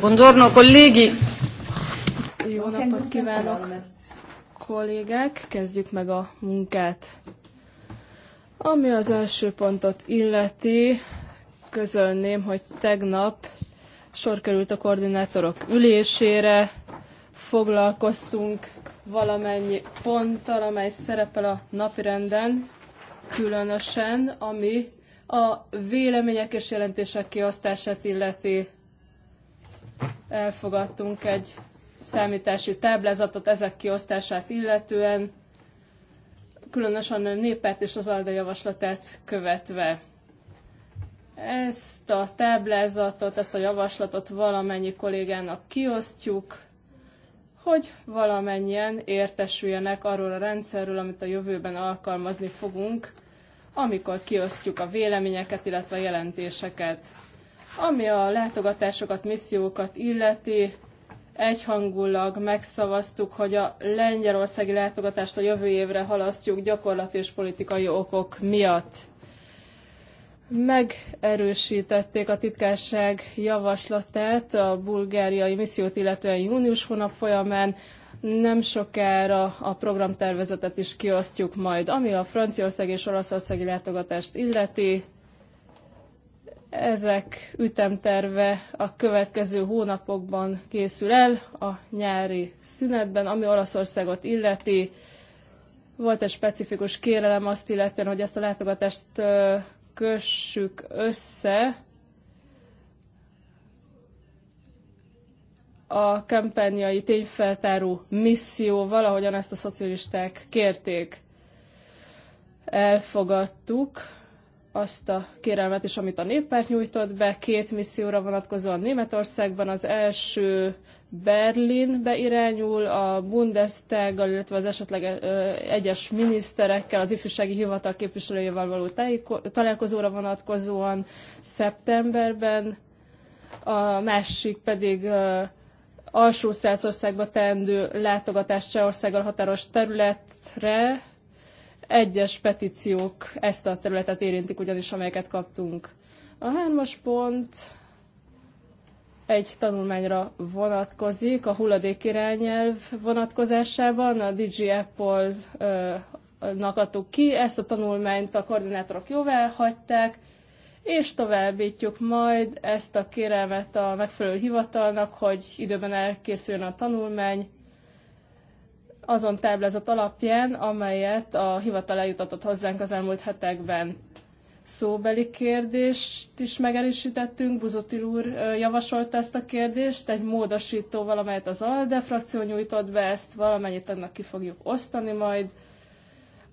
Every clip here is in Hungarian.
Buongiorno colleghi. Jó napot kívánok, kollégák! Kezdjük meg a munkát. Ami az első pontot illeti, közölném, hogy tegnap sor került a koordinátorok ülésére, foglalkoztunk valamennyi ponttal, amely szerepel a napirenden, különösen, ami a vélemények és jelentések kiosztását illeti. Elfogadtunk egy számítási táblázatot ezek kiosztását illetően, különösen a népet és az ALDE javaslatát követve. Ezt a táblázatot, ezt a javaslatot valamennyi kollégának kiosztjuk, hogy valamennyien értesüljenek arról a rendszerről, amit a jövőben alkalmazni fogunk, amikor kiosztjuk a véleményeket, illetve a jelentéseket. Ami a látogatásokat, missziókat illeti, egyhangulag megszavaztuk, hogy a lengyelországi látogatást a jövő évre halasztjuk gyakorlati és politikai okok miatt megerősítették a titkárság javaslatát a bulgáriai missziót, illetően június hónap folyamán. Nem sokára a programtervezetet is kiosztjuk majd, ami a Franciaország és Olaszországi látogatást illeti. Ezek ütemterve a következő hónapokban készül el, a nyári szünetben, ami Olaszországot illeti. Volt egy specifikus kérelem azt illetően, hogy ezt a látogatást kössük össze a kampányai tényfeltáró misszióval, ahogyan ezt a szocialisták kérték. Elfogadtuk azt a kérelmet is, amit a néppárt nyújtott be, két misszióra vonatkozóan Németországban. Az első Berlinbe irányul, a Bundestag, illetve az esetleg egyes miniszterekkel, az ifjúsági hivatal képviselőjével való találkozóra vonatkozóan szeptemberben, a másik pedig alsó Szászországba teendő látogatás Csehországgal határos területre, egyes petíciók ezt a területet érintik ugyanis, amelyeket kaptunk. A hármas pont egy tanulmányra vonatkozik, a hulladék irányelv vonatkozásában, a DG Apple-nak adtuk ki, ezt a tanulmányt a koordinátorok jóvá hagyták, és továbbítjuk majd ezt a kérelmet a megfelelő hivatalnak, hogy időben elkészüljön a tanulmány, azon táblázat alapján, amelyet a hivatal eljutatott hozzánk az elmúlt hetekben. Szóbeli kérdést is megerősítettünk, Buzotil úr javasolta ezt a kérdést, egy módosító amelyet az ALDE frakció nyújtott be, ezt valamennyit annak ki fogjuk osztani majd.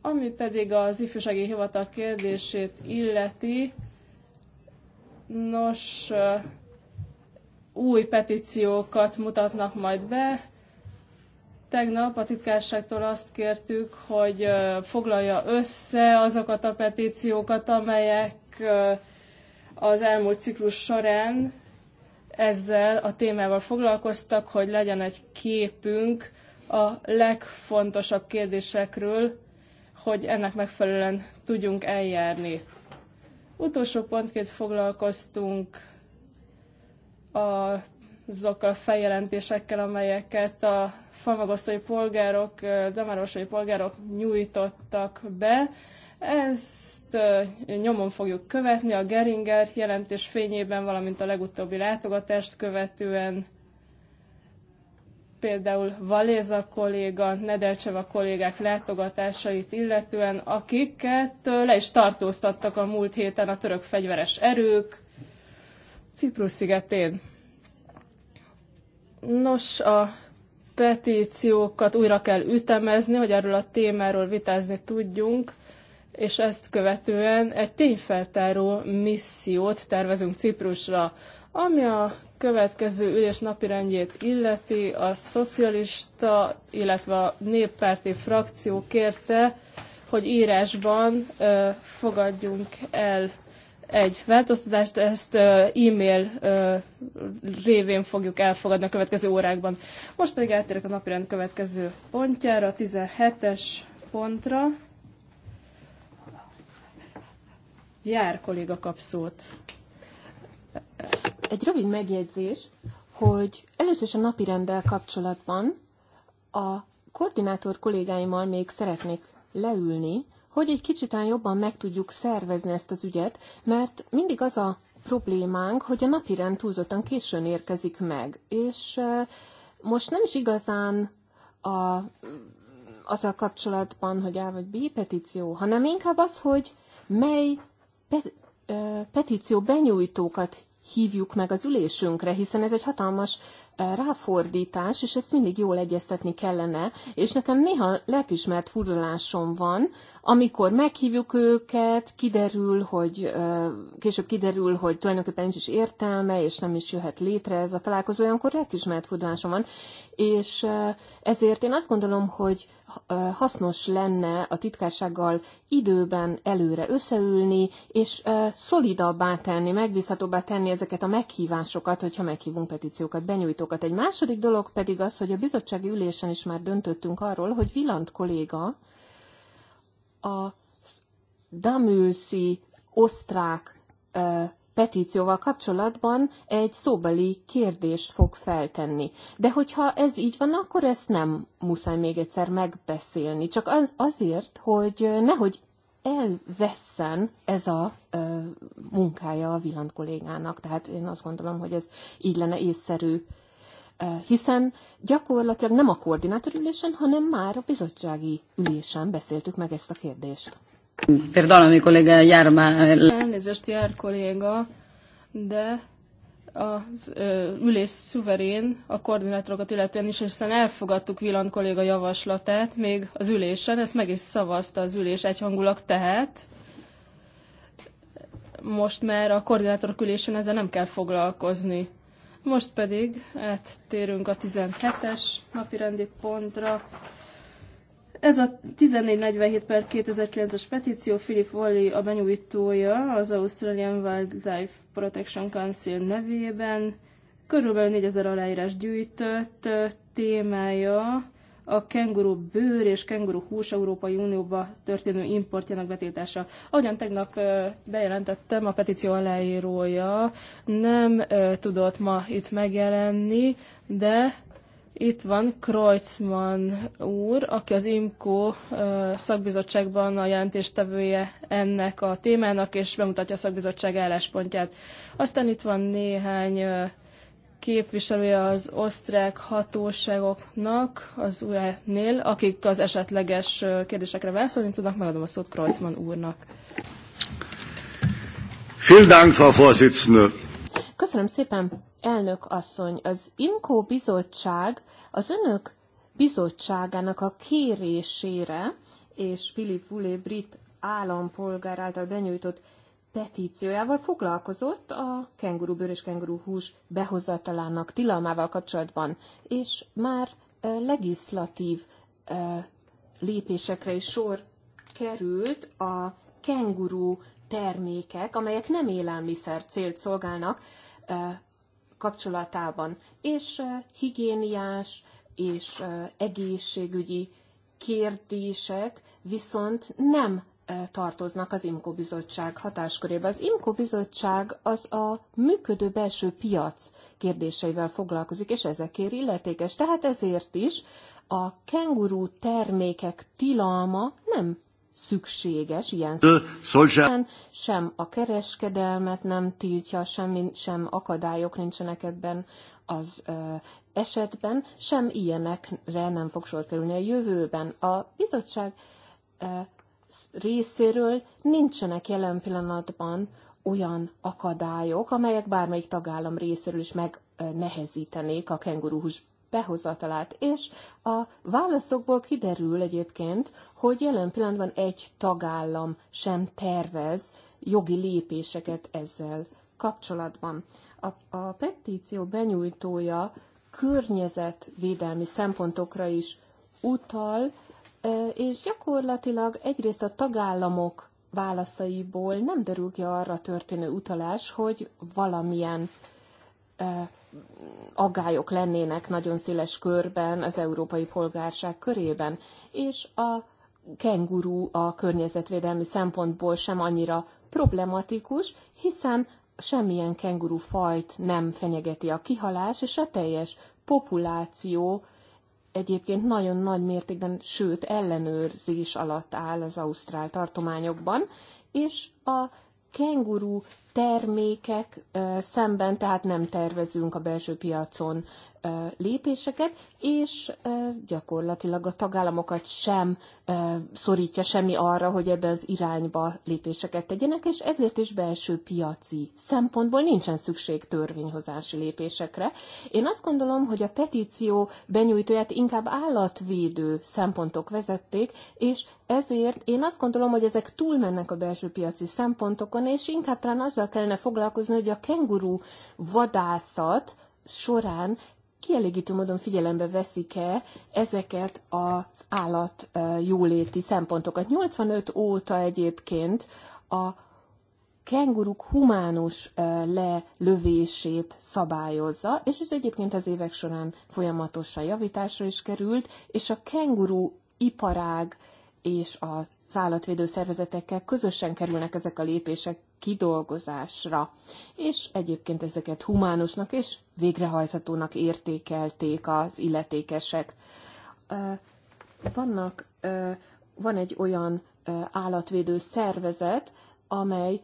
Ami pedig az ifjúsági hivatal kérdését illeti, nos, új petíciókat mutatnak majd be, Tegnap a titkárságtól azt kértük, hogy foglalja össze azokat a petíciókat, amelyek az elmúlt ciklus során ezzel a témával foglalkoztak, hogy legyen egy képünk a legfontosabb kérdésekről, hogy ennek megfelelően tudjunk eljárni. Utolsó pontként foglalkoztunk a azokkal a feljelentésekkel, amelyeket a falmagosztói polgárok, damárosai polgárok nyújtottak be. Ezt nyomon fogjuk követni a Geringer jelentés fényében, valamint a legutóbbi látogatást követően például Valéza kolléga, Nedelcseva kollégák látogatásait illetően, akiket le is tartóztattak a múlt héten a török fegyveres erők Ciprus szigetén. Nos, a petíciókat újra kell ütemezni, hogy erről a témáról vitázni tudjunk, és ezt követően egy tényfeltáró missziót tervezünk Ciprusra. Ami a következő ülés napirendjét illeti, a szocialista, illetve a néppárti frakció kérte, hogy írásban ö, fogadjunk el egy változtatást, ezt e-mail révén fogjuk elfogadni a következő órákban. Most pedig eltérek a napirend következő pontjára, a 17-es pontra. Jár kolléga kap szót. Egy rövid megjegyzés, hogy először is a napirenddel kapcsolatban a koordinátor kollégáimmal még szeretnék leülni, hogy egy kicsit jobban meg tudjuk szervezni ezt az ügyet, mert mindig az a problémánk, hogy a napirend túlzottan későn érkezik meg, és most nem is igazán a, a kapcsolatban, hogy A vagy B petíció, hanem inkább az, hogy mely pe, petíció benyújtókat hívjuk meg az ülésünkre, hiszen ez egy hatalmas Eh, ráfordítás, és ezt mindig jól egyeztetni kellene, és nekem néha lelkismert furulásom van, amikor meghívjuk őket, kiderül, hogy eh, később kiderül, hogy tulajdonképpen nincs is értelme, és nem is jöhet létre ez a találkozó, olyankor lelkismert furulásom van, és eh, ezért én azt gondolom, hogy hasznos lenne a titkársággal időben előre összeülni, és szolidabbá tenni, megbízhatóbbá tenni ezeket a meghívásokat, hogyha meghívunk petíciókat, benyújtókat. Egy második dolog pedig az, hogy a bizottsági ülésen is már döntöttünk arról, hogy Vilant kolléga a Damülszi osztrák petícióval kapcsolatban egy szóbeli kérdést fog feltenni. De hogyha ez így van, akkor ezt nem muszáj még egyszer megbeszélni. Csak az, azért, hogy nehogy elvesszen ez a ö, munkája a Villand kollégának. Tehát én azt gondolom, hogy ez így lenne észszerű, ö, hiszen gyakorlatilag nem a koordinátor ülésen, hanem már a bizottsági ülésen beszéltük meg ezt a kérdést. Perdonami, kollega Járma. Elnézést, Jár kolléga, de az ö, ülés szuverén a koordinátorokat illetően is, hiszen elfogadtuk Villan kolléga javaslatát még az ülésen, ezt meg is szavazta az ülés egyhangulag, tehát most már a koordinátorok ülésen ezzel nem kell foglalkozni. Most pedig áttérünk a 17-es rendi pontra. Ez a 1447 per 2009-es petíció Philip Wally a benyújtója az Australian Wildlife Protection Council nevében. Körülbelül 4000 aláírás gyűjtött témája a kenguru bőr és kenguru hús Európai Unióba történő importjának betiltása. Ahogyan tegnap bejelentettem, a petíció aláírója nem tudott ma itt megjelenni, de itt van Kreutzmann úr, aki az IMCO szakbizottságban a jelentéstevője ennek a témának, és bemutatja a szakbizottság álláspontját. Aztán itt van néhány képviselője az osztrák hatóságoknak, az UE-nél, akik az esetleges kérdésekre válaszolni tudnak. Megadom a szót Kreuzmann úrnak. Vielen Dank, Frau Vorsitzende. Köszönöm szépen, elnök asszony. Az IMKO bizottság az önök bizottságának a kérésére és Philip Vule brit állampolgár által benyújtott petíciójával foglalkozott a bőr és hús behozatalának tilalmával kapcsolatban, és már legislatív lépésekre is sor került a kenguru termékek, amelyek nem élelmiszer célt szolgálnak kapcsolatában, és higiéniás és egészségügyi kérdések viszont nem tartoznak az IMCO bizottság hatáskörébe. Az IMCO bizottság az a működő belső piac kérdéseivel foglalkozik, és ezekért illetékes. Tehát ezért is a kenguru termékek tilalma nem szükséges, ilyen szóval sem a kereskedelmet nem tiltja, sem, sem akadályok nincsenek ebben az ö, esetben, sem ilyenekre nem fog sor kerülni a jövőben. A bizottság ö, részéről nincsenek jelen pillanatban olyan akadályok, amelyek bármelyik tagállam részéről is megnehezítenék a kenguruhús behozatalát. És a válaszokból kiderül egyébként, hogy jelen pillanatban egy tagállam sem tervez jogi lépéseket ezzel kapcsolatban. A, a petíció benyújtója környezetvédelmi szempontokra is utal, e, és gyakorlatilag egyrészt a tagállamok válaszaiból nem derül ki arra történő utalás, hogy valamilyen e, aggályok lennének nagyon széles körben az európai polgárság körében, és a kenguru a környezetvédelmi szempontból sem annyira problematikus, hiszen semmilyen kenguru fajt nem fenyegeti a kihalás, és a teljes populáció egyébként nagyon nagy mértékben, sőt ellenőrzés alatt áll az ausztrál tartományokban, és a kenguru termékek szemben, tehát nem tervezünk a belső piacon lépéseket, és gyakorlatilag a tagállamokat sem szorítja semmi arra, hogy ebbe az irányba lépéseket tegyenek, és ezért is belső piaci szempontból nincsen szükség törvényhozási lépésekre. Én azt gondolom, hogy a petíció benyújtóját inkább állatvédő szempontok vezették, és ezért én azt gondolom, hogy ezek túlmennek a belső piaci szempontokon, és inkább talán az azzal kellene foglalkozni, hogy a kenguru vadászat során kielégítő módon figyelembe veszik-e ezeket az állat jóléti szempontokat. 85 óta egyébként a kenguruk humánus lelövését szabályozza, és ez egyébként az évek során folyamatosan javításra is került, és a kenguru iparág és a állatvédő szervezetekkel közösen kerülnek ezek a lépések kidolgozásra, és egyébként ezeket humánusnak és végrehajthatónak értékelték az illetékesek. Vannak, van egy olyan állatvédő szervezet, amely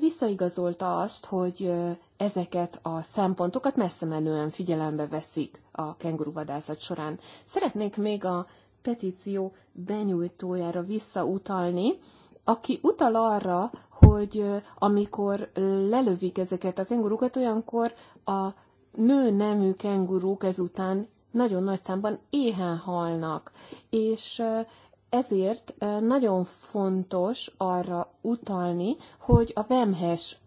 visszaigazolta azt, hogy ezeket a szempontokat messze menően figyelembe veszik a kenguruvadászat során. Szeretnék még a petíció benyújtójára visszautalni, aki utal arra, hogy amikor lelövik ezeket a kengurukat, olyankor a nő nemű kenguruk ezután nagyon nagy számban éhen halnak. És ezért nagyon fontos arra utalni, hogy a vemhes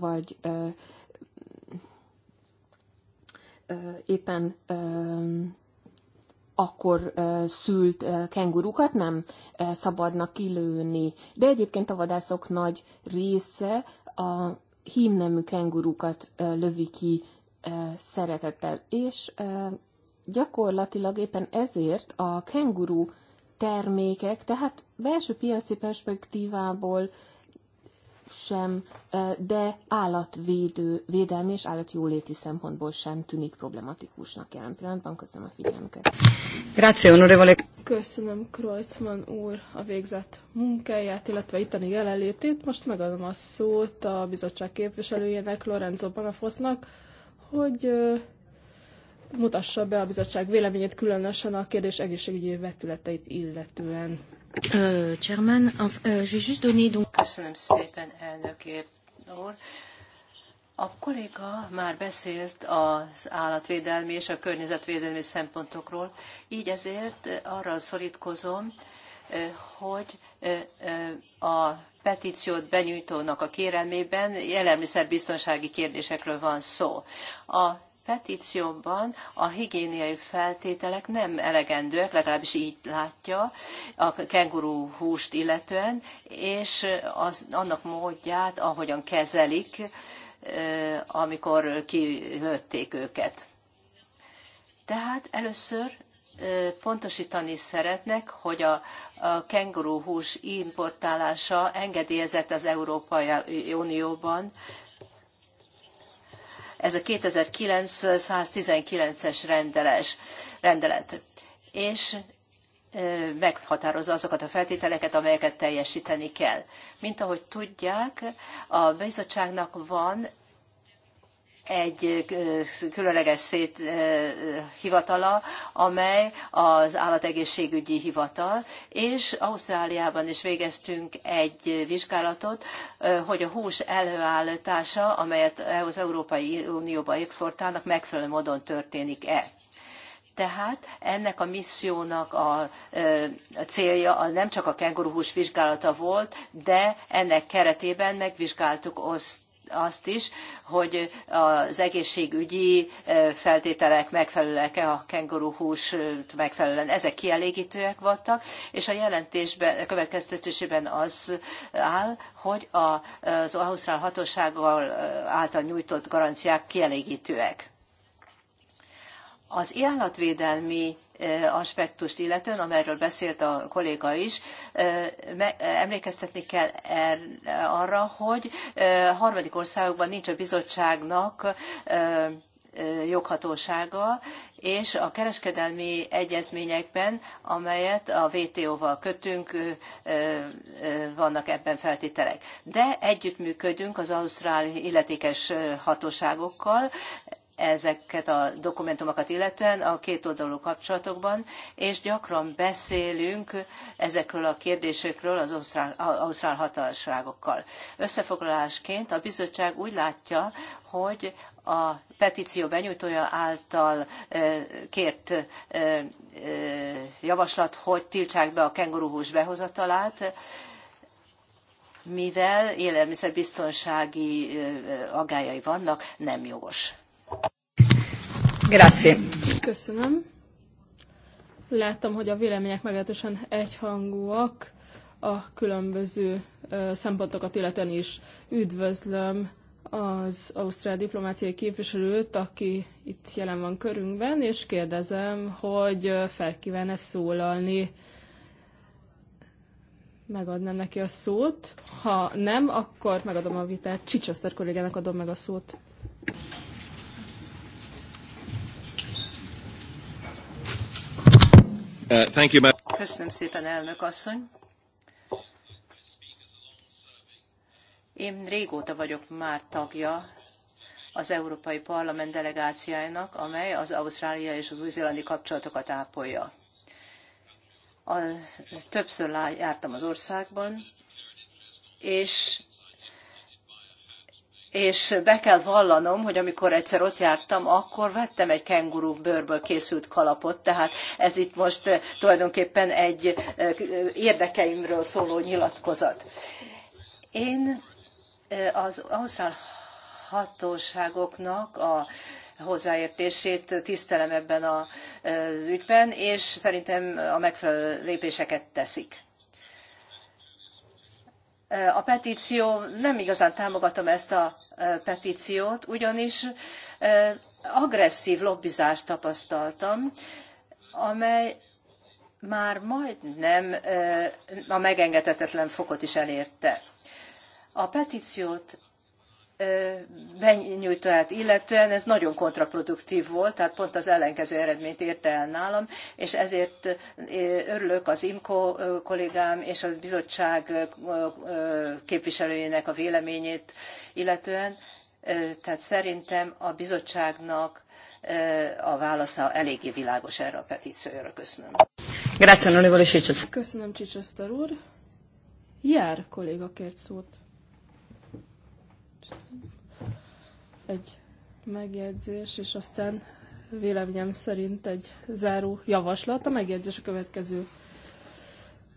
vagy éppen akkor szült kengurukat nem szabadnak kilőni. De egyébként a vadászok nagy része a hímnemű kengurukat lövi ki szeretettel, és gyakorlatilag éppen ezért a kenguru termékek, tehát belső piaci perspektívából sem, de állatvédő, védelmi és állatjóléti szempontból sem tűnik problematikusnak jelen pillanatban. Köszönöm a figyelmüket. Köszönöm Kreutzmann úr a végzett munkáját, illetve itteni jelenlétét. Most megadom a szót a bizottság képviselőjének, Lorenzo Banafosznak, hogy mutassa be a bizottság véleményét, különösen a kérdés egészségügyi vetületeit illetően. Uh, chairman, uh, je vais juste donner donc... Köszönöm szépen, elnök úr. A kolléga már beszélt az állatvédelmi és a környezetvédelmi szempontokról, így ezért arra szorítkozom, hogy a petíciót benyújtónak a kérelmében élelmiszerbiztonsági kérdésekről van szó. A petícióban a higiéniai feltételek nem elegendőek, legalábbis így látja, a kenguru húst illetően, és az, annak módját, ahogyan kezelik, amikor kilőtték őket. Tehát először pontosítani szeretnek, hogy a, a kenguru hús importálása engedélyezett az Európai Unióban, ez a 2919-es rendeles, rendelet. És meghatározza azokat a feltételeket, amelyeket teljesíteni kell. Mint ahogy tudják, a bizottságnak van egy különleges szét hivatala, amely az állategészségügyi hivatal, és Ausztráliában is végeztünk egy vizsgálatot, hogy a hús előállítása, amelyet az Európai Unióba exportálnak, megfelelő módon történik-e. Tehát ennek a missziónak a, célja a nem csak a kenguruhús vizsgálata volt, de ennek keretében megvizsgáltuk azt, azt is, hogy az egészségügyi feltételek megfelelőek-e a kenguruhús megfelelően. Ezek kielégítőek voltak, és a jelentésben, a következtetésében az áll, hogy az Ausztrál hatósággal által nyújtott garanciák kielégítőek. Az állatvédelmi aspektust illetően, amelyről beszélt a kolléga is, emlékeztetni kell er-, arra, hogy harmadik országokban nincs a bizottságnak joghatósága, és a kereskedelmi egyezményekben, amelyet a WTO-val kötünk, vannak ebben feltételek. De együttműködünk az ausztrál illetékes hatóságokkal, ezeket a dokumentumokat illetően a kétoldalú kapcsolatokban, és gyakran beszélünk ezekről a kérdésekről az ausztrál, ausztrál Összefoglalásként a bizottság úgy látja, hogy a petíció benyújtója által kért javaslat, hogy tiltsák be a kenguruhús behozatalát, mivel élelmiszerbiztonsági agályai vannak, nem jogos. Grazie. Köszönöm. Láttam, hogy a vélemények meglehetősen egyhangúak a különböző szempontokat illetően is. Üdvözlöm az ausztrál diplomáciai képviselőt, aki itt jelen van körünkben, és kérdezem, hogy fel kíván-e szólalni. Megadnám neki a szót. Ha nem, akkor megadom a vitát. Csicsaszter kollégának adom meg a szót. Uh, Köszönöm szépen, elnök asszony. Én régóta vagyok már tagja az Európai Parlament delegáciájának, amely az Ausztrália és az új-zélandi kapcsolatokat ápolja. A, többször jártam az országban, és és be kell vallanom, hogy amikor egyszer ott jártam, akkor vettem egy kenguru bőrből készült kalapot, tehát ez itt most eh, tulajdonképpen egy eh, érdekeimről szóló nyilatkozat. Én eh, az ausztrál hatóságoknak a hozzáértését tisztelem ebben az ügyben, és szerintem a megfelelő lépéseket teszik. Eh, a petíció, nem igazán támogatom ezt a eh, petíciót, ugyanis eh, agresszív lobbizást tapasztaltam, amely már majdnem a megengedhetetlen fokot is elérte. A petíciót benyújtóját illetően ez nagyon kontraproduktív volt, tehát pont az ellenkező eredményt érte el nálam, és ezért örülök az IMCO kollégám és a bizottság képviselőjének a véleményét illetően. Tehát szerintem a bizottságnak a válasza eléggé világos erre a petícióra. Köszönöm. Grazie, Köszönöm, Csicsasztor úr. Jár kolléga kért szót egy megjegyzés, és aztán véleményem szerint egy záró javaslat. A megjegyzés a következő.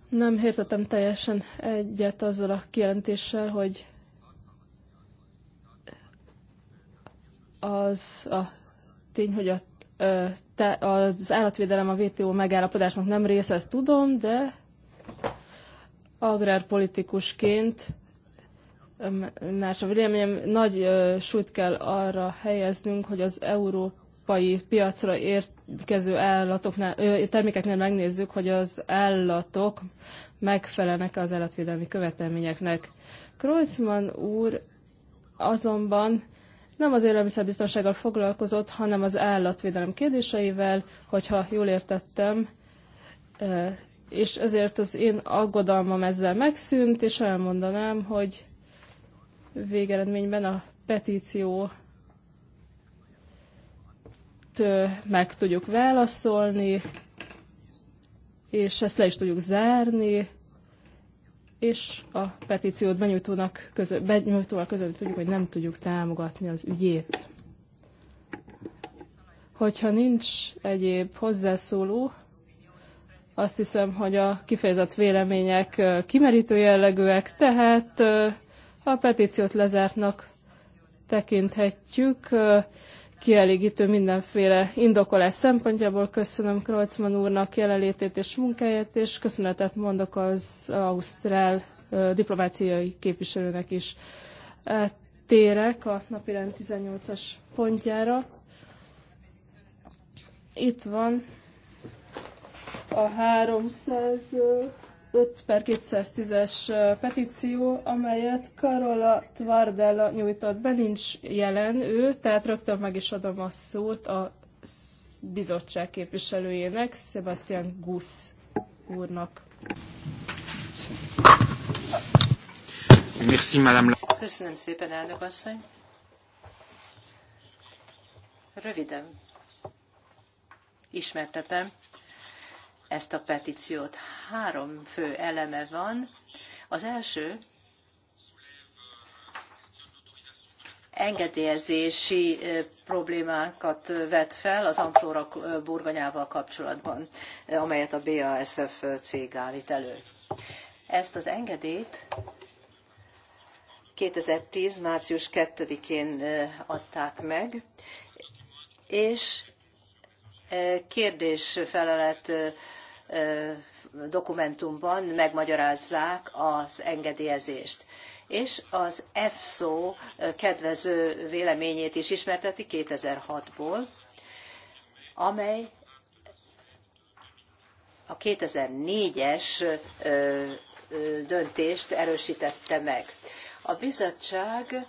Nem értettem teljesen egyet azzal a kijelentéssel, hogy az a tény, hogy a, te, az állatvédelem a VTO megállapodásnak nem része, ezt tudom, de agrárpolitikusként más a véleményem, nagy súlyt kell arra helyeznünk, hogy az európai piacra érkező állatoknál, termékeknél megnézzük, hogy az állatok megfelelnek -e az állatvédelmi követelményeknek. Kreuzmann úr azonban nem az élelmiszerbiztonsággal foglalkozott, hanem az állatvédelem kérdéseivel, hogyha jól értettem, és ezért az én aggodalmam ezzel megszűnt, és elmondanám, hogy végeredményben a petíció meg tudjuk válaszolni, és ezt le is tudjuk zárni, és a petíciót benyújtónak közö, benyújtóval között tudjuk, hogy nem tudjuk támogatni az ügyét. Hogyha nincs egyéb hozzászóló, azt hiszem, hogy a kifejezett vélemények kimerítő jellegűek, tehát a petíciót lezártnak tekinthetjük. Kielégítő mindenféle indokolás szempontjából köszönöm Krolcman úrnak jelenlétét és munkáját, és köszönetet mondok az Ausztrál diplomáciai képviselőnek is. Térek a napirend 18-as pontjára. Itt van a 300 5 per 210-es petíció, amelyet Karola Tvardella nyújtott be, nincs jelen ő, tehát rögtön meg is adom a szót a bizottság képviselőjének, Sebastian Gusz úrnak. Merci, madame. Köszönöm szépen, elnök asszony. Röviden ismertetem ezt a petíciót. Három fő eleme van. Az első engedélyezési problémákat vet fel az Amflora burgonyával kapcsolatban, amelyet a BASF cég állít elő. Ezt az engedélyt 2010. március 2-én adták meg, és kérdésfelelet dokumentumban megmagyarázzák az engedélyezést. És az EFSO kedvező véleményét is ismerteti 2006-ból, amely a 2004-es döntést erősítette meg. A bizottság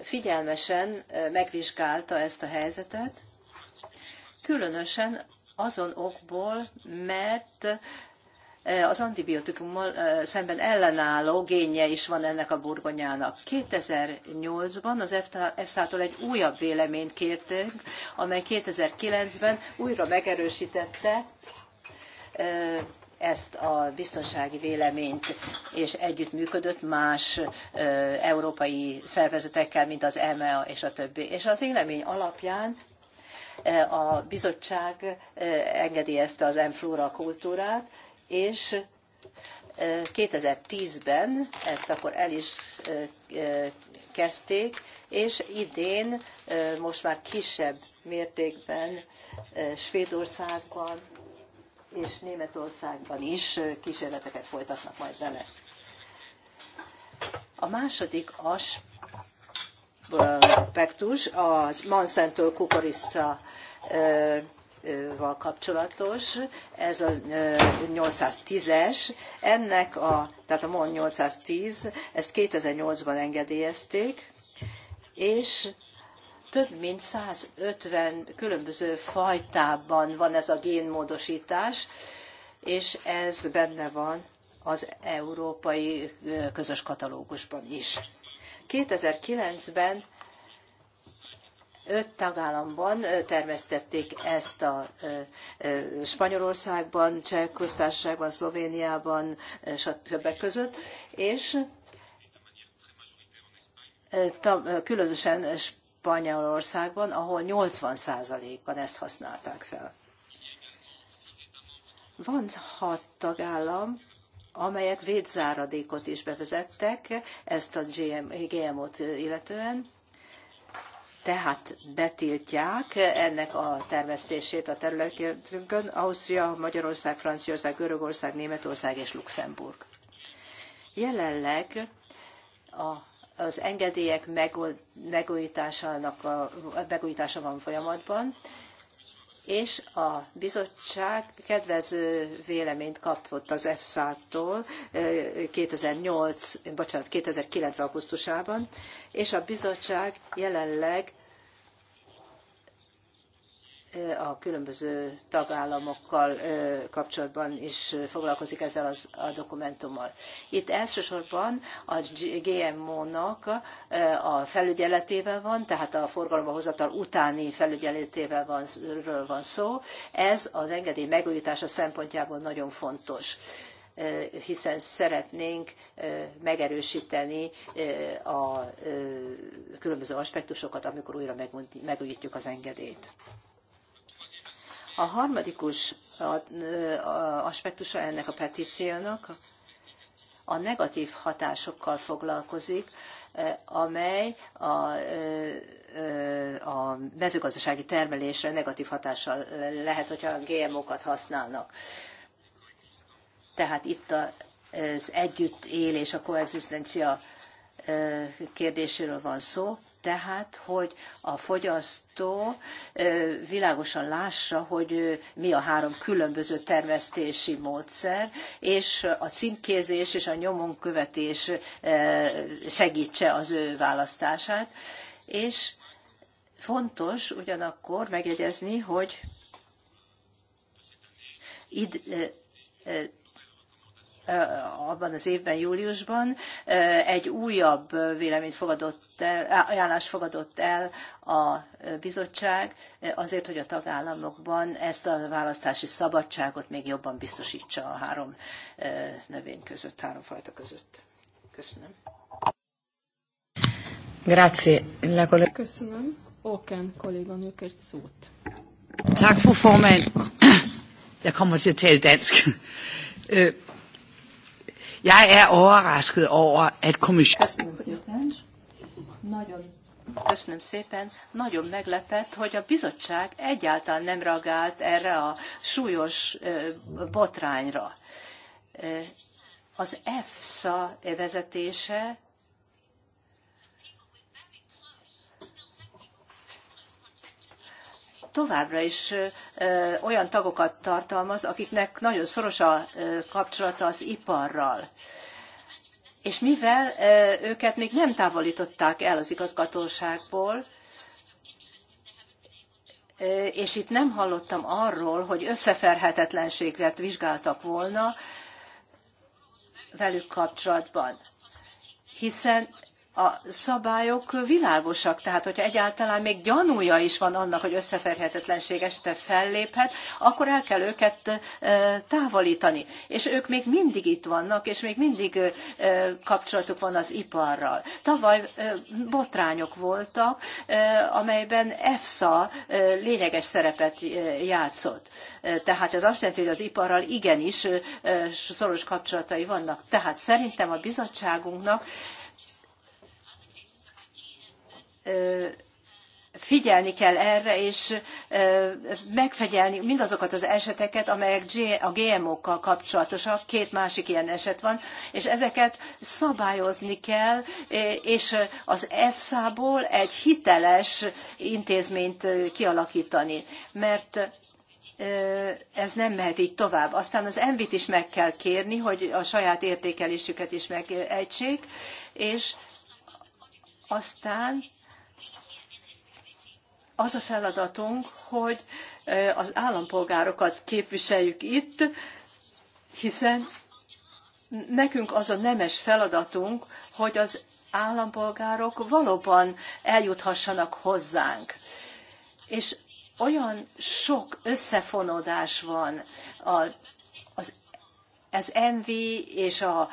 figyelmesen megvizsgálta ezt a helyzetet, különösen azon okból, mert e, az antibiotikummal e, szemben ellenálló génje is van ennek a burgonyának. 2008-ban az EFSA-tól egy újabb véleményt kértünk, amely 2009-ben újra megerősítette e, ezt a biztonsági véleményt, és együttműködött más európai szervezetekkel, mint az EMEA és a többi. És a vélemény alapján a bizottság eh, engedélyezte az m kultúrát, és 2010-ben eh, ezt akkor el is eh, kezdték, és idén most már kisebb mértékben Svédországban és Németországban is kísérleteket folytatnak majd vele. A második aspektus, aspektus az Monsanto kukorica val kapcsolatos, ez a 810-es, ennek a, tehát a MON 810, ezt 2008-ban engedélyezték, és több mint 150 különböző fajtában van ez a génmódosítás, és ez benne van az európai közös katalógusban is. 2009-ben öt tagállamban termesztették ezt a Spanyolországban, Cseh köztársaságban, Szlovéniában, többek között, és különösen Spanyolországban, ahol 80%-ban ezt használták fel. Van hat tagállam, amelyek védzáradékot is bevezettek, ezt a GMO-t illetően, tehát betiltják ennek a termesztését a területünkön, Ausztria, Magyarország, Franciaország, Görögország, Németország és Luxemburg. Jelenleg a, az engedélyek megújításának a, megújítása van folyamatban, és a bizottság kedvező véleményt kapott az EFSA-tól 2008, eh, bocsánat, 2009. augusztusában, és a bizottság jelenleg a különböző tagállamokkal kapcsolatban is foglalkozik ezzel az, a dokumentummal. Itt elsősorban a GMO-nak a felügyeletével van, tehát a forgalomba hozatal utáni felügyeletével van, van szó. Ez az engedély megújítása szempontjából nagyon fontos hiszen szeretnénk megerősíteni a különböző aspektusokat, amikor újra megújítjuk az engedélyt. A harmadikus aspektusa ennek a petíciónak a negatív hatásokkal foglalkozik, amely a, a mezőgazdasági termelésre negatív hatással lehet, hogyha a GMO-kat használnak. Tehát itt az együttélés, a koexisztencia kérdéséről van szó, tehát, hogy a fogyasztó világosan lássa, hogy mi a három különböző termesztési módszer, és a címkézés és a nyomon követés segítse az ő választását. És fontos ugyanakkor megjegyezni, hogy Eh, abban az évben, júliusban eh, egy újabb véleményt fogadott el, ajánlást fogadott el a bizottság eh, azért, hogy a tagállamokban ezt a választási szabadságot még jobban biztosítsa a három növény között, három fajta között. Köszönöm. Grazie. La kollég... Köszönöm. Oken kolléganő kért szót. Tak, fru formand. Jeg kommer til at tale dansk. Øh, Jeg er overrasket over, at kommissionen... Köszönöm szépen. Nagyon meglepett, hogy a bizottság egyáltalán nem reagált erre a súlyos botrányra. Az EFSA vezetése továbbra is olyan tagokat tartalmaz, akiknek nagyon szoros a kapcsolata az iparral. És mivel őket még nem távolították el az igazgatóságból, és itt nem hallottam arról, hogy összeferhetetlenséget vizsgáltak volna velük kapcsolatban. Hiszen a szabályok világosak, tehát hogyha egyáltalán még gyanúja is van annak, hogy összeférhetetlenség este felléphet, akkor el kell őket távolítani. És ők még mindig itt vannak, és még mindig kapcsolatuk van az iparral. Tavaly botrányok voltak, amelyben EFSA lényeges szerepet játszott. Tehát ez azt jelenti, hogy az iparral igenis szoros kapcsolatai vannak. Tehát szerintem a bizottságunknak figyelni kell erre, és megfigyelni mindazokat az eseteket, amelyek a GMO-kkal kapcsolatosak, két másik ilyen eset van, és ezeket szabályozni kell, és az EFSA-ból egy hiteles intézményt kialakítani, mert ez nem mehet így tovább. Aztán az MV-t is meg kell kérni, hogy a saját értékelésüket is megegysék, és aztán az a feladatunk, hogy az állampolgárokat képviseljük itt, hiszen nekünk az a nemes feladatunk, hogy az állampolgárok valóban eljuthassanak hozzánk. És olyan sok összefonódás van a, az, az MV és a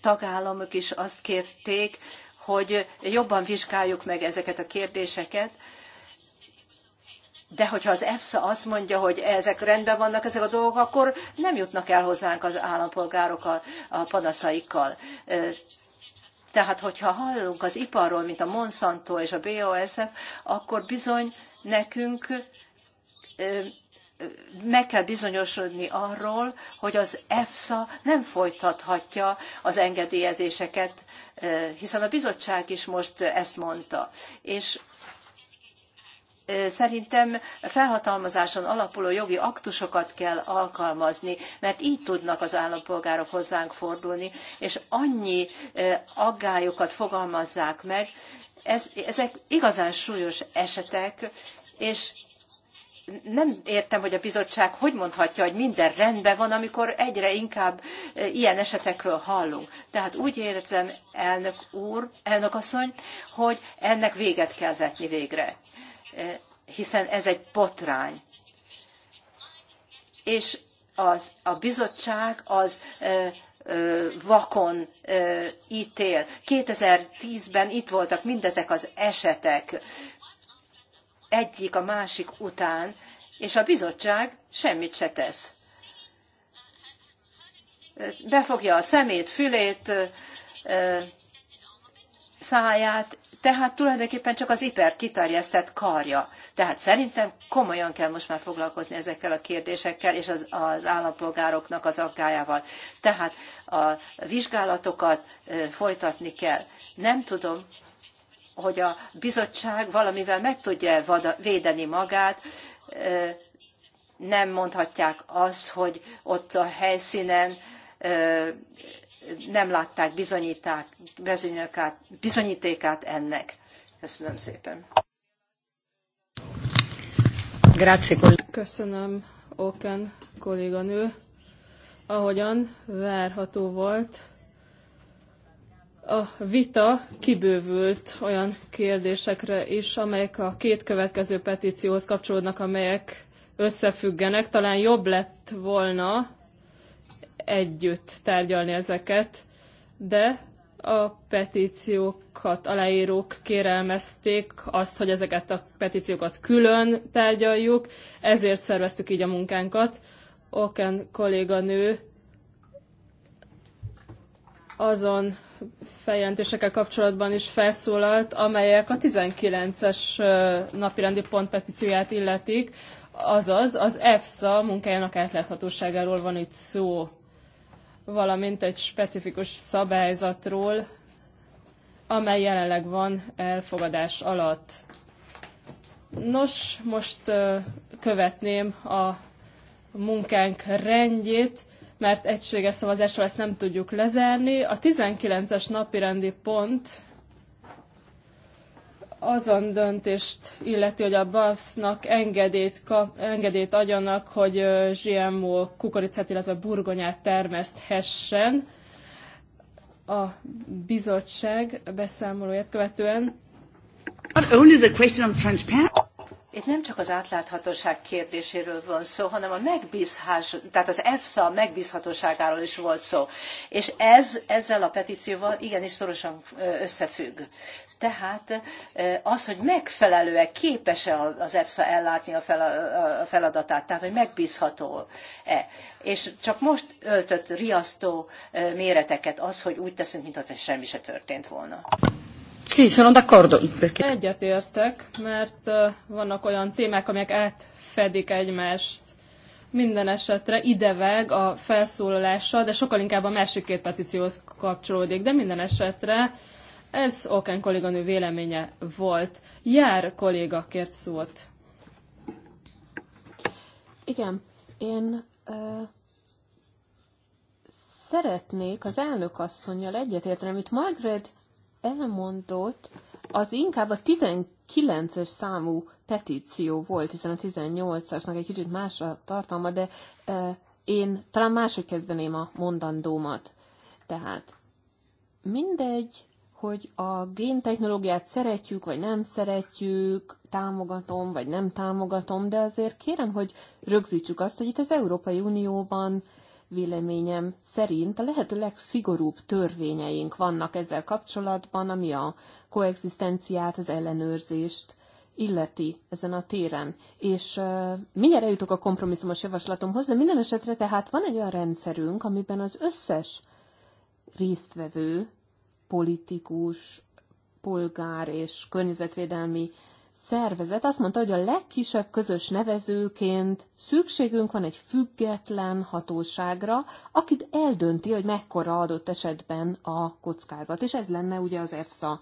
tagállamok is azt kérték, hogy jobban vizsgáljuk meg ezeket a kérdéseket, de hogyha az EFSA azt mondja, hogy ezek rendben vannak ezek a dolgok, akkor nem jutnak el hozzánk az állampolgárok a, a panaszaikkal. Tehát, hogyha hallunk az iparról, mint a Monsanto és a BASF, akkor bizony nekünk meg kell bizonyosodni arról, hogy az EFSA nem folytathatja az engedélyezéseket, hiszen a bizottság is most ezt mondta. És szerintem felhatalmazáson alapuló jogi aktusokat kell alkalmazni, mert így tudnak az állampolgárok hozzánk fordulni, és annyi aggályokat fogalmazzák meg, ez, ezek igazán súlyos esetek, és nem értem, hogy a bizottság hogy mondhatja, hogy minden rendben van, amikor egyre inkább ilyen esetekről hallunk. Tehát úgy érzem, elnök úr, elnök asszony, hogy ennek véget kell vetni végre hiszen ez egy potrány. És az, a bizottság az vakon ítél. 2010-ben itt voltak mindezek az esetek, egyik a másik után, és a bizottság semmit se tesz. Befogja a szemét, fülét, száját, tehát tulajdonképpen csak az IPER kiterjesztett karja. Tehát szerintem komolyan kell most már foglalkozni ezekkel a kérdésekkel és az, az állampolgároknak az aggájával. Tehát a vizsgálatokat folytatni kell. Nem tudom, hogy a bizottság valamivel meg tudja védeni magát, nem mondhatják azt, hogy ott a helyszínen nem látták bizonyítékát, bizonyítékát ennek. Köszönöm szépen. Grazie. Köszönöm, Oken kolléganő. Ahogyan várható volt, a vita kibővült olyan kérdésekre is, amelyek a két következő petícióhoz kapcsolódnak, amelyek összefüggenek. Talán jobb lett volna, együtt tárgyalni ezeket, de a petíciókat aláírók kérelmezték azt, hogy ezeket a petíciókat külön tárgyaljuk, ezért szerveztük így a munkánkat. Oken kolléganő azon feljelentésekkel kapcsolatban is felszólalt, amelyek a 19-es napirendi pont petícióját illetik, azaz az EFSA munkájának átláthatóságáról van itt szó valamint egy specifikus szabályzatról, amely jelenleg van elfogadás alatt. Nos, most követném a munkánk rendjét, mert egységes szavazással ezt nem tudjuk lezárni. A 19-es napirendi pont azon döntést illeti, hogy a BAFS-nak engedélyt, engedélyt adjanak, hogy GMO kukoricát, illetve burgonyát termeszthessen. A bizottság beszámolóját követően. Itt nem csak az átláthatóság kérdéséről van szó, hanem a megbízhás, tehát az EFSA megbízhatóságáról is volt szó. És ez ezzel a petícióval igenis szorosan összefügg. Tehát az, hogy megfelelően képes-e az EFSA ellátni a feladatát, tehát hogy megbízható-e. És csak most öltött riasztó méreteket az, hogy úgy teszünk, mintha semmi se történt volna. Sí, sono d'accordo. Egyetértek, mert vannak olyan témák, amelyek átfedik egymást. Minden esetre ideveg a felszólalása, de sokkal inkább a másik két petícióhoz kapcsolódik. De minden esetre ez Oken kolléganő véleménye volt. Jár kolléga kért szót. Igen, én ö, szeretnék az elnök asszonyjal egyetérteni, amit Margaret elmondott, az inkább a 19-es számú petíció volt, hiszen a 18-asnak egy kicsit más a tartalma, de ö, én talán máshogy kezdeném a mondandómat. Tehát mindegy, hogy a géntechnológiát szeretjük, vagy nem szeretjük, támogatom, vagy nem támogatom, de azért kérem, hogy rögzítsük azt, hogy itt az Európai Unióban véleményem szerint a lehető legszigorúbb törvényeink vannak ezzel kapcsolatban, ami a koexisztenciát, az ellenőrzést illeti ezen a téren. És uh, mindjárt eljutok a kompromisszumos javaslatomhoz, de minden esetre tehát van egy olyan rendszerünk, amiben az összes résztvevő politikus, polgár és környezetvédelmi szervezet azt mondta, hogy a legkisebb közös nevezőként szükségünk van egy független hatóságra, akit eldönti, hogy mekkora adott esetben a kockázat, és ez lenne ugye az EFSA.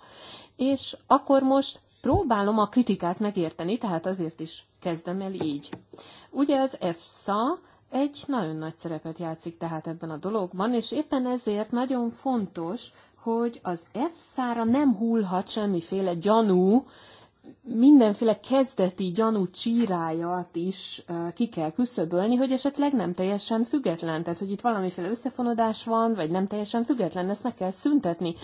És akkor most próbálom a kritikát megérteni, tehát azért is kezdem el így. Ugye az EFSA egy nagyon nagy szerepet játszik tehát ebben a dologban, és éppen ezért nagyon fontos, hogy az F szára nem hullhat semmiféle gyanú, mindenféle kezdeti gyanú csírájat is ki kell küszöbölni, hogy esetleg nem teljesen független, tehát hogy itt valamiféle összefonodás van, vagy nem teljesen független, ezt meg kell szüntetni.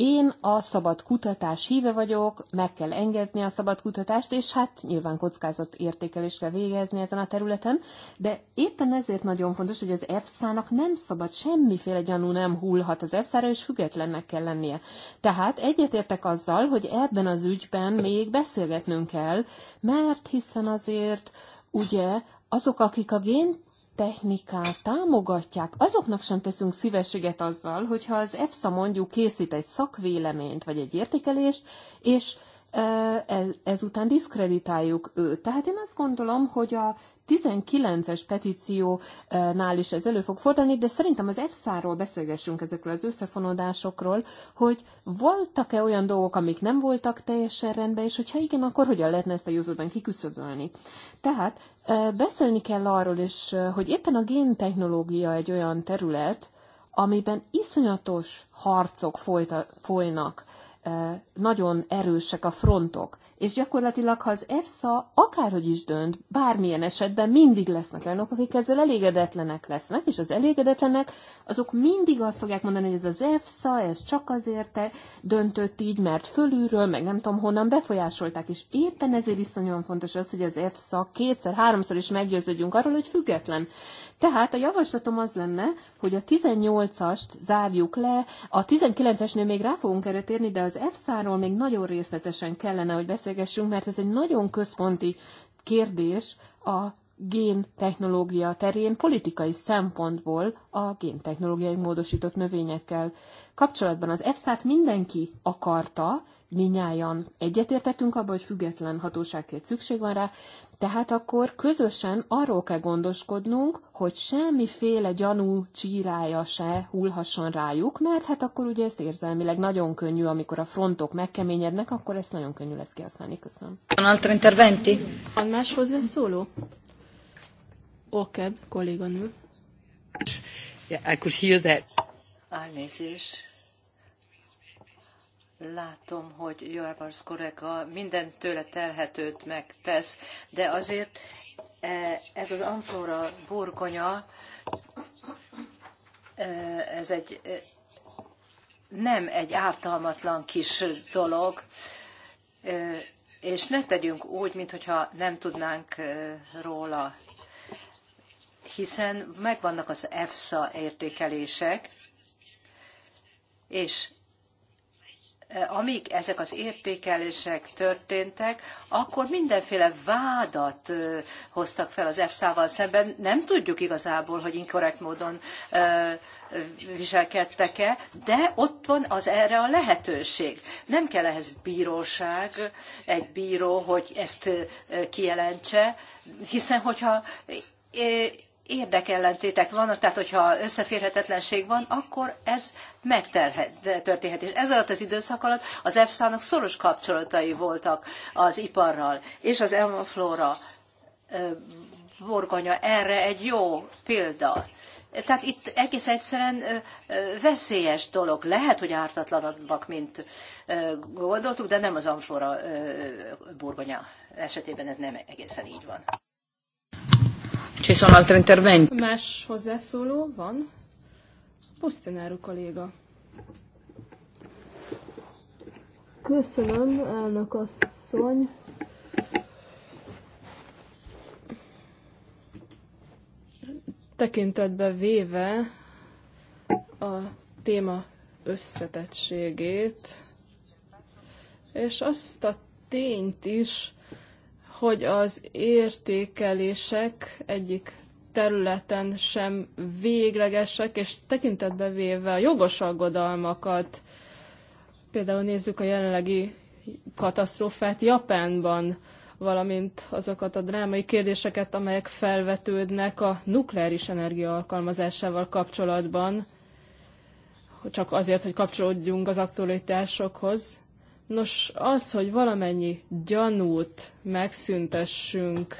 Én a szabad kutatás híve vagyok, meg kell engedni a szabad kutatást, és hát nyilván kockázat értékelés kell végezni ezen a területen, de éppen ezért nagyon fontos, hogy az EFSA-nak nem szabad, semmiféle gyanú nem hullhat az EFSA-ra, és függetlennek kell lennie. Tehát egyetértek azzal, hogy ebben az ügyben még beszélgetnünk kell, mert hiszen azért ugye azok, akik a gén technikát támogatják, azoknak sem teszünk szívességet azzal, hogyha az EFSA mondjuk készít egy szakvéleményt vagy egy értékelést, és e, ezután diszkreditáljuk őt. Tehát én azt gondolom, hogy a 19-es petíciónál is ez elő fog fordulni, de szerintem az EFSA-ról beszélgessünk ezekről az összefonódásokról, hogy voltak-e olyan dolgok, amik nem voltak teljesen rendben, és hogyha igen, akkor hogyan lehetne ezt a jövőben kiküszöbölni. Tehát beszélni kell arról is, hogy éppen a géntechnológia egy olyan terület, amiben iszonyatos harcok folyta, folynak nagyon erősek a frontok, és gyakorlatilag, ha az EFSA akárhogy is dönt, bármilyen esetben mindig lesznek olyanok, akik ezzel elégedetlenek lesznek, és az elégedetlenek, azok mindig azt fogják mondani, hogy ez az EFSA, ez csak azért e, döntött így, mert fölülről, meg nem tudom honnan befolyásolták, és éppen ezért nagyon fontos az, hogy az EFSA kétszer, háromszor is meggyőződjünk arról, hogy független tehát a javaslatom az lenne, hogy a 18-ast zárjuk le, a 19-esnél még rá fogunk erre térni, de az EFSA-ról még nagyon részletesen kellene, hogy beszélgessünk, mert ez egy nagyon központi kérdés a géntechnológia terén politikai szempontból a géntechnológiai módosított növényekkel kapcsolatban. Az EFSA-t mindenki akarta, minnyáján egyetértettünk abban, hogy független hatóságként szükség van rá, tehát akkor közösen arról kell gondoskodnunk, hogy semmiféle gyanú csírája se hullhasson rájuk, mert hát akkor ugye ezt érzelmileg nagyon könnyű, amikor a frontok megkeményednek, akkor ezt nagyon könnyű lesz kihasználni. Köszönöm. Van altra interventi? Van más hozzászóló? Oked, kolléganő. Yeah, I could hear that. Elnézést. Látom, hogy Jorvars kollega minden tőle telhetőt megtesz, de azért e, ez az amflora burgonya, e, ez egy e, nem egy ártalmatlan kis dolog, és ne tegyünk úgy, mintha nem tudnánk róla, hiszen megvannak az EFSA értékelések, és amíg ezek az értékelések történtek, akkor mindenféle vádat hoztak fel az EFSA-val szemben. Nem tudjuk igazából, hogy inkorrekt módon viselkedtek-e, de ott van az erre a lehetőség. Nem kell ehhez bíróság, egy bíró, hogy ezt kijelentse, hiszen hogyha érdekellentétek vannak, tehát hogyha összeférhetetlenség van, akkor ez megtörténhet. És ez alatt az időszak alatt az EFSA-nak szoros kapcsolatai voltak az iparral, és az Elmaflora borgonya erre egy jó példa. Tehát itt egész egyszerűen veszélyes dolog. Lehet, hogy ártatlanabbak, mint gondoltuk, de nem az amflora burgonya esetében ez nem egészen így van. Ci sono altri interventi? Más hozzászóló van? Posztenáru kolléga. Köszönöm, elnök asszony. Tekintetbe véve a téma összetettségét, és azt a tényt is, hogy az értékelések egyik területen sem véglegesek, és tekintetbe véve a jogos aggodalmakat, például nézzük a jelenlegi katasztrófát Japánban, valamint azokat a drámai kérdéseket, amelyek felvetődnek a nukleáris energia alkalmazásával kapcsolatban, csak azért, hogy kapcsolódjunk az aktualitásokhoz. Nos, az, hogy valamennyi gyanút megszüntessünk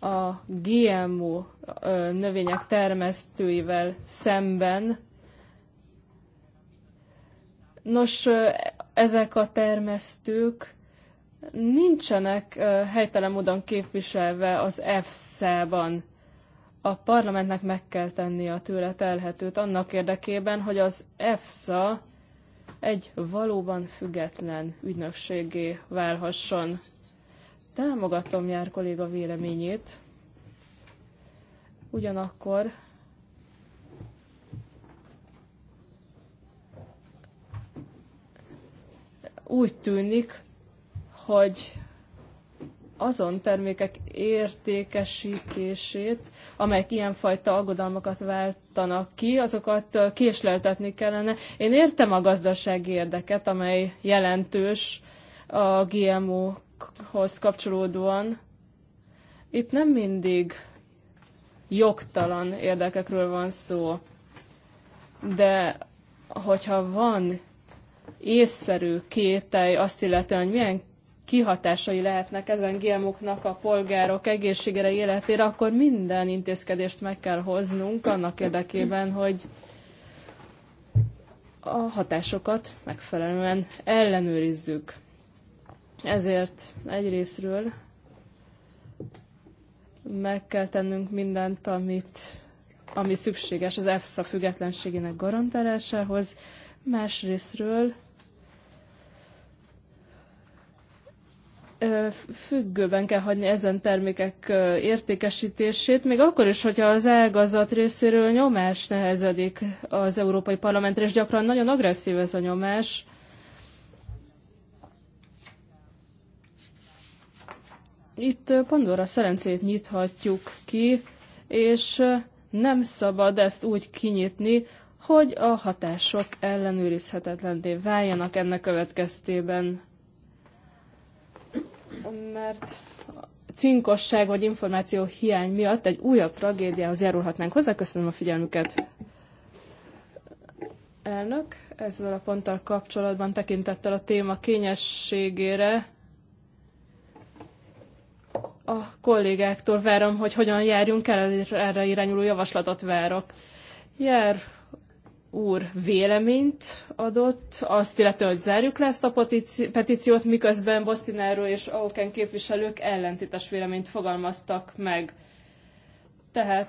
a GMO növények termesztőivel szemben, Nos, ezek a termesztők nincsenek helytelen módon képviselve az EFSA-ban. A parlamentnek meg kell tenni a tőle telhetőt annak érdekében, hogy az EFSA egy valóban független ügynökségé válhasson. Támogatom jár kolléga véleményét, ugyanakkor úgy tűnik, hogy azon termékek értékesítését, amelyek ilyenfajta aggodalmakat váltanak ki, azokat késleltetni kellene. Én értem a gazdasági érdeket, amely jelentős a GMO-hoz kapcsolódóan. Itt nem mindig jogtalan érdekekről van szó, de hogyha van észszerű kételj azt illetően, hogy milyen kihatásai lehetnek ezen GMO-knak a polgárok egészségére, életére, akkor minden intézkedést meg kell hoznunk annak érdekében, hogy a hatásokat megfelelően ellenőrizzük. Ezért egyrésztről meg kell tennünk mindent, amit, ami szükséges az EFSA függetlenségének garantálásához, másrésztről függőben kell hagyni ezen termékek értékesítését, még akkor is, hogyha az ágazat részéről nyomás nehezedik az Európai Parlamentre, és gyakran nagyon agresszív ez a nyomás. Itt Pandora szerencét nyithatjuk ki, és nem szabad ezt úgy kinyitni, hogy a hatások ellenőrizhetetlenné váljanak ennek következtében mert cinkosság vagy információ hiány miatt egy újabb tragédiához járulhatnánk hozzá. Köszönöm a figyelmüket. Elnök, ezzel a ponttal kapcsolatban tekintettel a téma kényességére a kollégáktól várom, hogy hogyan járjunk el, erre irányuló javaslatot várok. Jár úr véleményt adott, azt illetően, hogy zárjuk le ezt a petíciót, miközben Bostináról és Auken képviselők ellentétes véleményt fogalmaztak meg. Tehát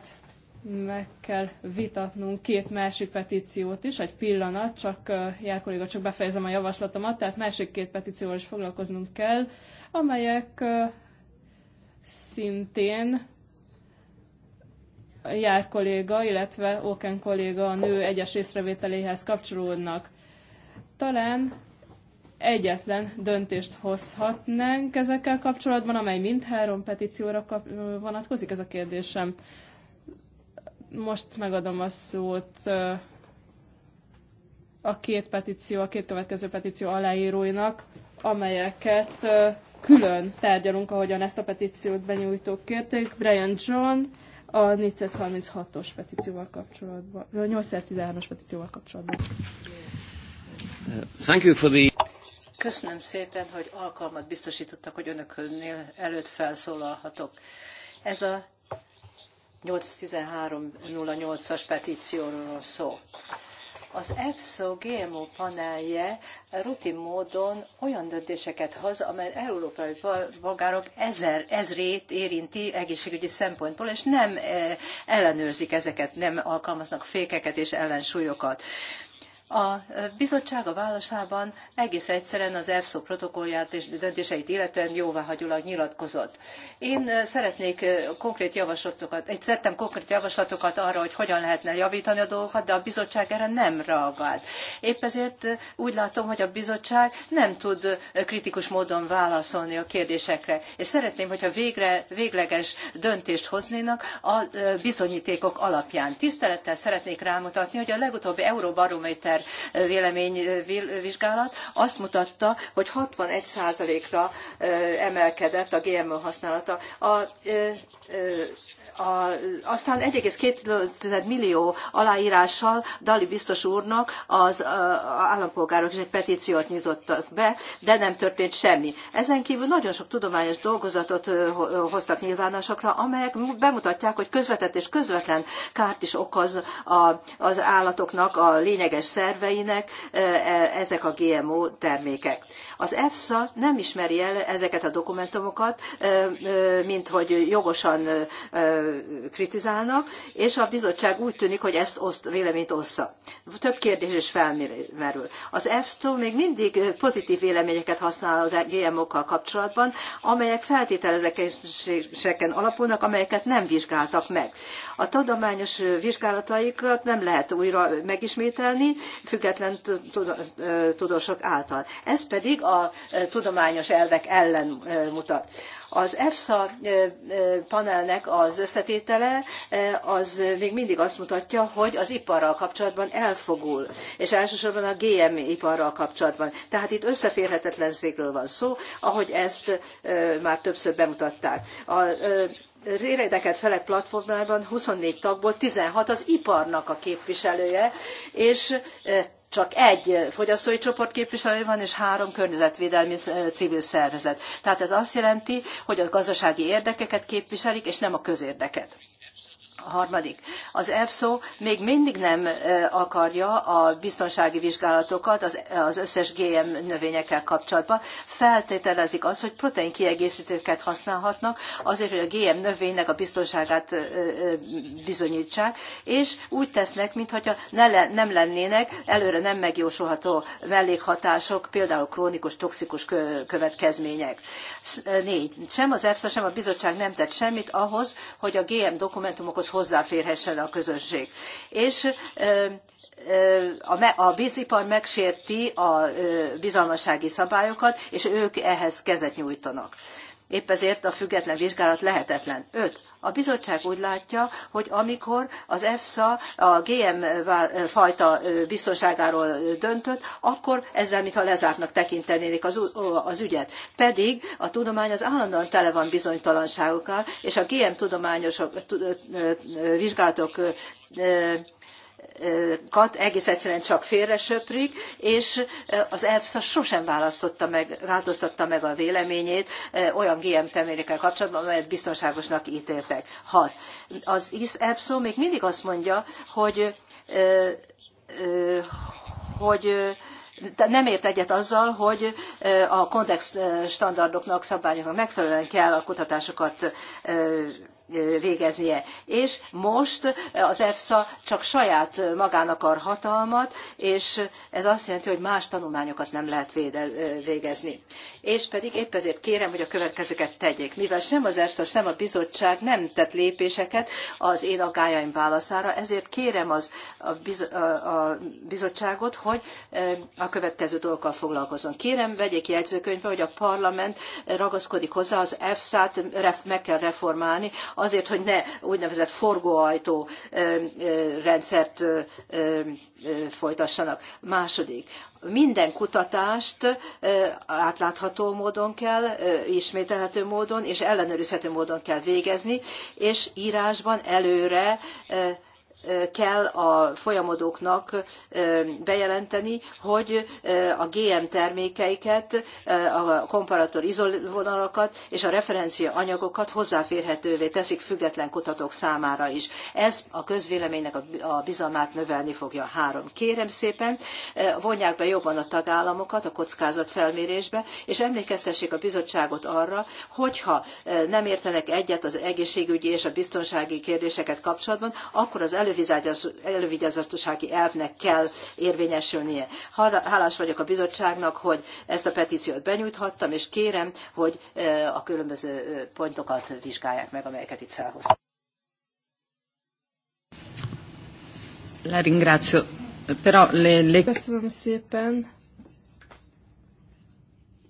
meg kell vitatnunk két másik petíciót is, egy pillanat, csak Jár kolléga, csak befejezem a javaslatomat, tehát másik két petícióval is foglalkoznunk kell, amelyek szintén jár kolléga, illetve Oken kolléga a nő egyes észrevételéhez kapcsolódnak. Talán egyetlen döntést hozhatnánk ezekkel kapcsolatban, amely mindhárom petícióra kap- vonatkozik, ez a kérdésem. Most megadom a szót a két petíció, a két következő petíció aláíróinak, amelyeket külön tárgyalunk, ahogyan ezt a petíciót benyújtók kérték. Brian John, a 436-os petícióval kapcsolatban, a 813-as petícióval kapcsolatban. Thank you for the... Köszönöm szépen, hogy alkalmat biztosítottak, hogy önöknél előtt felszólalhatok. Ez a 813.08-as petícióról szó. Az EFSO GMO panelje rutin módon olyan döntéseket hoz, amely európai polgárok ezer, ezrét érinti egészségügyi szempontból, és nem eh, ellenőrzik ezeket, nem alkalmaznak fékeket és ellensúlyokat. A bizottság a válaszában egész egyszerűen az EFSO protokollját és döntéseit illetően jóváhagyólag nyilatkozott. Én szeretnék konkrét javaslatokat, egy tettem konkrét javaslatokat arra, hogy hogyan lehetne javítani a dolgokat, de a bizottság erre nem reagált. Épp ezért úgy látom, hogy a bizottság nem tud kritikus módon válaszolni a kérdésekre. És szeretném, hogyha végre, végleges döntést hoznának, a bizonyítékok alapján. Tisztelettel szeretnék rámutatni, hogy a legutóbbi Euróbarométer véleményvizsgálat azt mutatta, hogy 61%-ra emelkedett a GMO használata. A a, aztán 1,2 millió aláírással Dali biztos úrnak az a, állampolgárok is egy petíciót nyitottak be, de nem történt semmi. Ezen kívül nagyon sok tudományos dolgozatot hoztak nyilvánosakra, amelyek bemutatják, hogy közvetett és közvetlen kárt is okoz a, az állatoknak, a lényeges szerveinek e, ezek a GMO termékek. Az EFSA nem ismeri el ezeket a dokumentumokat, mint hogy jogosan kritizálnak, és a bizottság úgy tűnik, hogy ezt oszt, véleményt ossza. Több kérdés is felmerül. Az EFSA még mindig pozitív véleményeket használ az GMO-kkal kapcsolatban, amelyek feltételezéseken alapulnak, amelyeket nem vizsgáltak meg. A tudományos vizsgálataikat nem lehet újra megismételni, független tudósok által. Ez pedig a tudományos elvek ellen mutat. Az EFSA panelnek az összetétele az még mindig azt mutatja, hogy az iparral kapcsolatban elfogul, és elsősorban a GM iparral kapcsolatban. Tehát itt összeférhetetlenségről van szó, ahogy ezt már többször bemutatták. A, az érdekelt felek platformjában 24 tagból 16 az iparnak a képviselője, és csak egy fogyasztói csoport képviselő van, és három környezetvédelmi eh, civil szervezet. Tehát ez azt jelenti, hogy a gazdasági érdekeket képviselik, és nem a közérdeket. A Harmadik, az EFSO még mindig nem akarja a biztonsági vizsgálatokat az, összes GM növényekkel kapcsolatban. Feltételezik azt, hogy protein kiegészítőket használhatnak azért, hogy a GM növénynek a biztonságát bizonyítsák, és úgy tesznek, mintha ne nem lennének előre nem megjósolható mellékhatások, például krónikus, toxikus következmények. Négy. Sem az EFSA, sem a bizottság nem tett semmit ahhoz, hogy a GM dokumentumokhoz hozzáférhessen a közösség. És a vízipar megsérti a bizalmasági szabályokat, és ők ehhez kezet nyújtanak. Épp ezért a független vizsgálat lehetetlen. Öt. A bizottság úgy látja, hogy amikor az EFSA a GM fajta biztonságáról döntött, akkor ezzel mintha lezártnak tekintenének az, az ügyet. Pedig a tudomány az állandóan tele van bizonytalanságokkal, és a GM tudományos vizsgálatok egész egyszerűen csak félresöprik, és az EFSA sosem választotta meg, változtatta meg a véleményét olyan GM termékekkel kapcsolatban, amelyet biztonságosnak ítéltek. Hat. Az EFSA még mindig azt mondja, hogy, hogy nem ért egyet azzal, hogy a kontext standardoknak, szabályoknak megfelelően kell a kutatásokat végeznie. És most az EFSA csak saját magán akar hatalmat, és ez azt jelenti, hogy más tanulmányokat nem lehet végezni. És pedig épp ezért kérem, hogy a következőket tegyék. Mivel sem az EFSA, sem a bizottság nem tett lépéseket az én agályaim válaszára, ezért kérem az, a, biz, a, a bizottságot, hogy a következő dolgokkal foglalkozzon. Kérem, vegyék jegyzőkönyvbe, hogy a parlament ragaszkodik hozzá, az EFSA-t meg kell reformálni, azért, hogy ne úgynevezett forgóajtó rendszert folytassanak. Második, minden kutatást átlátható módon kell, ismételhető módon és ellenőrizhető módon kell végezni, és írásban előre kell a folyamodóknak bejelenteni, hogy a GM termékeiket, a komparator izolvonalakat és a referencia anyagokat hozzáférhetővé teszik független kutatók számára is. Ez a közvéleménynek a bizalmát növelni fogja. Három. Kérem szépen, vonják be jobban a tagállamokat a kockázat felmérésbe és emlékeztessék a bizottságot arra, hogyha nem értenek egyet az egészségügyi és a biztonsági kérdéseket kapcsolatban, akkor az elő elővigyázatossági elvnek kell érvényesülnie. Hálás vagyok a bizottságnak, hogy ezt a petíciót benyújthattam, és kérem, hogy a különböző pontokat vizsgálják meg, amelyeket itt felhoztam. La ringrazio. Però le, Köszönöm szépen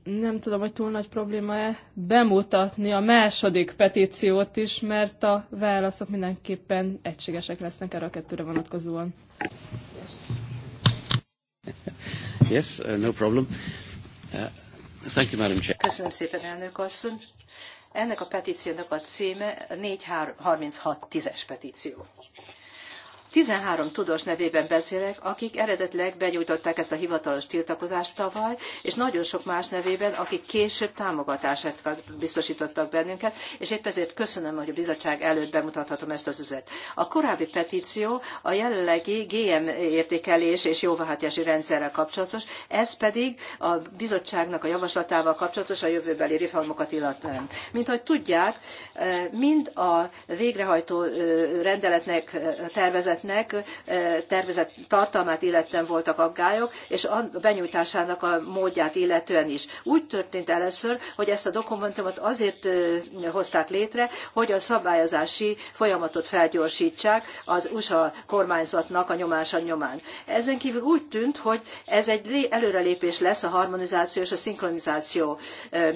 nem tudom, hogy túl nagy probléma-e bemutatni a második petíciót is, mert a válaszok mindenképpen egységesek lesznek erre a kettőre vonatkozóan. Yes, uh, no problem. Uh, thank you, Madam Chair. Köszönöm szépen, elnök asszony. Ennek a petíciónak a címe 436 10-es petíció. 13 tudós nevében beszélek, akik eredetileg benyújtották ezt a hivatalos tiltakozást tavaly, és nagyon sok más nevében, akik később támogatását biztosítottak bennünket, és épp ezért köszönöm, hogy a bizottság előtt bemutathatom ezt az üzet. A korábbi petíció a jelenlegi GM értékelés és jóváhagyási rendszerrel kapcsolatos, ez pedig a bizottságnak a javaslatával kapcsolatos a jövőbeli reformokat illetően. Mint ahogy tudják, eh, mind a végrehajtó eh, rendeletnek eh, tervezett rendeletnek tervezett tartalmát illetően voltak aggályok, és a benyújtásának a módját illetően is. Úgy történt először, hogy ezt a dokumentumot azért hozták létre, hogy a szabályozási folyamatot felgyorsítsák az USA kormányzatnak a nyomása nyomán. Ezen kívül úgy tűnt, hogy ez egy előrelépés lesz a harmonizáció és a szinkronizáció e,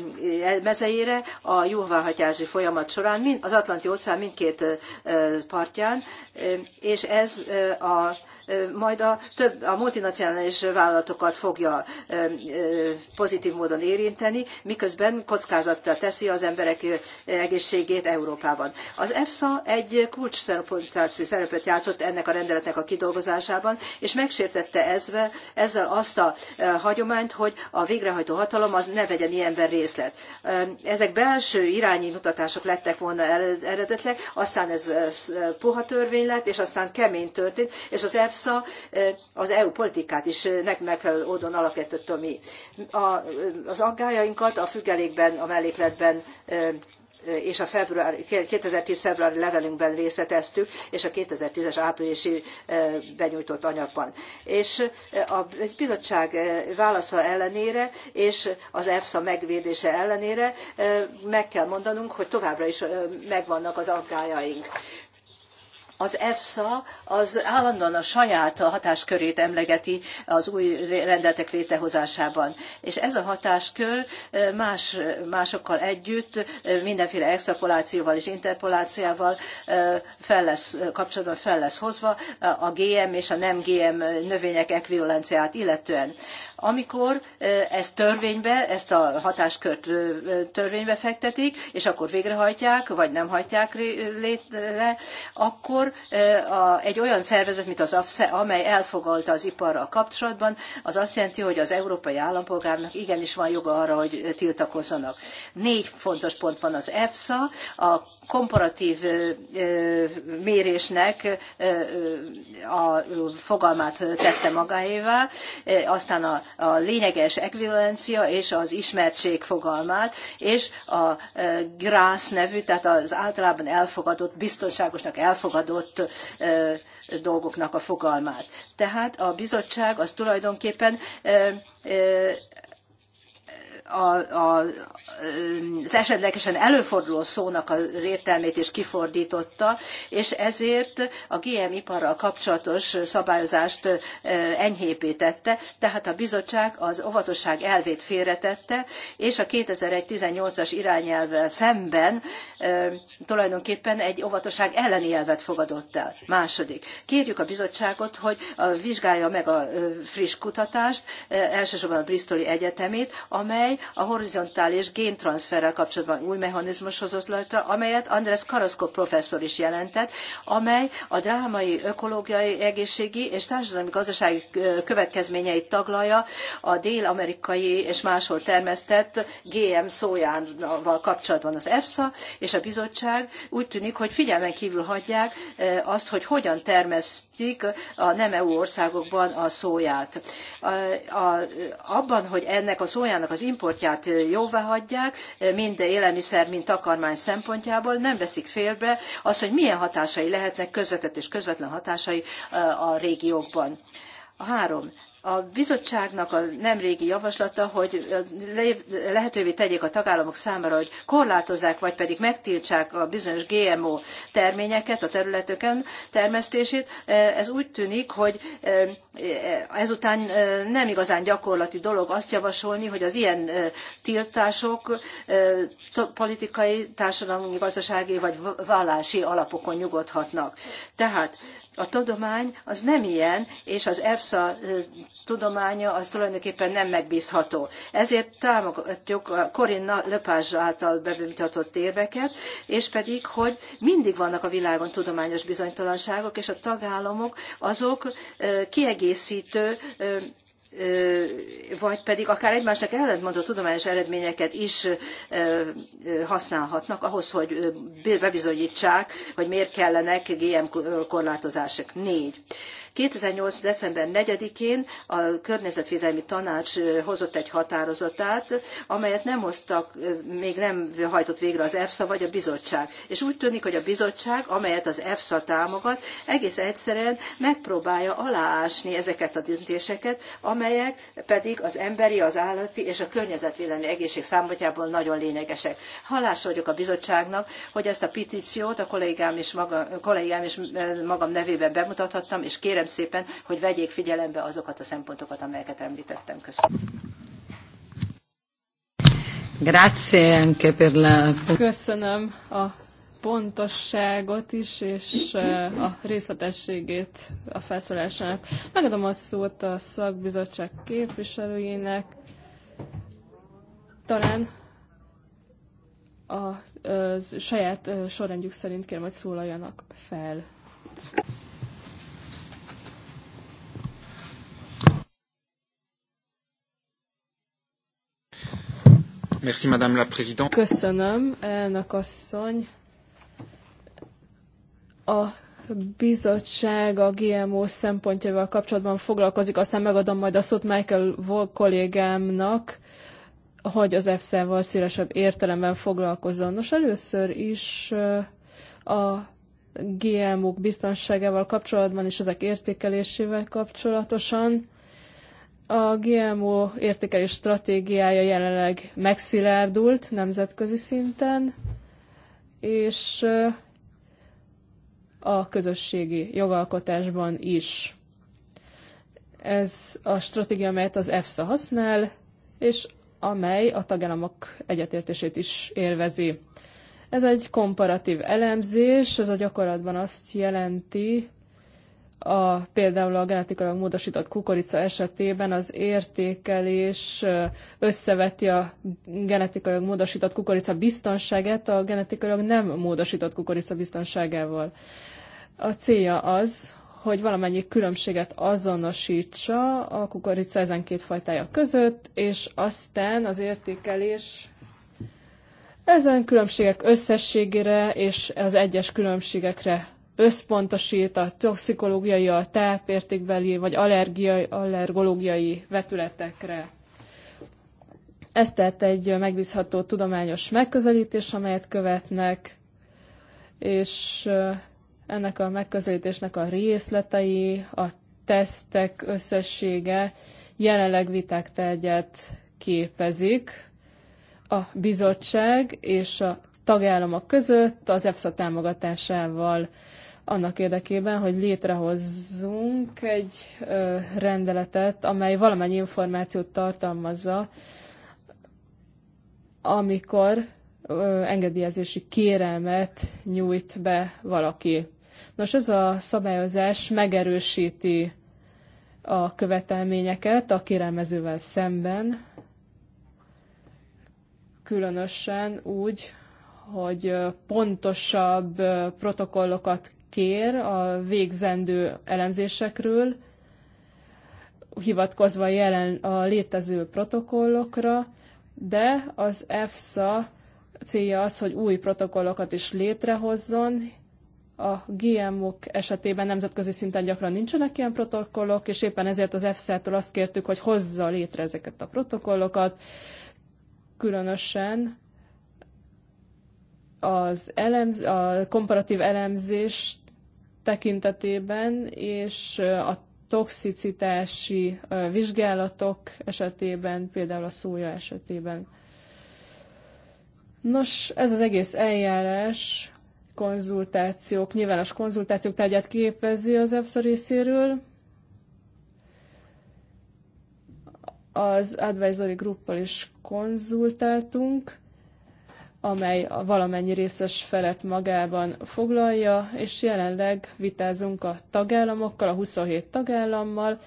mezejére a jóváhagyási folyamat során az Atlanti óceán mindkét partján, és ez a majd a, több, a multinacionális vállalatokat fogja pozitív módon érinteni, miközben kockázattal teszi az emberek egészségét Európában. Az EFSA egy kulcs szerepet játszott ennek a rendeletnek a kidolgozásában, és megsértette ezve, ezzel azt a hagyományt, hogy a végrehajtó hatalom az ne vegyen ilyenben részlet. Ezek belső irányi mutatások lettek volna eredetleg, aztán ez puha törvény lett, és aztán kemény történt, és az EFSA persze az EU politikát is nek megfelelő módon alakította mi. A, az aggájainkat a függelékben, a mellékletben és a február, 2010. februári levelünkben részleteztük, és a 2010-es áprilisi benyújtott anyagban. És a bizottság válasza ellenére, és az EFSA megvédése ellenére meg kell mondanunk, hogy továbbra is megvannak az aggájaink. Az EFSA az állandóan a saját hatáskörét emlegeti az új rendeletek létrehozásában. És ez a hatáskör más, másokkal együtt, mindenféle extrapolációval és interpolációval fel lesz, kapcsolatban fel lesz hozva a GM és a nem GM növények ekvivalenciát illetően. Amikor ezt törvénybe, ezt a hatáskört törvénybe fektetik, és akkor végrehajtják, vagy nem hajtják létre, akkor akkor egy olyan szervezet, mint az AFSZE, amely elfogalta az iparral kapcsolatban, az azt jelenti, hogy az európai állampolgárnak igenis van joga arra, hogy tiltakozzanak. Négy fontos pont van az EFSA, a komparatív mérésnek a fogalmát tette magáévá, aztán a, a lényeges ekvivalencia és az ismertség fogalmát, és a GRASS nevű, tehát az általában elfogadott, biztonságosnak elfogadott adott dolgoknak a fogalmát. Tehát a bizottság az tulajdonképpen a, a, az esetlegesen előforduló szónak az értelmét is kifordította, és ezért a GM iparral kapcsolatos szabályozást enyhébbé tette, tehát a bizottság az óvatosság elvét félretette, és a 2018 as irányelvvel szemben tulajdonképpen egy óvatosság elleni elvet fogadott el. Második. Kérjük a bizottságot, hogy vizsgálja meg a friss kutatást, elsősorban a Bristoli Egyetemét, amely a horizontális géntranszferrel kapcsolatban új mechanizmus hozott létre, amelyet András Karaszko professzor is jelentett, amely a drámai ökológiai, egészségi és társadalmi-gazdasági következményeit taglalja a dél-amerikai és máshol termesztett GM szójával kapcsolatban az EFSA és a bizottság úgy tűnik, hogy figyelmen kívül hagyják azt, hogy hogyan termesztik a nem EU országokban a szóját. abban, hogy ennek a szójának az import importját jóváhagyják, mind élelmiszer, mind takarmány szempontjából, nem veszik félbe az, hogy milyen hatásai lehetnek közvetett és közvetlen hatásai a régiókban. Három. A bizottságnak a nemrégi javaslata, hogy lehetővé tegyék a tagállamok számára, hogy korlátozzák vagy pedig megtiltsák a bizonyos GMO terményeket a területeken termesztését, ez úgy tűnik, hogy e, ezután nem igazán gyakorlati dolog azt javasolni, hogy az ilyen tiltások politikai, társadalmi, gazdasági vagy vallási alapokon nyugodhatnak. Tehát a tudomány az nem ilyen, és az EFSA tudománya az tulajdonképpen nem megbízható. Ezért támogatjuk a Corinne Lepázs által bebemutatott érveket, és pedig, hogy mindig vannak a világon tudományos bizonytalanságok, és a tagállamok azok kiegészítő vagy pedig akár egymásnak ellentmondó tudományos eredményeket is használhatnak ahhoz, hogy bebizonyítsák, hogy miért kellenek GM korlátozások. Négy. 2008. december 4-én a Környezetvédelmi Tanács hozott egy határozatát, amelyet nem hoztak, még nem hajtott végre az EFSA vagy a bizottság. És úgy tűnik, hogy a bizottság, amelyet az EFSA támogat, egész egyszerűen megpróbálja aláásni ezeket a döntéseket, amelyek pedig az emberi, az állati és a környezetvédelmi egészség szempontjából nagyon lényegesek. Hálás vagyok a bizottságnak, hogy ezt a petíciót a kollégám és, maga, kollégám és magam nevében bemutathattam, és kérem szépen, hogy vegyék figyelembe azokat a szempontokat, amelyeket említettem. Köszönöm. Köszönöm a pontosságot is, és a részletességét a felszólásának. Megadom a szót a szakbizottság képviselőjének. Talán a, saját sorrendjük szerint kérem, hogy szólaljanak fel. Merci, Madame la Présidente. Köszönöm, elnök asszony. A bizottság a GMO szempontjával kapcsolatban foglalkozik, aztán megadom majd a szót Michael Volk kollégámnak, hogy az EFSA-val szélesebb értelemben foglalkozzon. Nos, először is a GMO-k biztonságával kapcsolatban és ezek értékelésével kapcsolatosan a GMO értékelés stratégiája jelenleg megszilárdult nemzetközi szinten, és a közösségi jogalkotásban is. Ez a stratégia, amelyet az EFSA használ, és amely a tagállamok egyetértését is élvezi. Ez egy komparatív elemzés, ez a gyakorlatban azt jelenti, a, például a genetikailag módosított kukorica esetében az értékelés összeveti a genetikailag módosított kukorica biztonságát a genetikailag nem módosított kukorica biztonságával. A célja az, hogy valamennyi különbséget azonosítsa a kukorica ezen két fajtája között, és aztán az értékelés ezen különbségek összességére és az egyes különbségekre összpontosít a toxikológiai, a tápértékbeli vagy allergiai, allergológiai vetületekre. Ez tehát egy megbízható tudományos megközelítés, amelyet követnek, és ennek a megközelítésnek a részletei, a tesztek összessége jelenleg viták tárgyát képezik a bizottság és a tagállamok között az EFSA támogatásával annak érdekében, hogy létrehozzunk egy rendeletet, amely valamennyi információt tartalmazza, amikor engedélyezési kérelmet nyújt be valaki. Nos, ez a szabályozás megerősíti a követelményeket a kérelmezővel szemben, különösen úgy, hogy pontosabb protokollokat kér a végzendő elemzésekről, hivatkozva jelen a létező protokollokra, de az EFSA célja az, hogy új protokollokat is létrehozzon, a GMO-k esetében nemzetközi szinten gyakran nincsenek ilyen protokollok, és éppen ezért az EFSA-tól azt kértük, hogy hozza létre ezeket a protokollokat, különösen az elemz, a komparatív elemzés tekintetében és a toxicitási vizsgálatok esetében, például a szója esetében. Nos, ez az egész eljárás konzultációk, nyilvános konzultációk tárgyát képezi az EFSA részéről. Az advisory gruppal is konzultáltunk, amely valamennyi részes felet magában foglalja, és jelenleg vitázunk a tagállamokkal, a 27 tagállammal,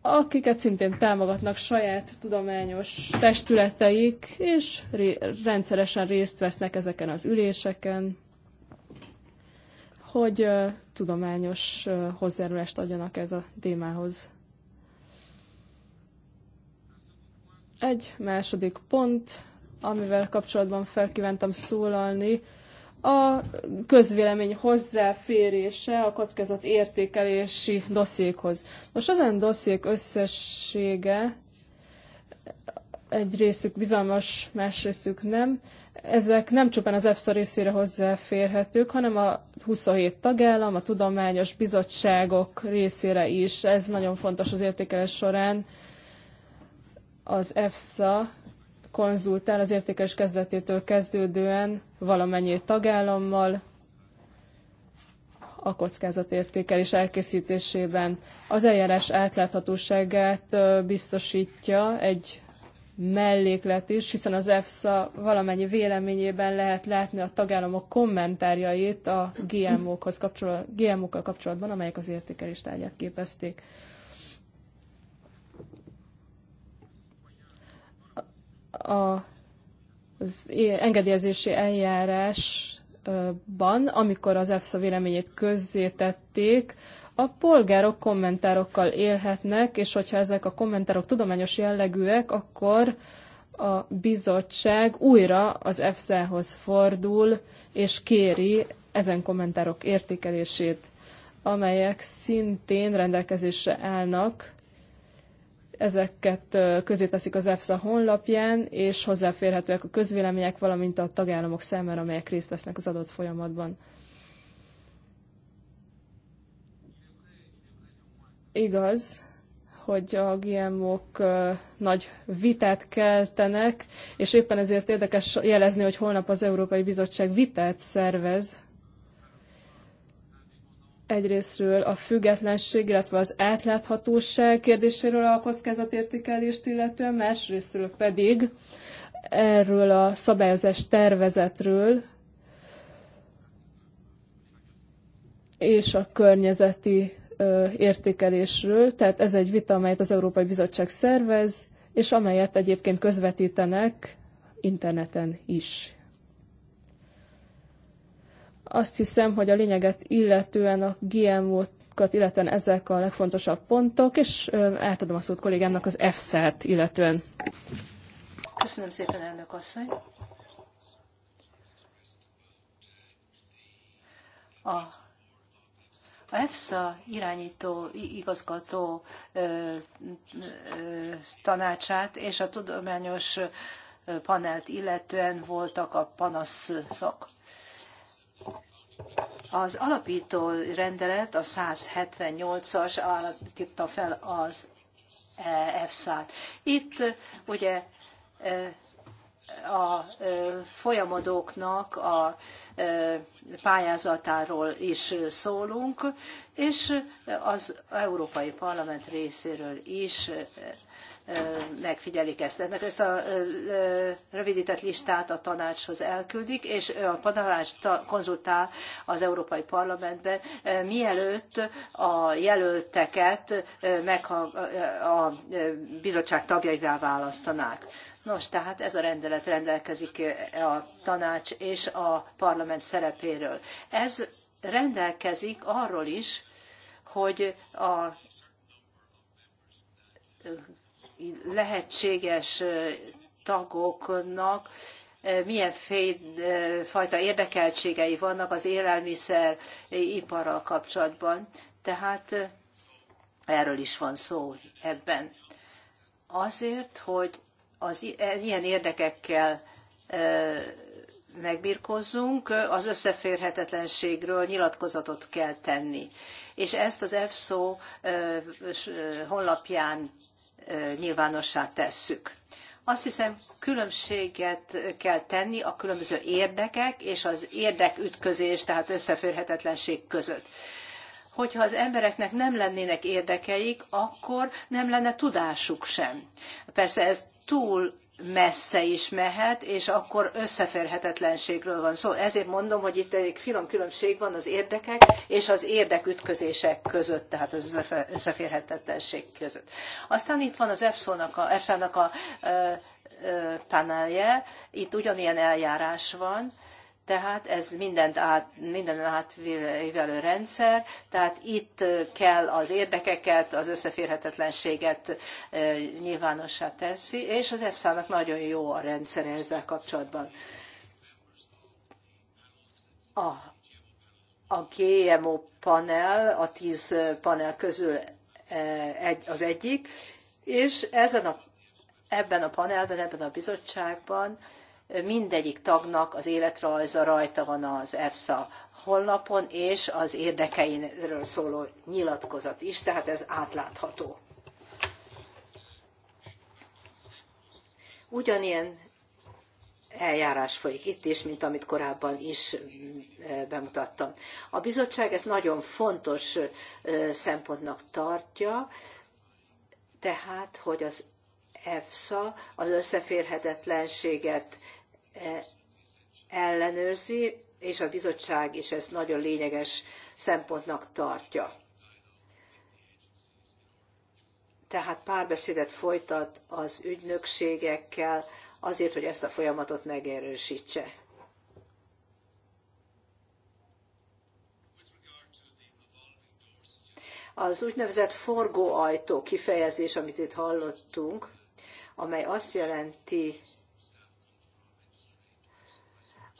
akiket szintén támogatnak saját tudományos testületeik, és rendszeresen részt vesznek ezeken az üléseken, hogy uh, tudományos uh, hozzájárulást adjanak ez a témához. Egy második pont, amivel kapcsolatban felkívántam szólalni, a közvélemény hozzáférése a kockázat értékelési dossziékhoz. Most ezen dossziék összessége egy részük bizalmas, más részük nem. Ezek nem csupán az EFSA részére hozzáférhetők, hanem a 27 tagállam, a tudományos bizottságok részére is. Ez nagyon fontos az értékelés során. Az EFSA konzultál az értékes kezdetétől kezdődően valamennyi tagállammal, a kockázatértékelés elkészítésében. Az eljárás átláthatóságát biztosítja egy melléklet is, hiszen az EFSA valamennyi véleményében lehet látni a tagállamok kommentárjait a GMO-kkal kapcsolatban, amelyek az értékelés tárgyát képezték. a, az engedélyezési eljárásban, amikor az EFSA véleményét közzétették, a polgárok kommentárokkal élhetnek, és hogyha ezek a kommentárok tudományos jellegűek, akkor a bizottság újra az EFSA-hoz fordul, és kéri ezen kommentárok értékelését, amelyek szintén rendelkezésre állnak Ezeket teszik az EFSA honlapján, és hozzáférhetőek a közvélemények, valamint a tagállamok számára, amelyek részt vesznek az adott folyamatban. Igaz, hogy a GMO-k nagy vitát keltenek, és éppen ezért érdekes jelezni, hogy holnap az Európai Bizottság vitát szervez egyrésztről a függetlenség, illetve az átláthatóság kérdéséről a kockázatértékelést illetően, másrésztről pedig erről a szabályozás tervezetről és a környezeti értékelésről. Tehát ez egy vita, amelyet az Európai Bizottság szervez, és amelyet egyébként közvetítenek interneten is. Azt hiszem, hogy a lényeget illetően a GMO-kat, illetően ezek a legfontosabb pontok, és átadom a szót kollégámnak az EFSA-t illetően. Köszönöm szépen, elnök asszony. A a EFSA irányító, igazgató tanácsát és a tudományos panelt illetően voltak a panaszok. Az alapító rendelet, a 178-as alapítta fel az EFSA-t. Itt ugye e, a e, folyamodóknak a e, pályázatáról is szólunk, és az Európai Parlament részéről is megfigyelik ezt. Ennek ezt a rövidített listát a tanácshoz elküldik, és a tanács konzultál az Európai Parlamentben, mielőtt a jelölteket meg a bizottság tagjaivá választanák. Nos, tehát ez a rendelet rendelkezik a tanács és a parlament szerepéről. Ez rendelkezik arról is, hogy a lehetséges tagoknak milyen fajta érdekeltségei vannak az élelmiszer iparral kapcsolatban. Tehát erről is van szó ebben. Azért, hogy az e, ilyen érdekekkel megbirkózzunk, az összeférhetetlenségről nyilatkozatot kell tenni. És ezt az EFSO honlapján nyilvánossá tesszük. Azt hiszem, különbséget kell tenni a különböző érdekek és az érdekütközés, tehát összeférhetetlenség között hogyha az embereknek nem lennének érdekeik, akkor nem lenne tudásuk sem. Persze ez túl messze is mehet, és akkor összeférhetetlenségről van szó. Szóval ezért mondom, hogy itt egy finom különbség van az érdekek és az érdekütközések között, tehát az összeférhetetlenség között. Aztán itt van az EFSA-nak a, EFSA-nak a panelje, itt ugyanilyen eljárás van, tehát ez mindent át, minden átvívelő rendszer, tehát itt kell az érdekeket, az összeférhetetlenséget nyilvánossá teszi, és az EFSA-nak nagyon jó a rendszer ezzel kapcsolatban. A, a GMO panel, a tíz panel közül az egyik, és ezen a, ebben a panelben, ebben a bizottságban mindegyik tagnak az életrajza rajta van az EFSA honlapon, és az érdekeiről szóló nyilatkozat is, tehát ez átlátható. Ugyanilyen eljárás folyik itt is, mint amit korábban is mm, e, bemutattam. A bizottság ezt nagyon fontos e, szempontnak tartja, tehát, hogy az EFSA az összeférhetetlenséget ellenőrzi, és a bizottság is ezt nagyon lényeges szempontnak tartja. Tehát párbeszédet folytat az ügynökségekkel azért, hogy ezt a folyamatot megerősítse. Az úgynevezett forgóajtó kifejezés, amit itt hallottunk, amely azt jelenti,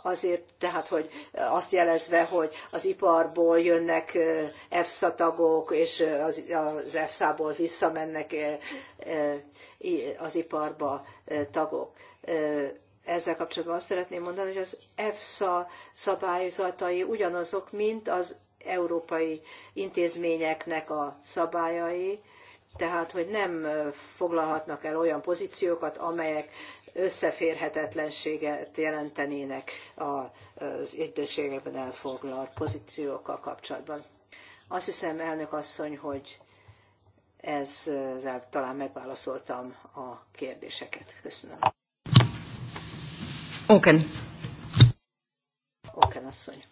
azért, tehát hogy azt jelezve, hogy az iparból jönnek EFSA tagok, és az, EFSA-ból visszamennek az iparba tagok ezzel kapcsolatban azt szeretném mondani, hogy az EFSA szabályzatai ugyanazok, mint az európai intézményeknek a szabályai, tehát hogy nem foglalhatnak el olyan pozíciókat, amelyek összeférhetetlenséget jelentenének az ügynökségekben elfoglalt pozíciókkal kapcsolatban. Azt hiszem, elnök asszony, hogy ez talán megválaszoltam a kérdéseket. Köszönöm. Oké. Oké, asszony.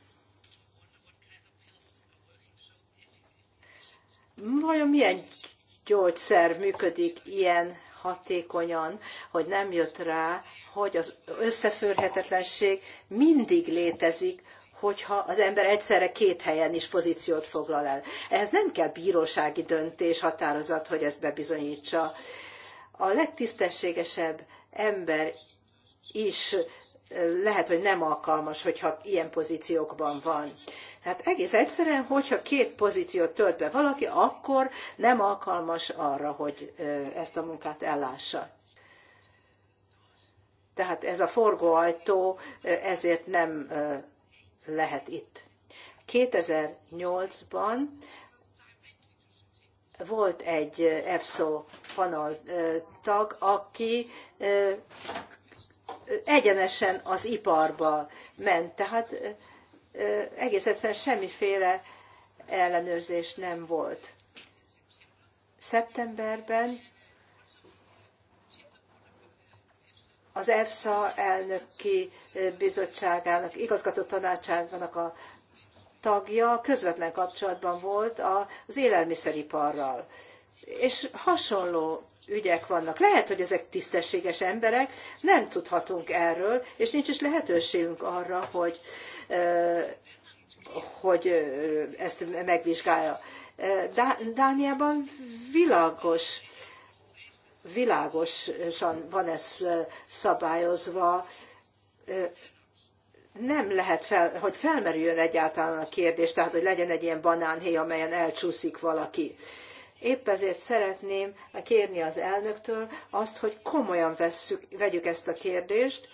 Vajon milyen gyógyszer működik ilyen hatékonyan, hogy nem jött rá, hogy az összeférhetetlenség mindig létezik, hogyha az ember egyszerre két helyen is pozíciót foglal el. Ehhez nem kell bírósági döntés, határozat, hogy ezt bebizonyítsa. A legtisztességesebb ember is lehet, hogy nem alkalmas, hogyha ilyen pozíciókban van. Hát egész egyszerűen, hogyha két pozíciót tölt be valaki, akkor nem alkalmas arra, hogy ezt a munkát ellássa. Tehát ez a forgóajtó ezért nem lehet itt. 2008-ban volt egy EFSO panel tag, aki egyenesen az iparba ment. Tehát egész egyszerűen semmiféle ellenőrzés nem volt. Szeptemberben az EFSA elnöki bizottságának, igazgató tanácsának a tagja közvetlen kapcsolatban volt az élelmiszeriparral. És hasonló ügyek vannak. Lehet, hogy ezek tisztességes emberek, nem tudhatunk erről, és nincs is lehetőségünk arra, hogy, hogy ezt megvizsgálja. Dániában világos, világosan van ez szabályozva, nem lehet, fel, hogy felmerüljön egyáltalán a kérdés, tehát hogy legyen egy ilyen banánhéj, amelyen elcsúszik valaki. Épp ezért szeretném kérni az elnöktől azt, hogy komolyan vesszük, vegyük ezt a kérdést,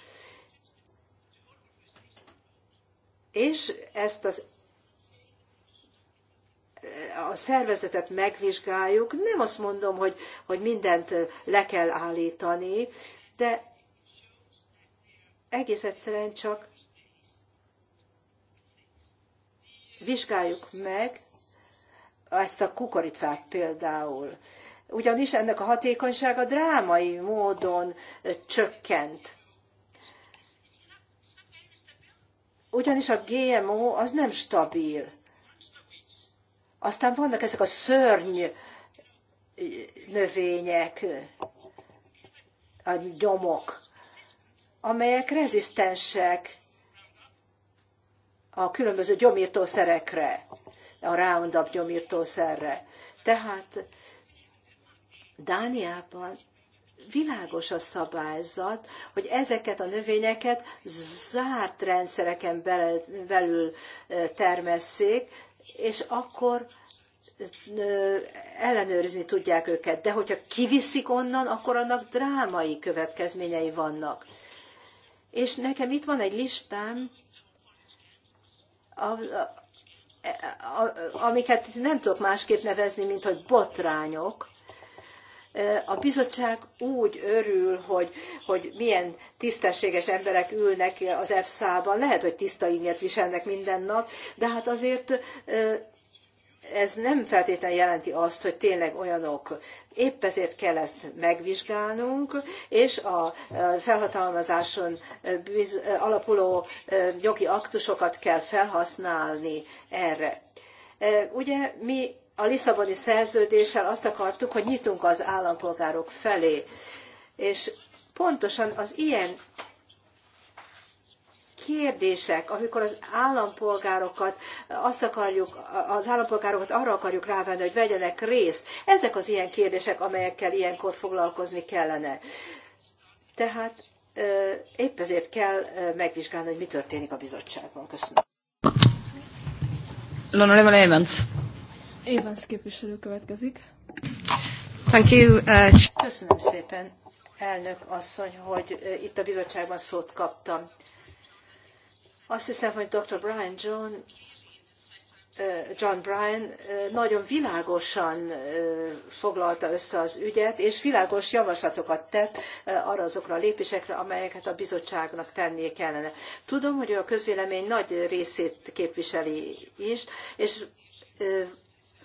és ezt az a szervezetet megvizsgáljuk. Nem azt mondom, hogy, hogy mindent le kell állítani, de egész egyszerűen csak vizsgáljuk meg, ezt a kukoricát például. Ugyanis ennek a hatékonysága drámai módon csökkent. Ugyanis a GMO az nem stabil. Aztán vannak ezek a szörny növények, a gyomok, amelyek rezisztensek a különböző gyomírtószerekre a Roundup gyomírtószerre. Tehát Dániában világos a szabályzat, hogy ezeket a növényeket zárt rendszereken belül termesszék, és akkor ellenőrizni tudják őket. De hogyha kiviszik onnan, akkor annak drámai következményei vannak. És nekem itt van egy listám, amiket nem tudok másképp nevezni, mint hogy botrányok. A bizottság úgy örül, hogy, hogy milyen tisztességes emberek ülnek az EFSA-ban. Lehet, hogy tiszta inget viselnek minden nap, de hát azért ez nem feltétlenül jelenti azt, hogy tényleg olyanok. Épp ezért kell ezt megvizsgálnunk, és a felhatalmazáson alapuló jogi aktusokat kell felhasználni erre. Ugye mi a Lisszaboni szerződéssel azt akartuk, hogy nyitunk az állampolgárok felé, és pontosan az ilyen kérdések, amikor az állampolgárokat azt akarjuk, az állampolgárokat arra akarjuk rávenni, hogy vegyenek részt. Ezek az ilyen kérdések, amelyekkel ilyenkor foglalkozni kellene. Tehát épp ezért kell megvizsgálni, hogy mi történik a bizottságban. Köszönöm. L'onorevole Evans. Evans képviselő következik. Thank you. Uh, Köszönöm szépen, elnök asszony, hogy itt a bizottságban szót kaptam. Azt hiszem, hogy dr. Brian John John Brian nagyon világosan foglalta össze az ügyet, és világos javaslatokat tett arra azokra a lépésekre, amelyeket a bizottságnak tennie kellene. Tudom, hogy a közvélemény nagy részét képviseli is, és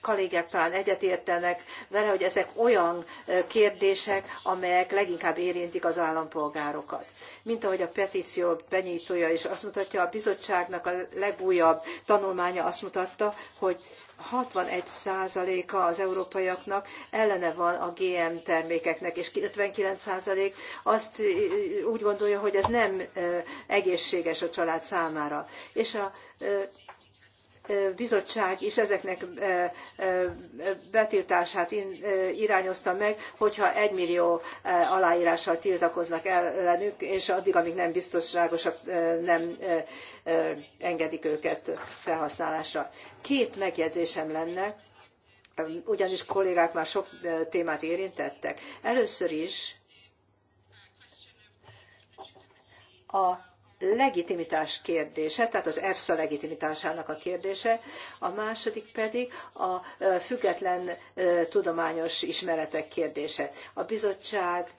kollégák talán egyetértenek vele, hogy ezek olyan kérdések, amelyek leginkább érintik az állampolgárokat. Mint ahogy a petíció benyitója is azt mutatja, a bizottságnak a legújabb tanulmánya azt mutatta, hogy 61%-a az európaiaknak ellene van a GM termékeknek, és 59% azt úgy gondolja, hogy ez nem egészséges a család számára. És a bizottság is ezeknek betiltását irányozta meg, hogyha egymillió aláírással tiltakoznak ellenük, és addig, amíg nem biztonságosak, nem engedik őket felhasználásra. Két megjegyzésem lenne, ugyanis kollégák már sok témát érintettek. Először is a legitimitás kérdése, tehát az EFSA legitimitásának a kérdése, a második pedig a független tudományos ismeretek kérdése. A bizottság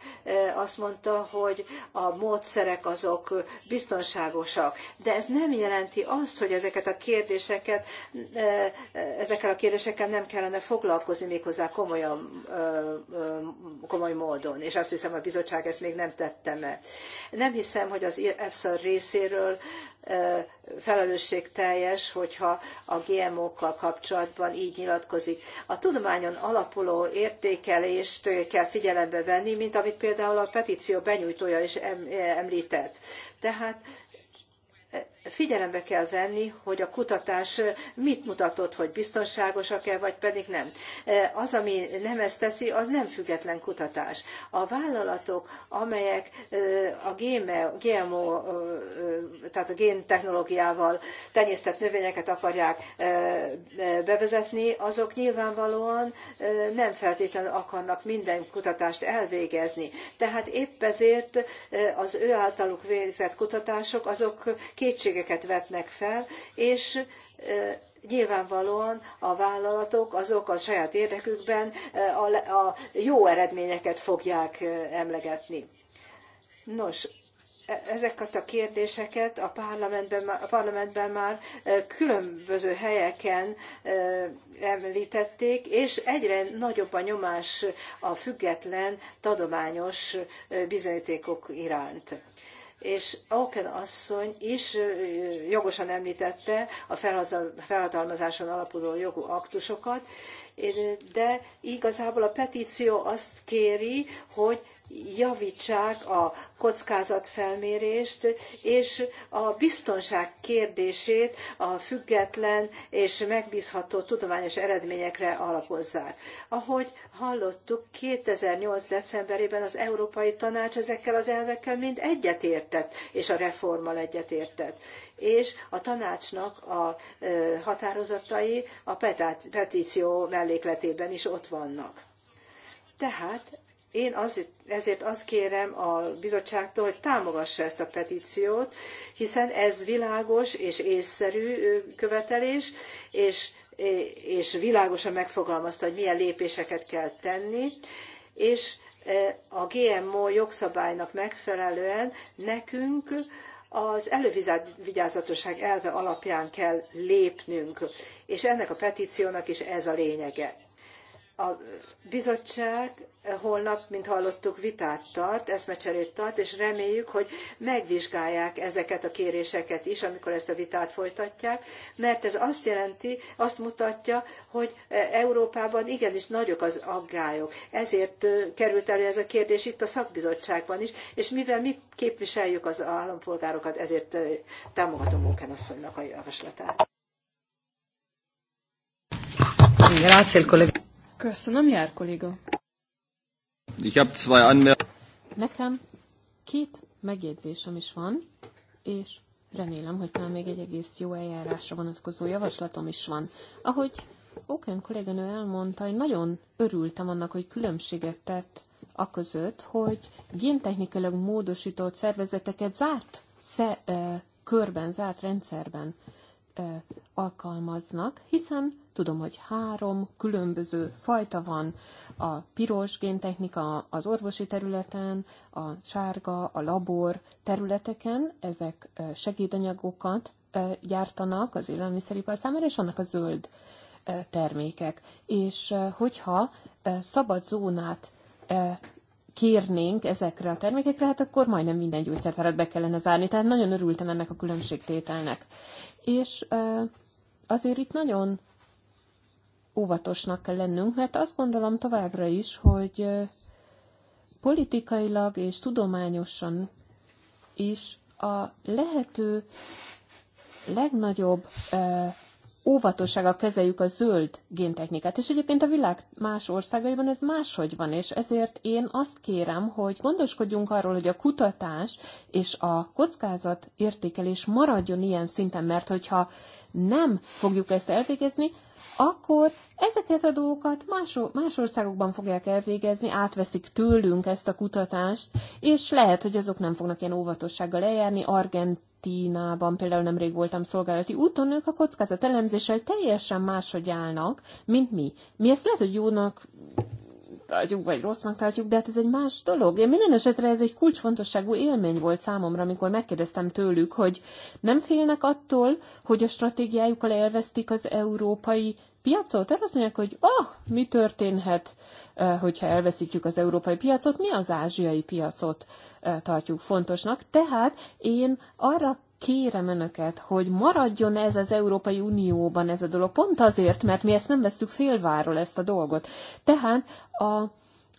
azt mondta, hogy a módszerek azok biztonságosak, de ez nem jelenti azt, hogy ezeket a kérdéseket, ezekkel a kérdésekkel nem kellene foglalkozni méghozzá komolyan, komoly módon, és azt hiszem a bizottság ezt még nem tette meg. Nem hiszem, hogy az EFSA részéről felelősségteljes, hogyha a GMO-kkal kapcsolatban így nyilatkozik. A tudományon alapuló értékelést kell figyelembe venni, mint amit például a petíció benyújtója is említett. Tehát figyelembe kell venni, hogy a kutatás mit mutatott, hogy biztonságosak-e, vagy pedig nem. Az, ami nem ezt teszi, az nem független kutatás. A vállalatok, amelyek a GMO, tehát a géntechnológiával tenyésztett növényeket akarják bevezetni, azok nyilvánvalóan nem feltétlenül akarnak minden kutatást elvégezni. Tehát épp ezért az ő általuk végzett kutatások azok kétség költségeket vetnek fel, és nyilvánvalóan a vállalatok azok a saját érdekükben a jó eredményeket fogják emlegetni. Nos, e, ezeket a kérdéseket a parlamentben, a parlamentben már különböző helyeken említették, és egyre nagyobb a nyomás a független, tudományos bizonyítékok iránt és Auken asszony is jogosan említette a felhatalmazáson alapuló jogú aktusokat, de igazából a petíció azt kéri, hogy javítsák a kockázatfelmérést, és a biztonság kérdését a független és megbízható tudományos eredményekre alapozzák. Ahogy hallottuk, 2008. decemberében az Európai Tanács ezekkel az elvekkel mind egyetértett, és a reformmal egyetértett. És a tanácsnak a határozatai a petíció mellékletében is ott vannak. Tehát én az, ezért azt kérem a bizottságtól, hogy támogassa ezt a petíciót, hiszen ez világos és észszerű követelés, és, és világosan megfogalmazta, hogy milyen lépéseket kell tenni, és a GMO jogszabálynak megfelelően nekünk az elővigyázatosság elve alapján kell lépnünk, és ennek a petíciónak is ez a lényege. A bizottság holnap, mint hallottuk, vitát tart, eszmecserét tart, és reméljük, hogy megvizsgálják ezeket a kéréseket is, amikor ezt a vitát folytatják, mert ez azt jelenti, azt mutatja, hogy Európában igenis nagyok az aggályok. Ezért került elő ez a kérdés itt a szakbizottságban is, és mivel mi képviseljük az állampolgárokat, ezért támogatom Móken asszonynak a javaslatát. Grazie, il collega. Köszönöm, jár kolléga. Ich hab zwei anmer- Nekem két megjegyzésem is van, és remélem, hogy talán még egy egész jó eljárásra vonatkozó javaslatom is van. Ahogy Oken kolléganő elmondta, én nagyon örültem annak, hogy különbséget tett a között, hogy géntechnikailag módosított szervezeteket zárt sze, eh, körben, zárt rendszerben alkalmaznak, hiszen tudom, hogy három különböző fajta van a piros géntechnika az orvosi területen, a sárga, a labor területeken, ezek segédanyagokat gyártanak az élelmiszeripar számára, és annak a zöld termékek. És hogyha szabad zónát kérnénk ezekre a termékekre, hát akkor majdnem minden gyógyszertárat be kellene zárni. Tehát nagyon örültem ennek a különbségtételnek és azért itt nagyon óvatosnak kell lennünk, mert azt gondolom továbbra is, hogy politikailag és tudományosan is a lehető legnagyobb óvatossága kezeljük a zöld géntechnikát. És egyébként a világ más országaiban ez máshogy van, és ezért én azt kérem, hogy gondoskodjunk arról, hogy a kutatás és a kockázat értékelés maradjon ilyen szinten, mert hogyha nem fogjuk ezt elvégezni, akkor ezeket a dolgokat más, más országokban fogják elvégezni, átveszik tőlünk ezt a kutatást, és lehet, hogy azok nem fognak ilyen óvatossággal eljárni. Argent Argentinában például nemrég voltam szolgálati úton, ők a kockázat elemzéssel teljesen máshogy állnak, mint mi. Mi ezt lehet, hogy jónak tartjuk, vagy rossznak tartjuk, de hát ez egy más dolog. Én minden esetre ez egy kulcsfontosságú élmény volt számomra, amikor megkérdeztem tőlük, hogy nem félnek attól, hogy a stratégiájukkal elvesztik az európai piacot, erre azt mondják, hogy oh, mi történhet, eh, hogyha elveszítjük az európai piacot, mi az ázsiai piacot eh, tartjuk fontosnak. Tehát én arra kérem önöket, hogy maradjon ez az Európai Unióban ez a dolog, pont azért, mert mi ezt nem veszük félváról ezt a dolgot. Tehát a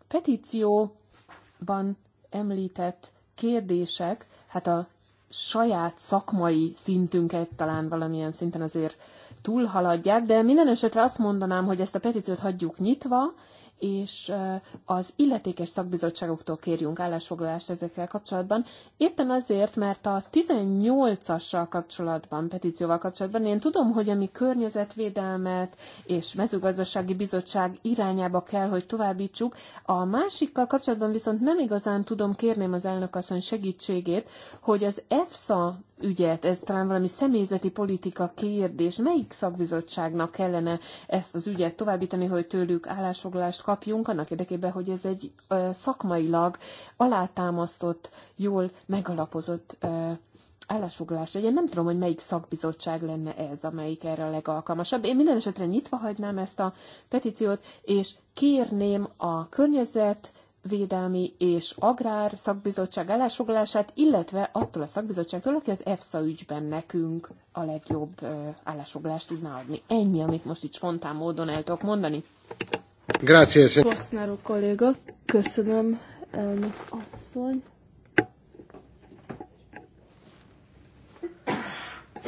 petícióban említett kérdések, hát a saját szakmai szintünket talán valamilyen szinten azért uh, túlhaladják, de minden esetre azt mondanám, hogy ezt a petíciót hagyjuk nyitva, és eh, az illetékes szakbizottságoktól kérjünk állásfoglalást ezekkel kapcsolatban. Éppen azért, mert a 18-assal kapcsolatban, petícióval kapcsolatban én tudom, hogy ami környezetvédelmet és mezőgazdasági bizottság irányába kell, hogy továbbítsuk. A másikkal kapcsolatban viszont nem igazán tudom kérném az elnökasszony segítségét, hogy az EFSA ügyet, ez talán valami személyzeti politika kérdés. Melyik szakbizottságnak kellene ezt az ügyet továbbítani, hogy tőlük állásfoglalást kapjunk, annak érdekében, hogy ez egy szakmailag alátámasztott, jól megalapozott állásfoglalás legyen. Nem tudom, hogy melyik szakbizottság lenne ez, amelyik erre a legalkalmasabb. Én minden esetre nyitva hagynám ezt a petíciót, és kérném a környezet védelmi és Agrár Szakbizottság állásfoglalását, illetve attól a szakbizottságtól, aki az EFSA ügyben nekünk a legjobb állásfoglalást tudná adni. Ennyi, amit most itt spontán módon el tudok mondani. Grazie. kolléga, köszönöm, elnök asszony.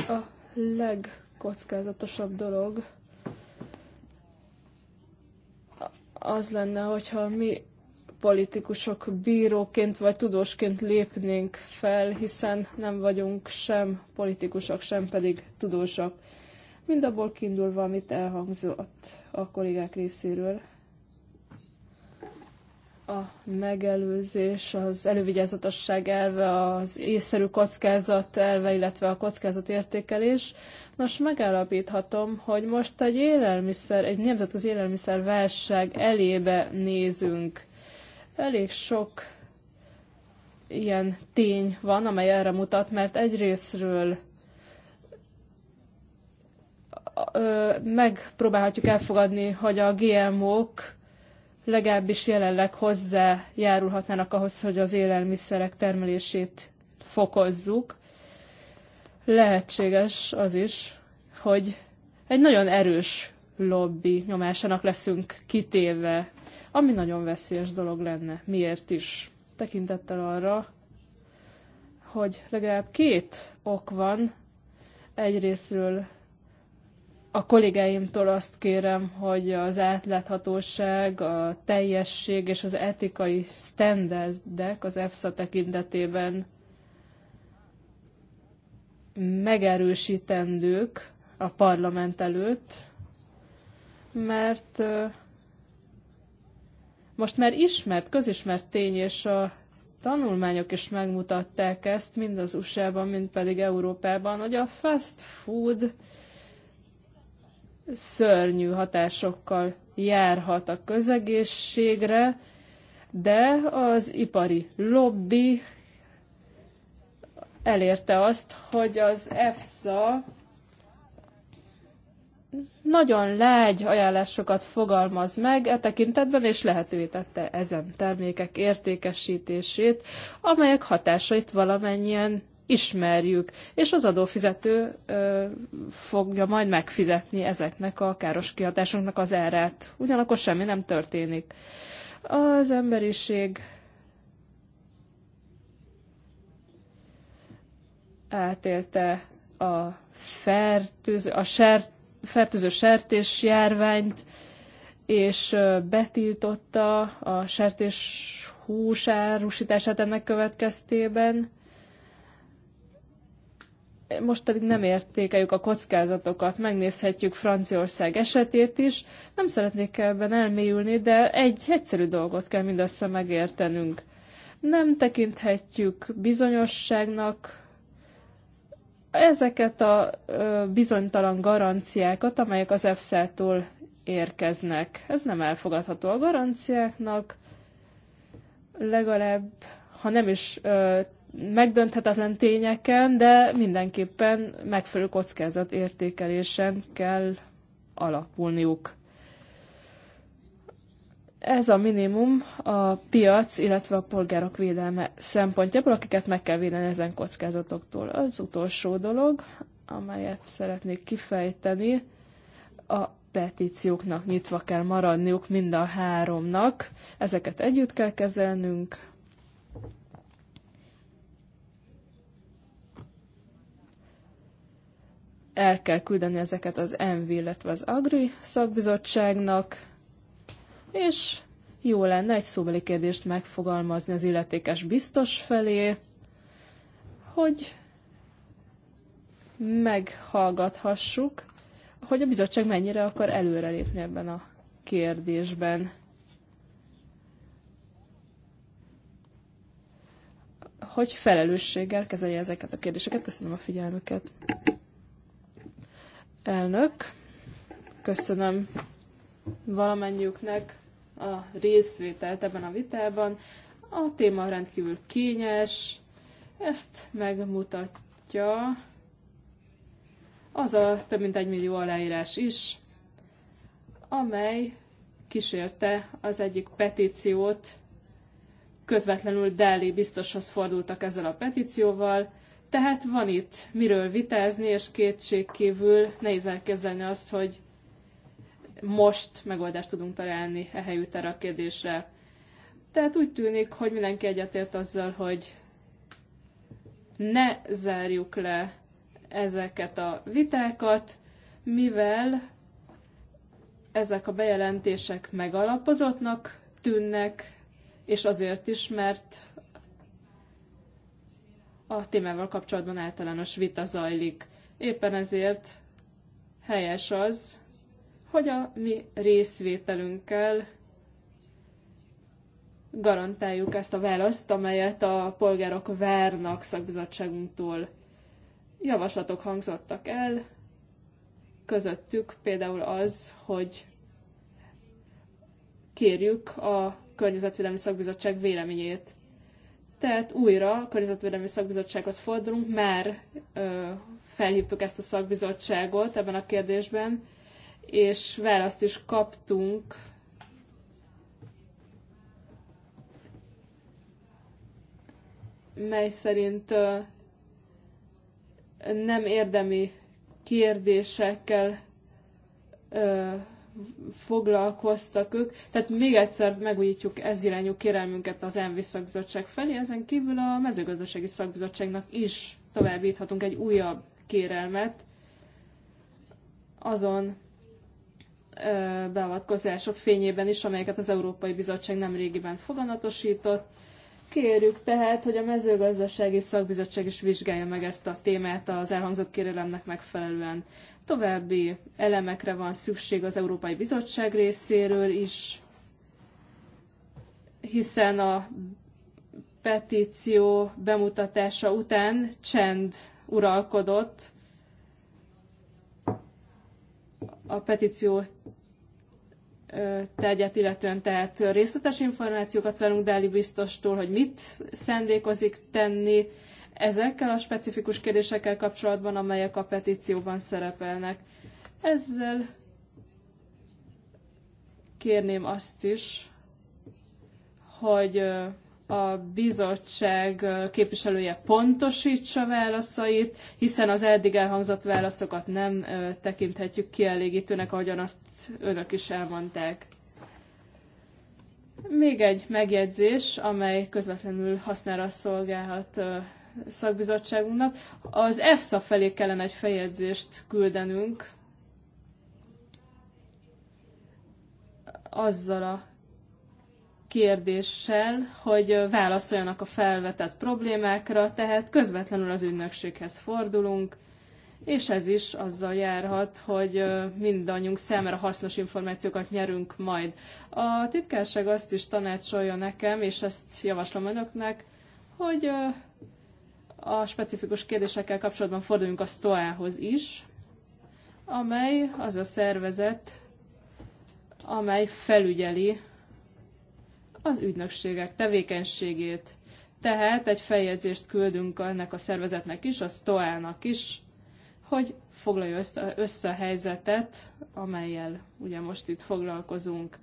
A legkockázatosabb dolog az lenne, hogyha mi politikusok bíróként vagy tudósként lépnénk fel, hiszen nem vagyunk sem politikusok, sem pedig tudósok. Mind abból kiindulva, amit elhangzott a kollégák részéről. A megelőzés, az elővigyázatosság elve, az észszerű kockázat elve, illetve a kockázatértékelés. Nos, megállapíthatom, hogy most egy élelmiszer, egy nemzetközi élelmiszer válság elébe nézünk Elég sok ilyen tény van, amely erre mutat, mert egyrésztről megpróbálhatjuk elfogadni, hogy a GMO-k legalábbis jelenleg hozzájárulhatnának ahhoz, hogy az élelmiszerek termelését fokozzuk. Lehetséges az is, hogy egy nagyon erős lobby nyomásának leszünk kitéve ami nagyon veszélyes dolog lenne. Miért is? Tekintettel arra, hogy legalább két ok van. Egyrésztről a kollégáimtól azt kérem, hogy az átláthatóság, a teljesség és az etikai standardek az EFSA tekintetében megerősítendők a parlament előtt, mert most már ismert, közismert tény, és a tanulmányok is megmutatták ezt, mind az USA-ban, mind pedig Európában, hogy a fast food szörnyű hatásokkal járhat a közegészségre, de az ipari lobby elérte azt, hogy az EFSA nagyon lágy ajánlásokat fogalmaz meg e tekintetben, és lehetővé tette ezen termékek értékesítését, amelyek hatásait valamennyien ismerjük, és az adófizető ö, fogja majd megfizetni ezeknek a káros kihatásoknak az árát. Ugyanakkor semmi nem történik. Az emberiség átélte a fertőző, a sert fertőző sertés járványt, és betiltotta a sertés hús árusítását ennek következtében. Most pedig nem értékeljük a kockázatokat, megnézhetjük Franciaország esetét is. Nem szeretnék ebben elmélyülni, de egy egyszerű dolgot kell mindössze megértenünk. Nem tekinthetjük bizonyosságnak ezeket a bizonytalan garanciákat, amelyek az EFSA-tól érkeznek. Ez nem elfogadható a garanciáknak, legalább, ha nem is ö, megdönthetetlen tényeken, de mindenképpen megfelelő kockázatértékelésen kell alapulniuk. Ez a minimum a piac, illetve a polgárok védelme szempontjából, akiket meg kell védeni ezen kockázatoktól. Az utolsó dolog, amelyet szeretnék kifejteni, a petícióknak nyitva kell maradniuk mind a háromnak. Ezeket együtt kell kezelnünk. El kell küldeni ezeket az MV, illetve az Agri szakbizottságnak és jó lenne egy szóbeli kérdést megfogalmazni az illetékes biztos felé, hogy meghallgathassuk, hogy a bizottság mennyire akar előrelépni ebben a kérdésben. Hogy felelősséggel kezelje ezeket a kérdéseket. Köszönöm a figyelmüket. Elnök, köszönöm valamennyiüknek a részvételt ebben a vitában. A téma rendkívül kényes, ezt megmutatja az a több mint egy millió aláírás is, amely kísérte az egyik petíciót, közvetlenül Delhi biztoshoz fordultak ezzel a petícióval, tehát van itt miről vitázni, és kétségkívül nehéz elképzelni azt, hogy most megoldást tudunk találni ehelyütt erre a kérdésre. Tehát úgy tűnik, hogy mindenki egyetért azzal, hogy ne zárjuk le ezeket a vitákat, mivel ezek a bejelentések megalapozottnak tűnnek, és azért is, mert a témával kapcsolatban általános vita zajlik. Éppen ezért helyes az, hogy a mi részvételünkkel garantáljuk ezt a választ, amelyet a polgárok várnak szakbizottságunktól. Javaslatok hangzottak el, közöttük például az, hogy kérjük a Környezetvédelmi Szakbizottság véleményét. Tehát újra a Környezetvédelmi Szakbizottsághoz fordulunk, már ö, felhívtuk ezt a szakbizottságot ebben a kérdésben, és választ is kaptunk mely szerint nem érdemi kérdésekkel foglalkoztak ők. Tehát még egyszer megújítjuk ez irányú kérelmünket az ENVI szakbizottság felé, ezen kívül a mezőgazdasági szakbizottságnak is továbbíthatunk egy újabb kérelmet azon beavatkozások fényében is, amelyeket az Európai Bizottság nem régiben foganatosított. Kérjük tehát, hogy a mezőgazdasági szakbizottság is vizsgálja meg ezt a témát az elhangzott kérelemnek megfelelően. További elemekre van szükség az Európai Bizottság részéről is, hiszen a petíció bemutatása után csend uralkodott, a petíció tárgyát illetően tehát részletes információkat várunk Dáli biztostól, hogy mit szándékozik tenni ezekkel a specifikus kérdésekkel kapcsolatban, amelyek a petícióban szerepelnek. Ezzel kérném azt is, hogy a bizottság képviselője pontosítsa válaszait, hiszen az eddig elhangzott válaszokat nem tekinthetjük kielégítőnek, ahogyan azt önök is elmondták. Még egy megjegyzés, amely közvetlenül hasznára szolgálhat szakbizottságunknak. Az EFSA felé kellene egy feljegyzést küldenünk azzal a kérdéssel, hogy válaszoljanak a felvetett problémákra, tehát közvetlenül az ügynökséghez fordulunk, és ez is azzal járhat, hogy mindannyiunk számára hasznos információkat nyerünk majd. A titkárság azt is tanácsolja nekem, és ezt javaslom önöknek, hogy a specifikus kérdésekkel kapcsolatban forduljunk a STOA-hoz is, amely az a szervezet, amely felügyeli az ügynökségek tevékenységét. Tehát egy feljegyzést küldünk ennek a szervezetnek is, a STOA-nak is, hogy foglalja össze a helyzetet, amelyel ugye most itt foglalkozunk.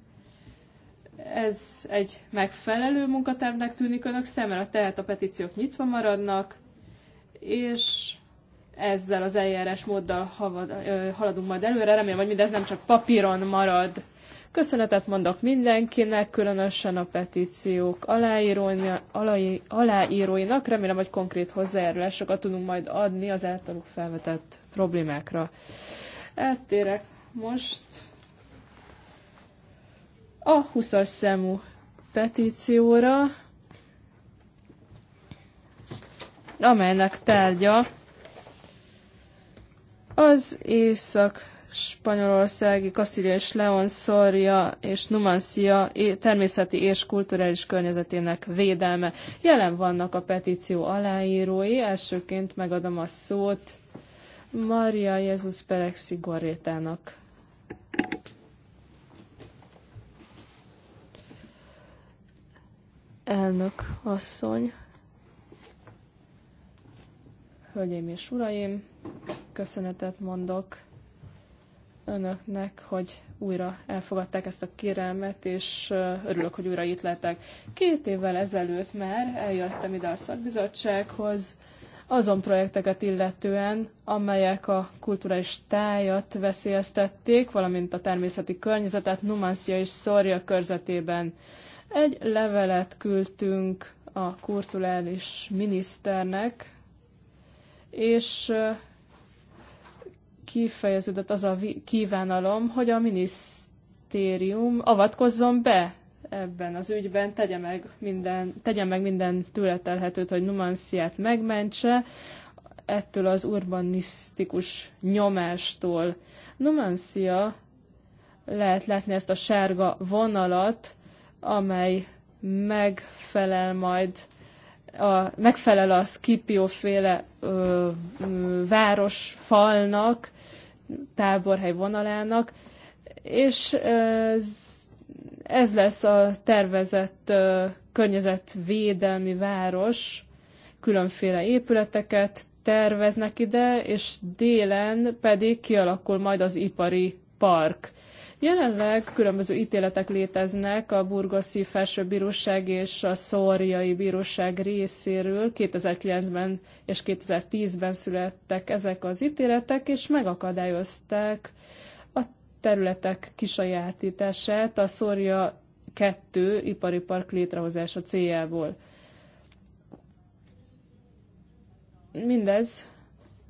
Ez egy megfelelő munkatervnek tűnik önök számára, tehát a petíciók nyitva maradnak, és ezzel az eljárás móddal haladunk majd előre. Remélem, hogy mindez nem csak papíron marad. Köszönetet mondok mindenkinek, különösen a petíciók aláíróinak. Remélem, hogy konkrét hozzájárulásokat tudunk majd adni az általuk felvetett problémákra. Eltérek most a 20-as petícióra, amelynek tárgya az észak spanyolországi Kasztília és Leon, Soria és Numancia természeti és kulturális környezetének védelme. Jelen vannak a petíció aláírói, elsőként megadom a szót Maria Jézus Perexi Gorrétának. Elnök asszony, hölgyeim és uraim, köszönetet mondok önöknek, hogy újra elfogadták ezt a kérelmet, és örülök, hogy újra itt lettek. Két évvel ezelőtt már eljöttem ide a szakbizottsághoz, azon projekteket illetően, amelyek a kulturális tájat veszélyeztették, valamint a természeti környezetet Numancia és Szorja körzetében. Egy levelet küldtünk a kulturális miniszternek, és kifejeződött az a kívánalom, hogy a minisztérium avatkozzon be ebben az ügyben, tegye meg minden, tegye meg minden tületelhetőt, hogy Numanciát megmentse ettől az urbanisztikus nyomástól. Numancia lehet látni ezt a sárga vonalat, amely megfelel majd a, megfelel a Scipio-féle város falnak, táborhely vonalának, és ez, ez lesz a tervezett ö, környezetvédelmi város, különféle épületeket terveznek ide, és délen pedig kialakul majd az ipari park. Jelenleg különböző ítéletek léteznek a Burgoszi Felsőbíróság és a Szóriai Bíróság részéről. 2009-ben és 2010-ben születtek ezek az ítéletek, és megakadályozták a területek kisajátítását a Szória 2 ipari park létrehozása céljából. Mindez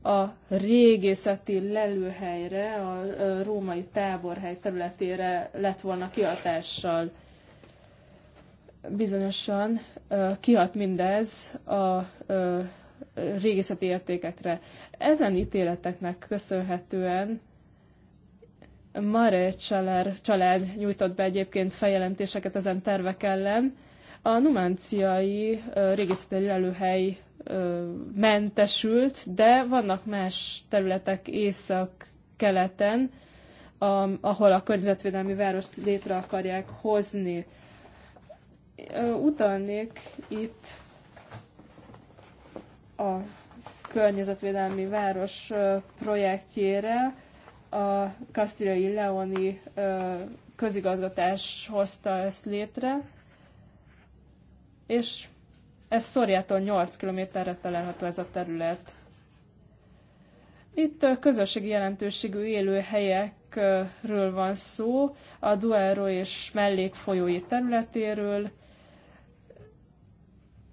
a régészeti lelőhelyre, a római táborhely területére lett volna kihatással. Bizonyosan kihat mindez a régészeti értékekre. Ezen ítéleteknek köszönhetően Mare Csaler család nyújtott be egyébként feljelentéseket ezen tervek ellen. A numanciai régészeti lelőhely mentesült, de vannak más területek észak-keleten, ahol a környezetvédelmi várost létre akarják hozni. Utalnék itt a környezetvédelmi város projektjére, a Kastriai Leoni közigazgatás hozta ezt létre, és ez Szoriától 8 kilométerre található ez a terület. Itt közösségi jelentőségű élőhelyekről van szó, a Duero és mellék folyói területéről,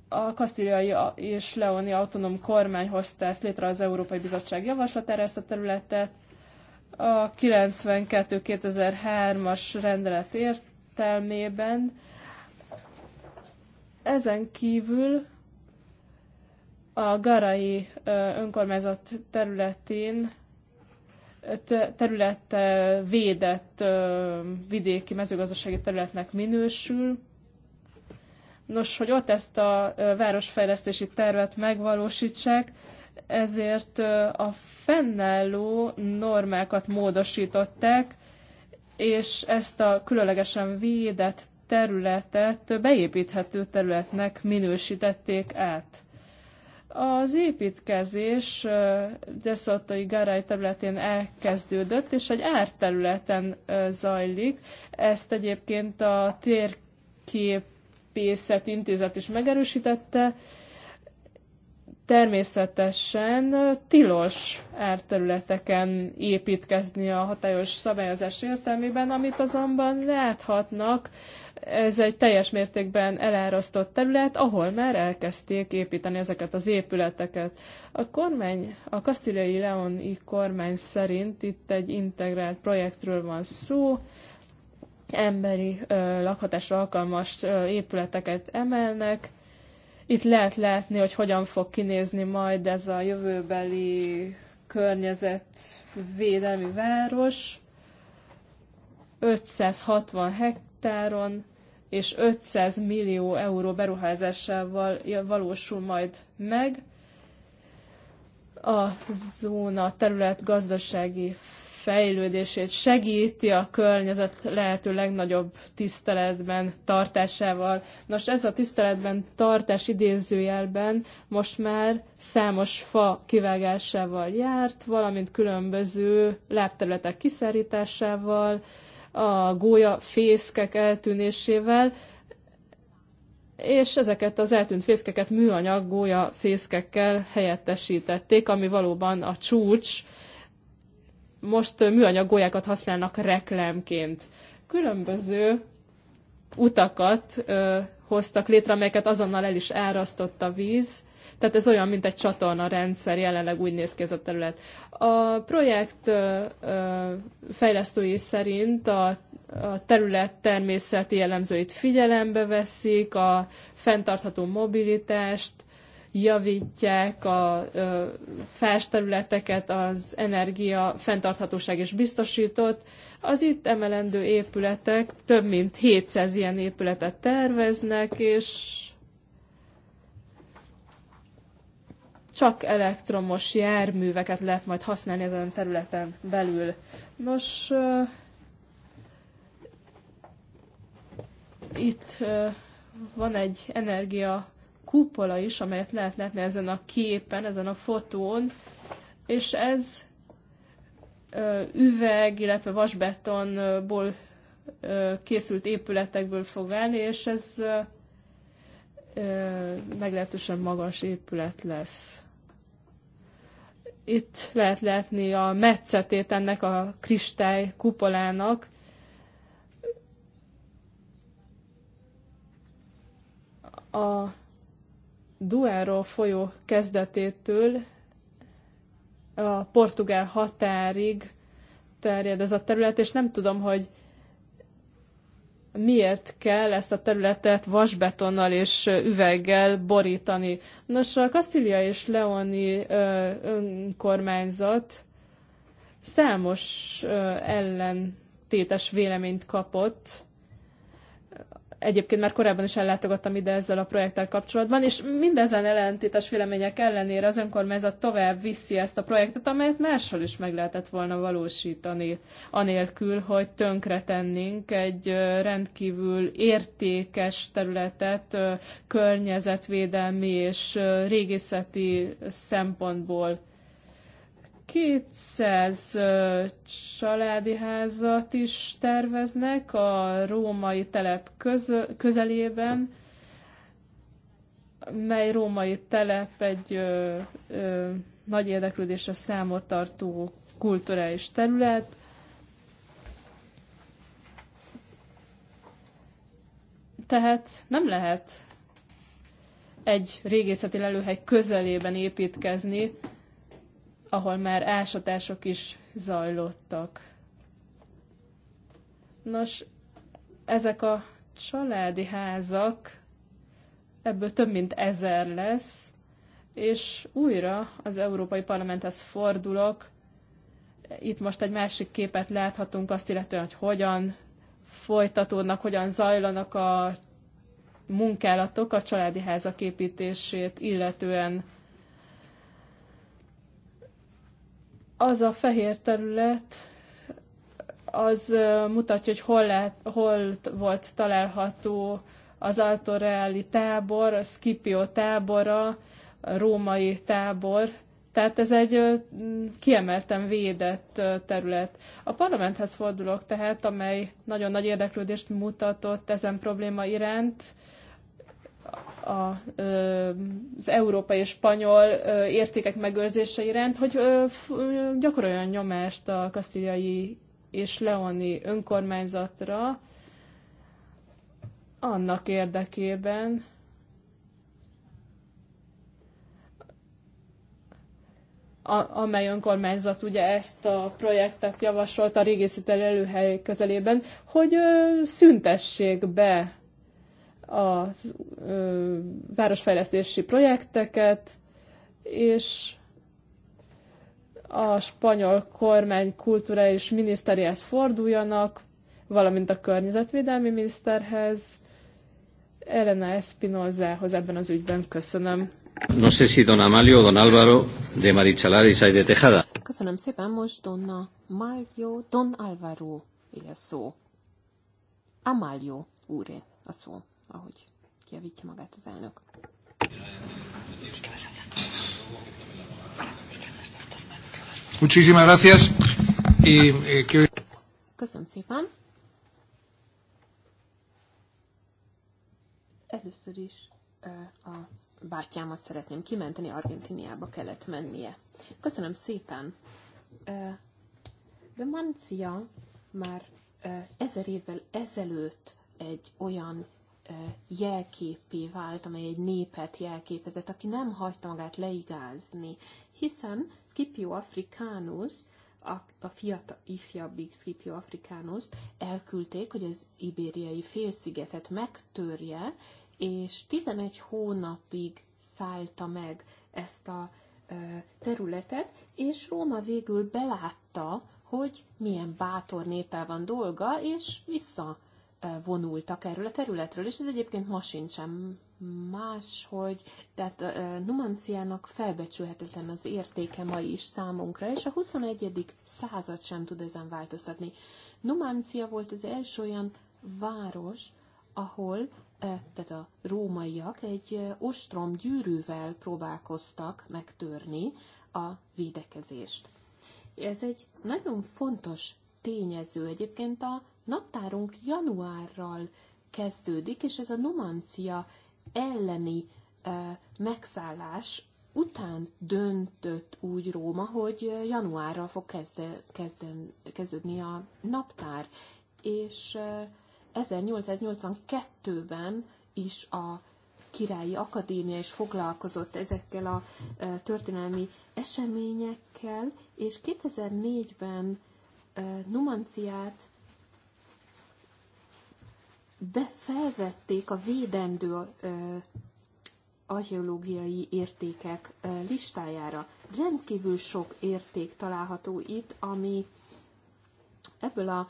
a kasztíliai és leoni autonóm kormány hozta ezt létre az Európai Bizottság javaslatára ezt a területet. A 92-2003-as rendelet értelmében ezen kívül a Garai önkormányzat területén területe védett vidéki mezőgazdasági területnek minősül. Nos, hogy ott ezt a városfejlesztési tervet megvalósítsák, ezért a fennálló normákat módosították, és ezt a különlegesen védett területet beépíthető területnek minősítették át. Az építkezés Deszottai Garály területén elkezdődött, és egy árterületen zajlik. Ezt egyébként a Térképészet Intézet is megerősítette. Természetesen tilos árterületeken építkezni a hatályos szabályozás értelmében, amit azonban láthatnak ez egy teljes mértékben elárasztott terület, ahol már elkezdték építeni ezeket az épületeket. A kormány, a kasztiliai leoni kormány szerint itt egy integrált projektről van szó, emberi ö, lakhatásra alkalmas ö, épületeket emelnek. Itt lehet látni, hogy hogyan fog kinézni majd ez a jövőbeli környezetvédelmi város. 560 hektáron és 500 millió euró beruházásával valósul majd meg. A zóna terület gazdasági fejlődését segíti a környezet lehető legnagyobb tiszteletben tartásával. Nos, ez a tiszteletben tartás idézőjelben most már számos fa kivágásával járt, valamint különböző lábterületek kiszárításával, a gólya fészkek eltűnésével, és ezeket az eltűnt fészkeket műanyag gólya fészkekkel helyettesítették, ami valóban a csúcs. Most műanyag gólyákat használnak reklámként. Különböző utakat ö, hoztak létre, amelyeket azonnal el is árasztott a víz, tehát ez olyan, mint egy csatorna rendszer, jelenleg úgy néz ki ez a terület. A projekt fejlesztői szerint a a terület természeti jellemzőit figyelembe veszik, a fenntartható mobilitást, javítják a fás területeket, az energia fenntarthatóság is biztosított. Az itt emelendő épületek több mint 700 ilyen épületet terveznek, és csak elektromos járműveket lehet majd használni ezen a területen belül. Nos, uh, itt uh, van egy energia kupola is, amelyet lehet látni ezen a képen, ezen a fotón, és ez uh, üveg, illetve vasbetonból készült épületekből fog állni, és ez meglehetősen magas épület lesz. Itt lehet látni a metszetét ennek a kristály kupolának. A Duero folyó kezdetétől a portugál határig terjed ez a terület, és nem tudom, hogy miért kell ezt a területet vasbetonnal és üveggel borítani. Nos, a Kastília és Leoni önkormányzat számos ellentétes véleményt kapott Egyébként már korábban is ellátogattam ide ezzel a projekttel kapcsolatban, és mindezen ellentétes vélemények ellenére az önkormányzat tovább viszi ezt a projektet, amelyet máshol is meg lehetett volna valósítani, anélkül, hogy tennénk egy rendkívül értékes területet környezetvédelmi és régészeti szempontból. 200 családi házat is terveznek a római telep közelében, mely római telep egy ö, ö, nagy érdeklődésre számot tartó kulturális terület. Tehát nem lehet egy régészeti lelőhely közelében építkezni, ahol már ásatások is zajlottak. Nos, ezek a családi házak, ebből több mint ezer lesz, és újra az Európai Parlamenthez fordulok. Itt most egy másik képet láthatunk azt illetően, hogy hogyan folytatódnak, hogyan zajlanak a munkálatok a családi házak építését illetően. Az a fehér terület, az mutatja, hogy hol, lehet, hol volt található az altoreáli tábor, a Scipio tábora, a római tábor, tehát ez egy kiemelten védett terület. A parlamenthez fordulok tehát, amely nagyon nagy érdeklődést mutatott ezen probléma iránt, a, az európai és spanyol értékek megőrzése iránt, hogy gyakoroljon nyomást a kasztíliai és leoni önkormányzatra annak érdekében, A, amely önkormányzat ugye ezt a projektet javasolta a régészétel előhely közelében, hogy ö, szüntessék be a városfejlesztési projekteket, és a spanyol kormány kulturális miniszterihez forduljanak, valamint a környezetvédelmi miniszterhez, Elena Espinozához ebben az ügyben. Köszönöm. No sé si don Amalio, don Álvaro, de Marichalar y de Tejada. Köszönöm szépen, most donna Amalio don Álvaro, a szó. Amalio úr, a szó ahogy kiavítja magát az elnök. Muchísimas gracias. Eh, Köszönöm szépen. Először is a bátyámat szeretném kimenteni, Argentiniába kellett mennie. Köszönöm szépen. De Mancia már ezer évvel ezelőtt egy olyan jelképé vált, amely egy népet jelképezett, aki nem hagyta magát leigázni, hiszen Scipio Africanus, a, a fiatal, ifjabbik Scipio Africanus elküldték, hogy az ibériai félszigetet megtörje, és 11 hónapig szállta meg ezt a területet, és Róma végül belátta, hogy milyen bátor népel van dolga, és vissza vonultak erről a területről, és ez egyébként ma sincsen hogy, tehát Numanciának felbecsülhetetlen az értéke ma is számunkra, és a 21. század sem tud ezen változtatni. Numancia volt az első olyan város, ahol tehát a rómaiak egy ostrom gyűrűvel próbálkoztak megtörni a védekezést. Ez egy nagyon fontos tényező egyébként a naptárunk januárral kezdődik, és ez a numancia elleni e, megszállás után döntött úgy Róma, hogy januárral fog kezde, kezden, kezdődni a naptár, és e, 1882-ben is a Királyi Akadémia is foglalkozott ezekkel a e, történelmi eseményekkel, és 2004-ben e, Numanciát befelvették felvették a védendő ö, archeológiai értékek ö, listájára. Rendkívül sok érték található itt, ami ebből a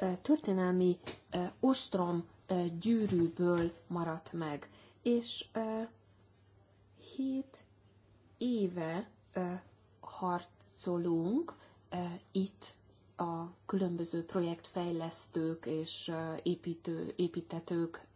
ö, történelmi ö, ostrom ö, gyűrűből maradt meg. És ö, hét éve ö, harcolunk ö, itt a különböző projektfejlesztők és építő, építetők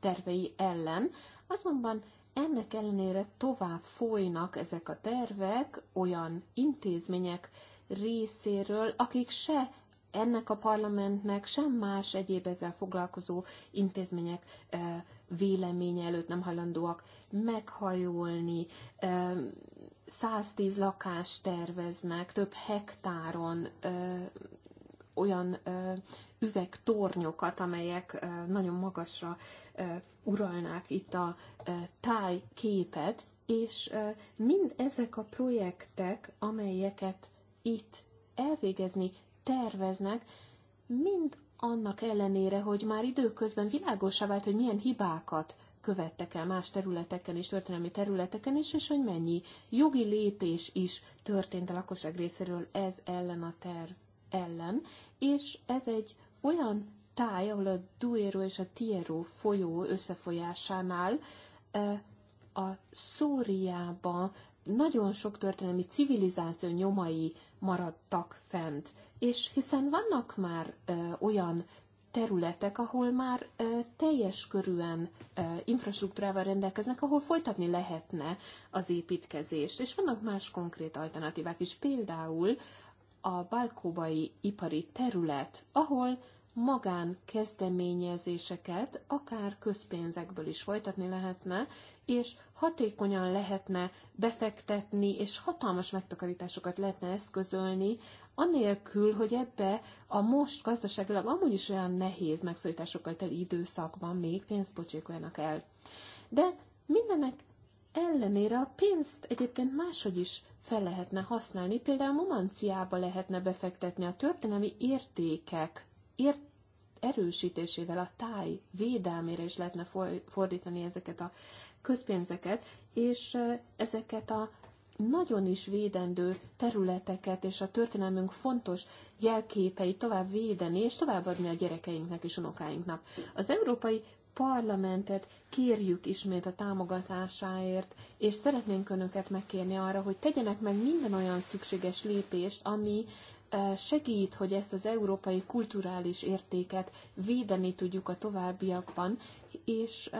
tervei ellen, azonban ennek ellenére tovább folynak ezek a tervek olyan intézmények részéről, akik se ennek a parlamentnek, sem más egyéb ezzel foglalkozó intézmények véleménye előtt nem hajlandóak meghajolni, 110 lakást terveznek, több hektáron olyan üvegtornyokat, amelyek nagyon magasra uralnák itt a tájképet, és mind ezek a projektek, amelyeket itt elvégezni terveznek, mind annak ellenére, hogy már időközben világosá vált, hogy milyen hibákat követtek el más területeken és történelmi területeken is, és hogy mennyi jogi lépés is történt a lakosság részéről ez ellen a terv ellen, és ez egy olyan táj, ahol a Duero és a Tiero folyó összefolyásánál e, a Szóriában nagyon sok történelmi civilizáció nyomai maradtak fent. És hiszen vannak már ö, olyan területek, ahol már ö, teljes körűen ö, infrastruktúrával rendelkeznek, ahol folytatni lehetne az építkezést. És vannak más konkrét alternatívák is, például a Balkóbai ipari terület, ahol magán kezdeményezéseket akár közpénzekből is folytatni lehetne, és hatékonyan lehetne befektetni, és hatalmas megtakarításokat lehetne eszközölni, anélkül, hogy ebbe a most gazdaságilag amúgy is olyan nehéz megszorításokkal teli időszakban még pénzt bocsékoljanak el. De mindenek ellenére a pénzt egyébként máshogy is fel lehetne használni, például mumanciába lehetne befektetni a történelmi értékek, ért, erősítésével, a táj védelmére is lehetne fordítani ezeket a közpénzeket, és ezeket a nagyon is védendő területeket és a történelmünk fontos jelképei tovább védeni és továbbadni a gyerekeinknek és unokáinknak. Az Európai parlamentet kérjük ismét a támogatásáért, és szeretnénk önöket megkérni arra, hogy tegyenek meg minden olyan szükséges lépést, ami segít, hogy ezt az európai kulturális értéket védeni tudjuk a továbbiakban, és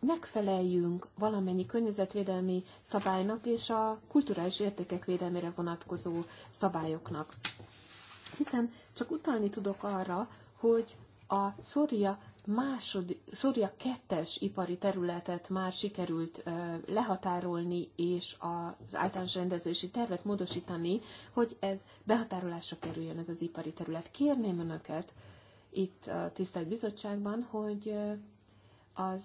megfeleljünk valamennyi környezetvédelmi szabálynak és a kulturális értékek védelmére vonatkozó szabályoknak. Hiszen csak utalni tudok arra, hogy a Szória második, Szúria kettes ipari területet már sikerült lehatárolni, és az általános rendezési tervet módosítani, hogy ez behatárolásra kerüljön ez az ipari terület. Kérném Önöket itt a tisztelt bizottságban, hogy az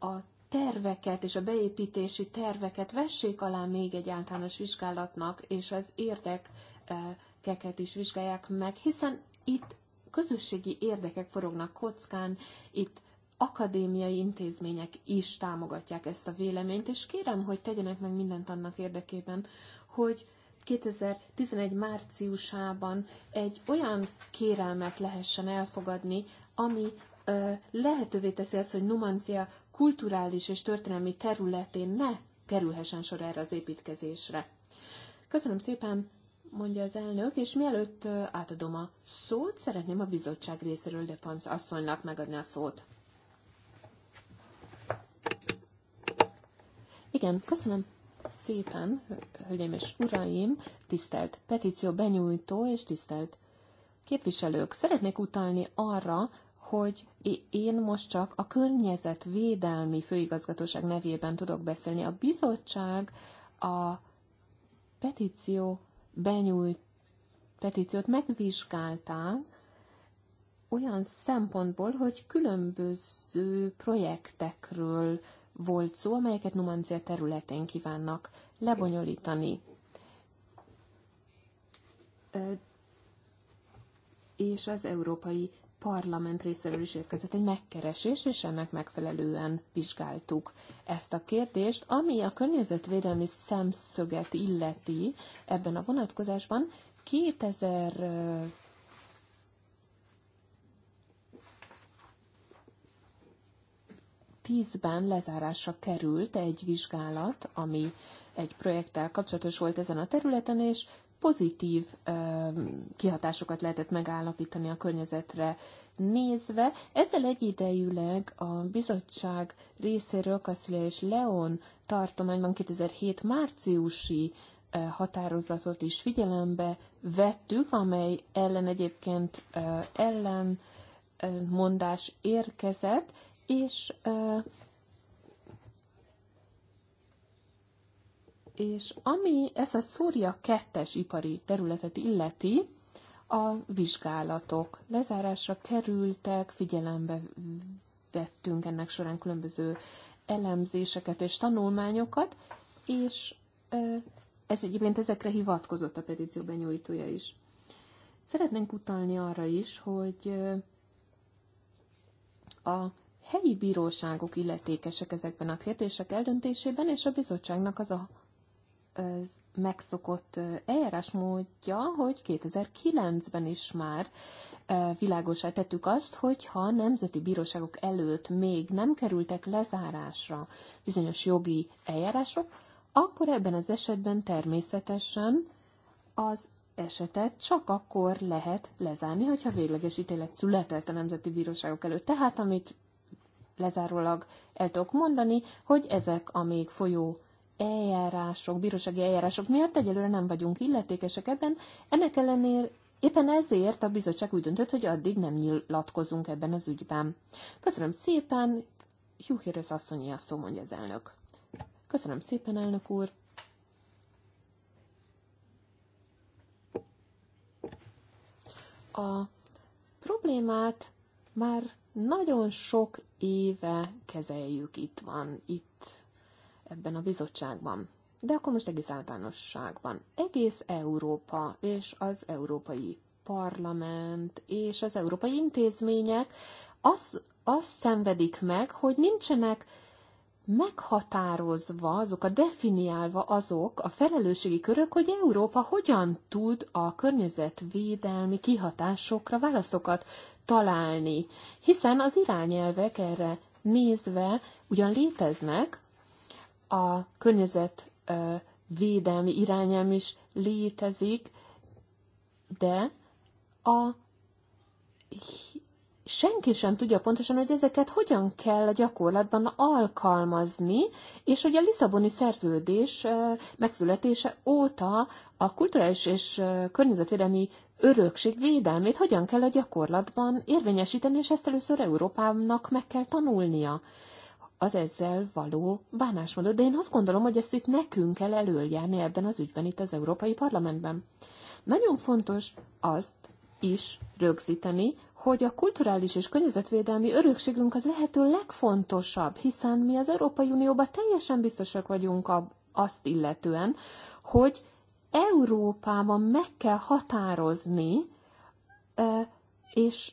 a terveket és a beépítési terveket vessék alá még egy általános vizsgálatnak, és az érdekeket is vizsgálják meg, hiszen itt közösségi érdekek forognak kockán, itt akadémiai intézmények is támogatják ezt a véleményt, és kérem, hogy tegyenek meg mindent annak érdekében, hogy 2011 márciusában egy olyan kérelmet lehessen elfogadni, ami ö, lehetővé teszi azt, hogy Numancia kulturális és történelmi területén ne kerülhessen sor erre az építkezésre. Köszönöm szépen, mondja az elnök, és mielőtt átadom a szót, szeretném a bizottság részéről de Pansz asszonynak megadni a szót. Igen, köszönöm szépen, hölgyeim és uraim, tisztelt petíció benyújtó és tisztelt képviselők. Szeretnék utalni arra, hogy én most csak a környezetvédelmi főigazgatóság nevében tudok beszélni. A bizottság a petíció benyújt petíciót megvizsgálták olyan szempontból, hogy különböző projektekről volt szó, amelyeket Numancia területén kívánnak lebonyolítani. És az Európai parlament részéről is érkezett egy megkeresés, és ennek megfelelően vizsgáltuk ezt a kérdést, ami a környezetvédelmi szemszöget illeti ebben a vonatkozásban 2000 2010-ben lezárásra került egy vizsgálat, ami egy projekttel kapcsolatos volt ezen a területen, és pozitív kihatásokat lehetett megállapítani a környezetre nézve. Ezzel egyidejűleg a bizottság részéről Kasztilia és Leon tartományban 2007 márciusi határozatot is figyelembe vettük, amely ellen egyébként ellen mondás érkezett, és és ami ezt a Szúria kettes ipari területet illeti, a vizsgálatok lezárásra kerültek, figyelembe vettünk ennek során különböző elemzéseket és tanulmányokat, és ez egyébként ezekre hivatkozott a petíció benyújtója is. Szeretnénk utalni arra is, hogy a helyi bíróságok illetékesek ezekben a kérdések eldöntésében, és a bizottságnak az a megszokott eljárásmódja, hogy 2009-ben is már világosá tettük azt, hogyha nemzeti bíróságok előtt még nem kerültek lezárásra bizonyos jogi eljárások, akkor ebben az esetben természetesen az esetet csak akkor lehet lezárni, hogyha végleges ítélet született a nemzeti bíróságok előtt. Tehát, amit lezárólag el tudok mondani, hogy ezek a még folyó eljárások, bírósági eljárások miatt egyelőre nem vagyunk illetékesek ebben. Ennek ellenére Éppen ezért a bizottság úgy döntött, hogy addig nem nyilatkozunk ebben az ügyben. Köszönöm szépen, Juhérez asszonyi a szó, mondja az elnök. Köszönöm szépen, elnök úr. A problémát már nagyon sok éve kezeljük itt van, itt ebben a bizottságban. De akkor most egész általánosságban. Egész Európa és az Európai Parlament és az európai intézmények azt, azt szenvedik meg, hogy nincsenek meghatározva, azok a definiálva azok a felelősségi körök, hogy Európa hogyan tud a környezetvédelmi kihatásokra válaszokat találni. Hiszen az irányelvek erre nézve ugyan léteznek, a környezet védelmi irányelm is létezik, de a senki sem tudja pontosan, hogy ezeket hogyan kell a gyakorlatban alkalmazni, és hogy a Lisszaboni szerződés megszületése óta a kulturális és környezetvédelmi örökség védelmét hogyan kell a gyakorlatban érvényesíteni, és ezt először Európának meg kell tanulnia az ezzel való bánásmódot. De én azt gondolom, hogy ezt itt nekünk kell előjárni ebben az ügyben itt az Európai Parlamentben. Nagyon fontos azt is rögzíteni, hogy a kulturális és környezetvédelmi örökségünk az lehető legfontosabb, hiszen mi az Európai Unióban teljesen biztosak vagyunk azt illetően, hogy Európában meg kell határozni és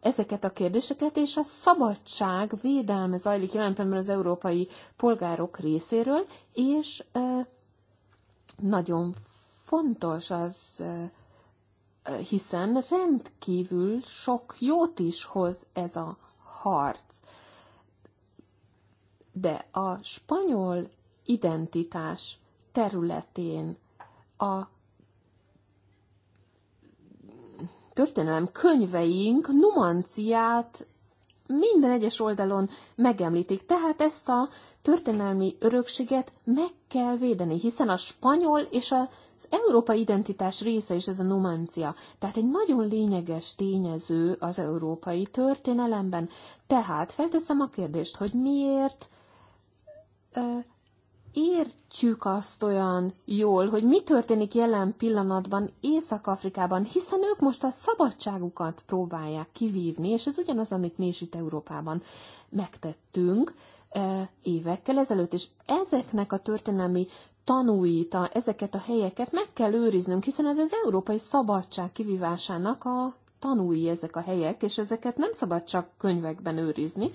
ezeket a kérdéseket, és a szabadság védelme zajlik jelen az európai polgárok részéről, és nagyon fontos az, hiszen rendkívül sok jót is hoz ez a harc. De a spanyol identitás területén a történelem könyveink numanciát minden egyes oldalon megemlítik. Tehát ezt a történelmi örökséget meg kell védeni, hiszen a spanyol és az európai identitás része is ez a numancia. Tehát egy nagyon lényeges tényező az európai történelemben. Tehát felteszem a kérdést, hogy miért értjük azt olyan jól, hogy mi történik jelen pillanatban Észak-Afrikában, hiszen ők most a szabadságukat próbálják kivívni, és ez ugyanaz, amit mi is itt Európában megtettünk eh, évekkel ezelőtt, és ezeknek a történelmi tanúita, ezeket a helyeket meg kell őriznünk, hiszen ez az európai szabadság kivívásának a tanúi ezek a helyek, és ezeket nem szabad csak könyvekben őrizni,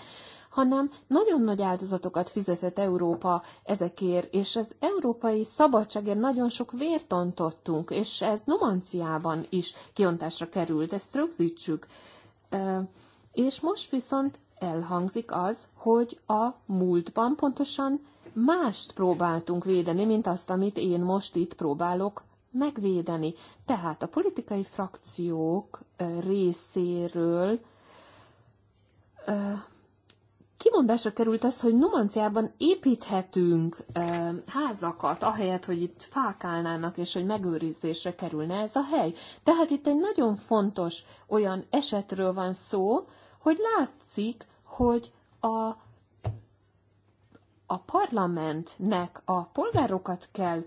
hanem nagyon nagy áldozatokat fizetett Európa ezekért, és az európai szabadságért nagyon sok vért ontottunk, és ez Numanciában is kiontásra került, ezt rögzítsük. És most viszont elhangzik az, hogy a múltban pontosan mást próbáltunk védeni, mint azt, amit én most itt próbálok megvédeni. Tehát a politikai frakciók részéről kimondásra került az, hogy Numanciában építhetünk e, házakat, ahelyett, hogy itt fák állnának, és hogy megőrizésre kerülne ez a hely. Tehát itt egy nagyon fontos olyan esetről van szó, hogy látszik, hogy a, a parlamentnek a polgárokat kell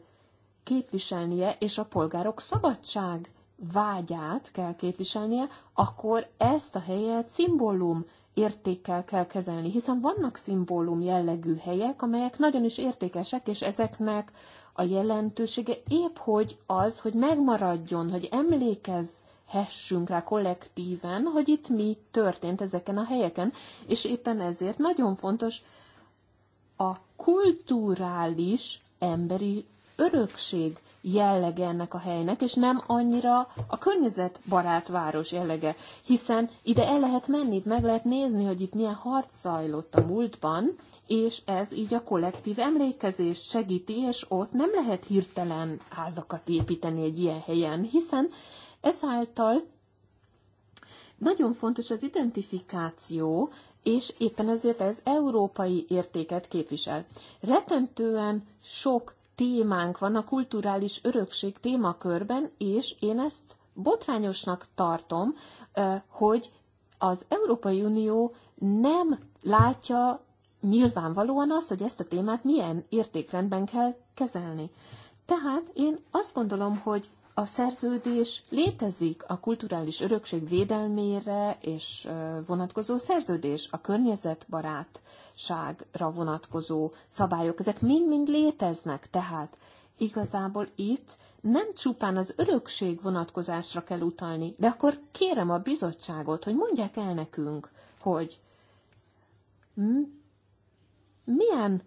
képviselnie, és a polgárok szabadság vágyát kell képviselnie, akkor ezt a helyet szimbólum értékkel kell kezelni, hiszen vannak szimbólum jellegű helyek, amelyek nagyon is értékesek, és ezeknek a jelentősége épp hogy az, hogy megmaradjon, hogy emlékezz hessünk rá kollektíven, hogy itt mi történt ezeken a helyeken, és éppen ezért nagyon fontos a kulturális emberi örökség jellege ennek a helynek, és nem annyira a környezetbarát város jellege, hiszen ide el lehet menni, itt meg lehet nézni, hogy itt milyen harc zajlott a múltban, és ez így a kollektív emlékezés segíti, és ott nem lehet hirtelen házakat építeni egy ilyen helyen, hiszen ezáltal nagyon fontos az identifikáció, és éppen ezért ez európai értéket képvisel. Retentően sok témánk van a kulturális örökség témakörben, és én ezt botrányosnak tartom, hogy az Európai Unió nem látja nyilvánvalóan azt, hogy ezt a témát milyen értékrendben kell kezelni. Tehát én azt gondolom, hogy a szerződés létezik a kulturális örökség védelmére és vonatkozó szerződés, a környezetbarátságra vonatkozó szabályok, ezek mind-mind léteznek, tehát igazából itt nem csupán az örökség vonatkozásra kell utalni, de akkor kérem a bizottságot, hogy mondják el nekünk, hogy milyen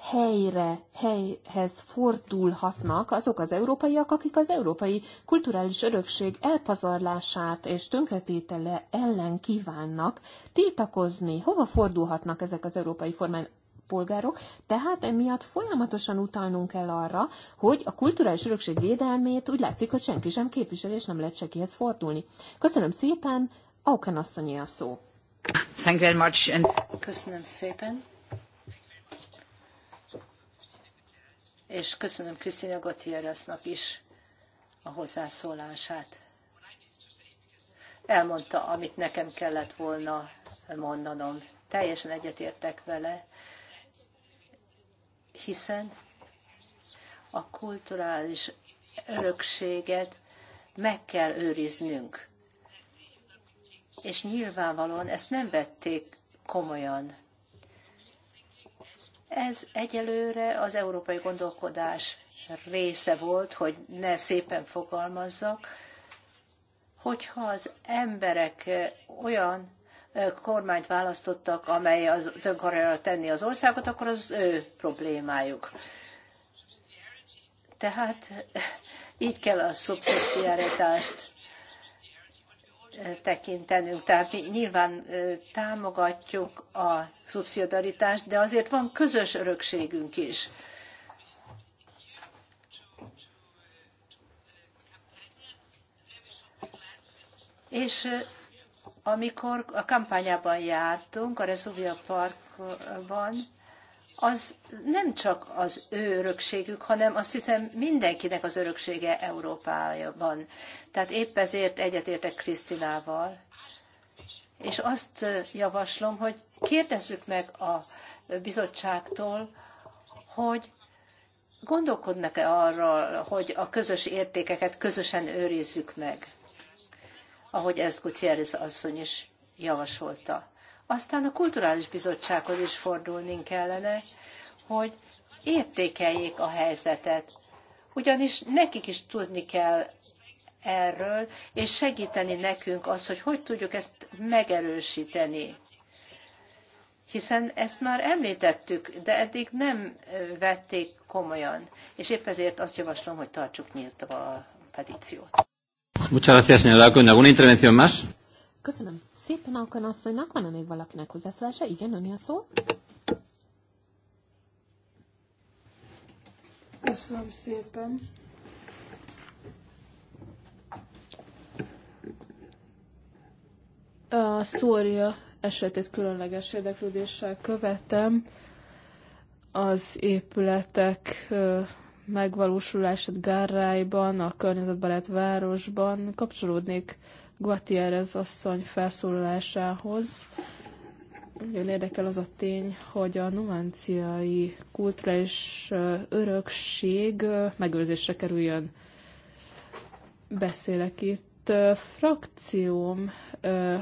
helyre, helyhez fordulhatnak azok az európaiak, akik az európai kulturális örökség elpazarlását és tönkretétele ellen kívánnak tiltakozni. Hova fordulhatnak ezek az európai formán polgárok, tehát emiatt folyamatosan utalnunk kell arra, hogy a kulturális örökség védelmét úgy látszik, hogy senki sem képviseli, és nem lehet senkihez fordulni. Köszönöm szépen, Auken asszonyi a szó. Thank you very much. And... Köszönöm szépen. és köszönöm Krisztina Gutierreznak is a hozzászólását. Elmondta, amit nekem kellett volna mondanom. Teljesen egyetértek vele, hiszen a kulturális örökséget meg kell őriznünk. És nyilvánvalóan ezt nem vették komolyan ez egyelőre az európai gondolkodás része volt, hogy ne szépen fogalmazzak, hogyha az emberek olyan kormányt választottak, amely az akarja tenni az országot, akkor az ő problémájuk. Tehát így kell a szubszidiaritást tekintenünk. Tehát mi nyilván támogatjuk a szubszidaritást, de azért van közös örökségünk is. És amikor a kampányában jártunk, a Resuvia Parkban, az nem csak az ő örökségük, hanem azt hiszem mindenkinek az öröksége Európában. Tehát épp ezért egyetértek Krisztinával. És azt javaslom, hogy kérdezzük meg a bizottságtól, hogy gondolkodnak-e arra, hogy a közös értékeket közösen őrizzük meg, ahogy ezt Gutierrez asszony is javasolta. Aztán a Kulturális Bizottsághoz is fordulni kellene, hogy értékeljék a helyzetet. Ugyanis nekik is tudni kell erről, és segíteni nekünk az, hogy hogy tudjuk ezt megerősíteni. Hiszen ezt már említettük, de eddig nem vették komolyan. És épp ezért azt javaslom, hogy tartsuk nyitva a petíciót. Muchas gracias, señora Alcón. ¿Alguna intervención más? Köszönöm szépen Alkan asszonynak. Van-e még valakinek hozzászólása? Igen, önél szó. Köszönöm szépen. A Szória esetét különleges érdeklődéssel követem. Az épületek megvalósulását Gárrájban, a környezetbarát városban kapcsolódnék Guatierrez asszony felszólalásához. Nagyon érdekel az a tény, hogy a numanciai kulturális örökség megőrzésre kerüljön. Beszélek itt frakcióm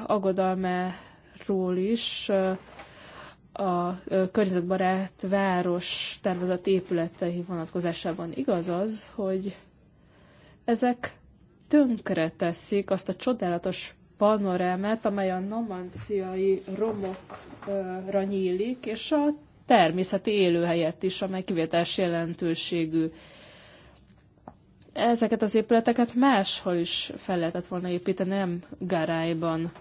aggodalmáról is, a környezetbarát város tervezett épületei vonatkozásában igaz az, hogy ezek tönkre teszik azt a csodálatos panorámát, amely a namanciai romokra nyílik, és a természeti élőhelyet is, amely kivételes jelentőségű. Ezeket az épületeket máshol is fel lehetett volna építeni, nem Garályban.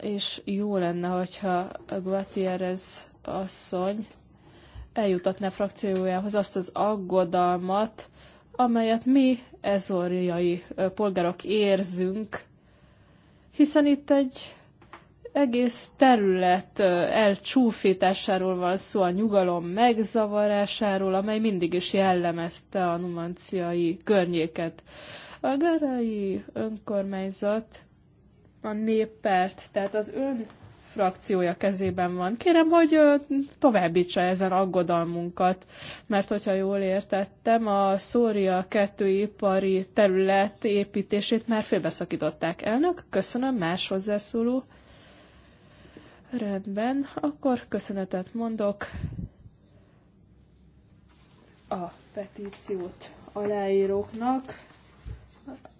És jó lenne, hogyha Guatierrez asszony eljutatná frakciójához azt az aggodalmat, amelyet mi ezorjai polgárok érzünk, hiszen itt egy egész terület elcsúfításáról van szó, a nyugalom megzavarásáról, amely mindig is jellemezte a numanciai környéket. A garai önkormányzat a néppárt, tehát az ön frakciója kezében van. Kérem, hogy továbbítsa ezen aggodalmunkat, mert hogyha jól értettem, a Szória kettőipari terület építését már félbeszakították. Elnök, köszönöm, más hozzászóló. Rendben, akkor köszönetet mondok. A petíciót aláíróknak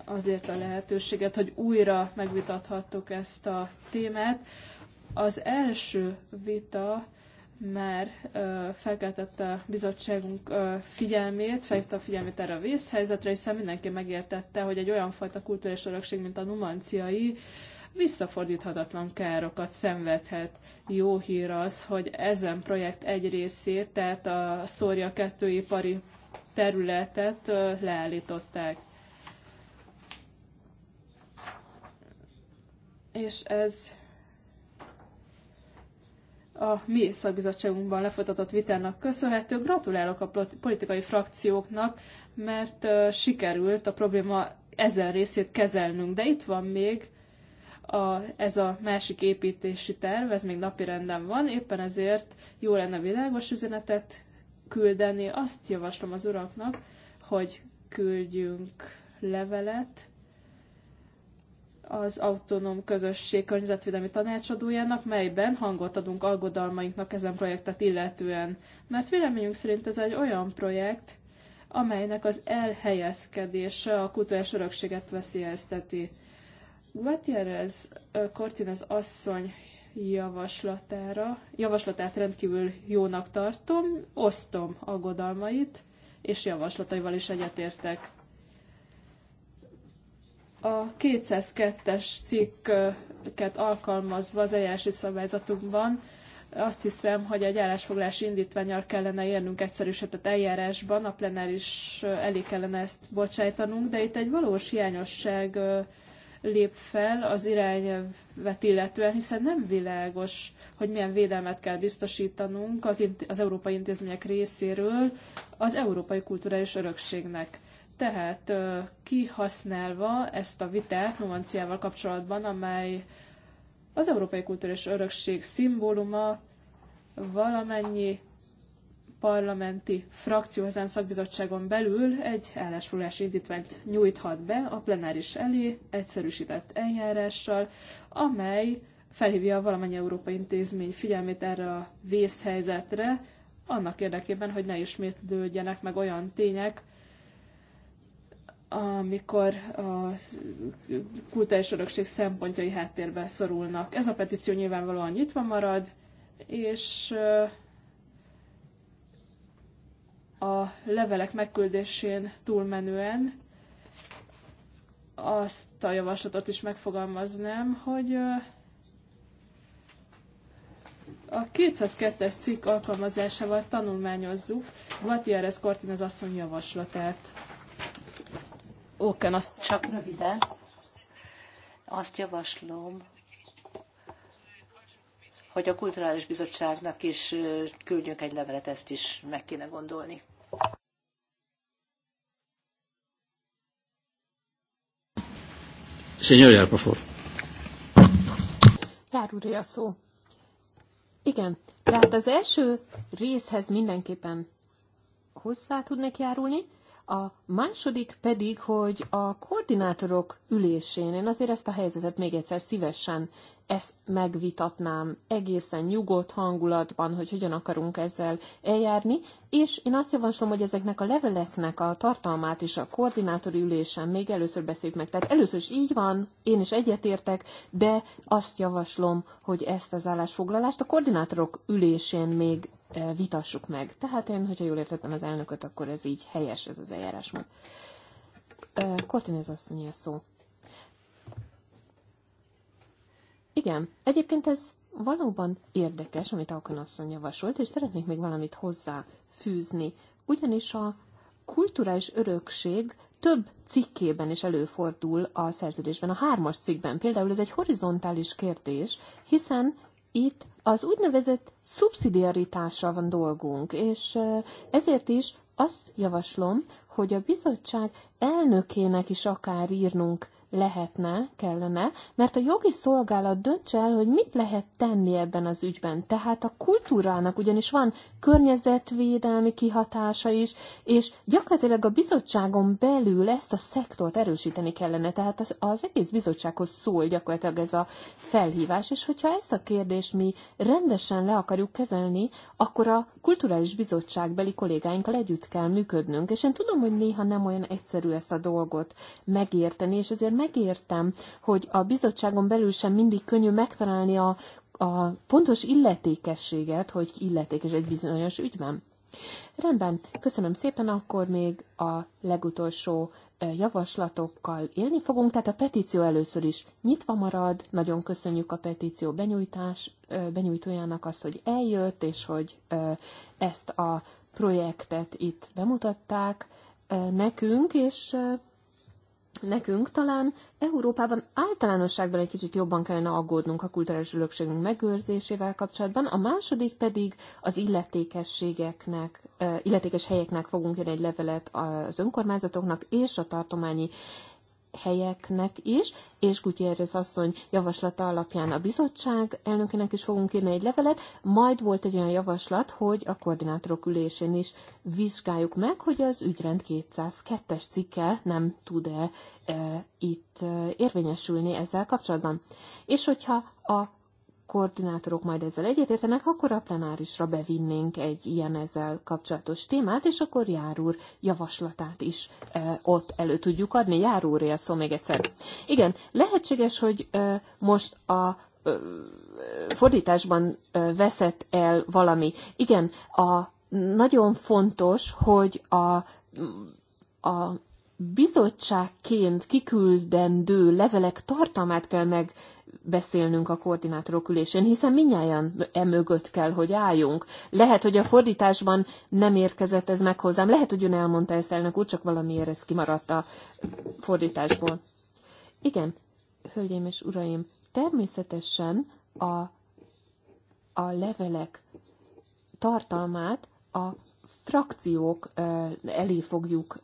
azért a lehetőséget, hogy újra megvitathattuk ezt a témát. Az első vita már felkeltette a bizottságunk figyelmét, felhívta a figyelmét erre a vészhelyzetre, hiszen mindenki megértette, hogy egy olyan fajta kulturális örökség, mint a numanciai, visszafordíthatatlan károkat szenvedhet. Jó hír az, hogy ezen projekt egy részét, tehát a Szória kettőipari ipari területet leállították. És ez a mi szakbizottságunkban lefolytatott vitának köszönhető. Gratulálok a politikai frakcióknak, mert sikerült a probléma ezen részét kezelnünk, de itt van még a, ez a másik építési terv, ez még napirenden van, éppen ezért jó lenne világos üzenetet küldeni. Azt javaslom az uraknak, hogy küldjünk levelet az autonóm közösség környezetvédelmi tanácsadójának, melyben hangot adunk aggodalmainknak ezen projektet illetően. Mert véleményünk szerint ez egy olyan projekt, amelynek az elhelyezkedése a kulturális örökséget veszélyezteti. Gutierrez Cortinez asszony javaslatára, javaslatát rendkívül jónak tartom, osztom aggodalmait, és javaslataival is egyetértek. A 202-es cikket alkalmazva az eljárási szabályzatunkban azt hiszem, hogy egy állásfoglalási indítványal kellene élnünk egyszerűsített eljárásban, a plenár is elé kellene ezt bocsájtanunk, de itt egy valós hiányosság lép fel az irányvet illetően, hiszen nem világos, hogy milyen védelmet kell biztosítanunk az, az európai intézmények részéről az európai kulturális örökségnek. Tehát kihasználva ezt a vitát nuanciával kapcsolatban, amely az Európai Kulturális Örökség szimbóluma valamennyi parlamenti frakció ezen szakbizottságon belül egy állásfoglalási indítványt nyújthat be a plenáris elé egyszerűsített eljárással, amely felhívja valamennyi európai intézmény figyelmét erre a vészhelyzetre, annak érdekében, hogy ne ismétlődjenek meg olyan tények, amikor a kultúrás örökség szempontjai háttérbe szorulnak. Ez a petíció nyilvánvalóan nyitva marad, és a levelek megküldésén túlmenően azt a javaslatot is megfogalmaznám, hogy a 202-es cikk alkalmazásával tanulmányozzuk Gutierrez Cortinez asszony javaslatát. Óken, azt csak röviden. Azt javaslom, hogy a Kulturális Bizottságnak is küldjünk egy levelet, ezt is meg kéne gondolni. Señor Jár, por favor. Jár úr, a szó. Igen, tehát az első részhez mindenképpen hozzá tudnak járulni, a második pedig, hogy a koordinátorok ülésén, én azért ezt a helyzetet még egyszer szívesen ezt megvitatnám egészen nyugodt hangulatban, hogy hogyan akarunk ezzel eljárni, és én azt javaslom, hogy ezeknek a leveleknek a tartalmát is a koordinátori ülésen még először beszéljük meg. Tehát először is így van, én is egyetértek, de azt javaslom, hogy ezt az állásfoglalást a koordinátorok ülésén még vitassuk meg. Tehát én, hogyha jól értettem az elnököt, akkor ez így helyes ez az eljárásmód. Kortinez asszony a szó. Igen, egyébként ez valóban érdekes, amit Alkan asszony javasolt, és szeretnék még valamit hozzáfűzni. Ugyanis a kulturális örökség több cikkében is előfordul a szerződésben, a hármas cikkben. Például ez egy horizontális kérdés, hiszen itt az úgynevezett szubszidiaritásra van dolgunk, és ezért is azt javaslom, hogy a bizottság elnökének is akár írnunk lehetne, kellene, mert a jogi szolgálat dönts el, hogy mit lehet tenni ebben az ügyben. Tehát a kultúrának ugyanis van környezetvédelmi kihatása is, és gyakorlatilag a bizottságon belül ezt a szektort erősíteni kellene. Tehát az, az egész bizottsághoz szól gyakorlatilag ez a felhívás, és hogyha ezt a kérdést mi rendesen le akarjuk kezelni, akkor a kulturális bizottságbeli kollégáinkkal együtt kell működnünk. És én tudom, hogy néha nem olyan egyszerű ezt a dolgot megérteni, és ezért megértem, hogy a bizottságon belül sem mindig könnyű megtalálni a, a pontos illetékességet, hogy illetékes egy bizonyos ügyben. Rendben, köszönöm szépen, akkor még a legutolsó javaslatokkal élni fogunk, tehát a petíció először is nyitva marad, nagyon köszönjük a petíció benyújtás, benyújtójának azt, hogy eljött, és hogy ezt a projektet itt bemutatták nekünk, és nekünk talán Európában általánosságban egy kicsit jobban kellene aggódnunk a kulturális örökségünk megőrzésével kapcsolatban, a második pedig az illetékességeknek, illetékes helyeknek fogunk írni egy levelet az önkormányzatoknak és a tartományi helyeknek is, és Gutierrez asszony javaslata alapján a bizottság elnökének is fogunk írni egy levelet, majd volt egy olyan javaslat, hogy a koordinátorok ülésén is vizsgáljuk meg, hogy az ügyrend 202-es cikke nem tud-e e, itt e, érvényesülni ezzel kapcsolatban. És hogyha a koordinátorok majd ezzel egyetértenek, akkor a plenárisra bevinnénk egy ilyen ezzel kapcsolatos témát, és akkor járúr javaslatát is e, ott elő tudjuk adni. Járúré szó még egyszer. Igen, lehetséges, hogy e, most a e, fordításban e, veszett el valami. Igen, a nagyon fontos, hogy a, a bizottságként kiküldendő levelek tartalmát kell meg beszélnünk a koordinátorok ülésén, hiszen minnyáján e mögött kell, hogy álljunk. Lehet, hogy a fordításban nem érkezett ez meg hozzám, lehet, hogy ön elmondta ezt elnök úr, csak valamiért ez kimaradt a fordításból. Igen, hölgyeim és uraim, természetesen a, a levelek tartalmát a frakciók elé fogjuk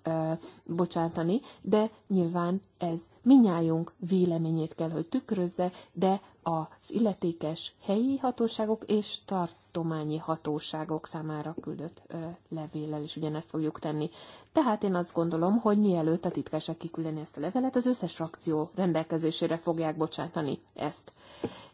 bocsátani, de nyilván ez minnyájunk véleményét kell, hogy tükrözze, de az illetékes helyi hatóságok és tartományi hatóságok számára küldött levéllel is ugyanezt fogjuk tenni. Tehát én azt gondolom, hogy mielőtt a titkárság kiküldeni ezt a levelet, az összes frakció rendelkezésére fogják bocsátani ezt.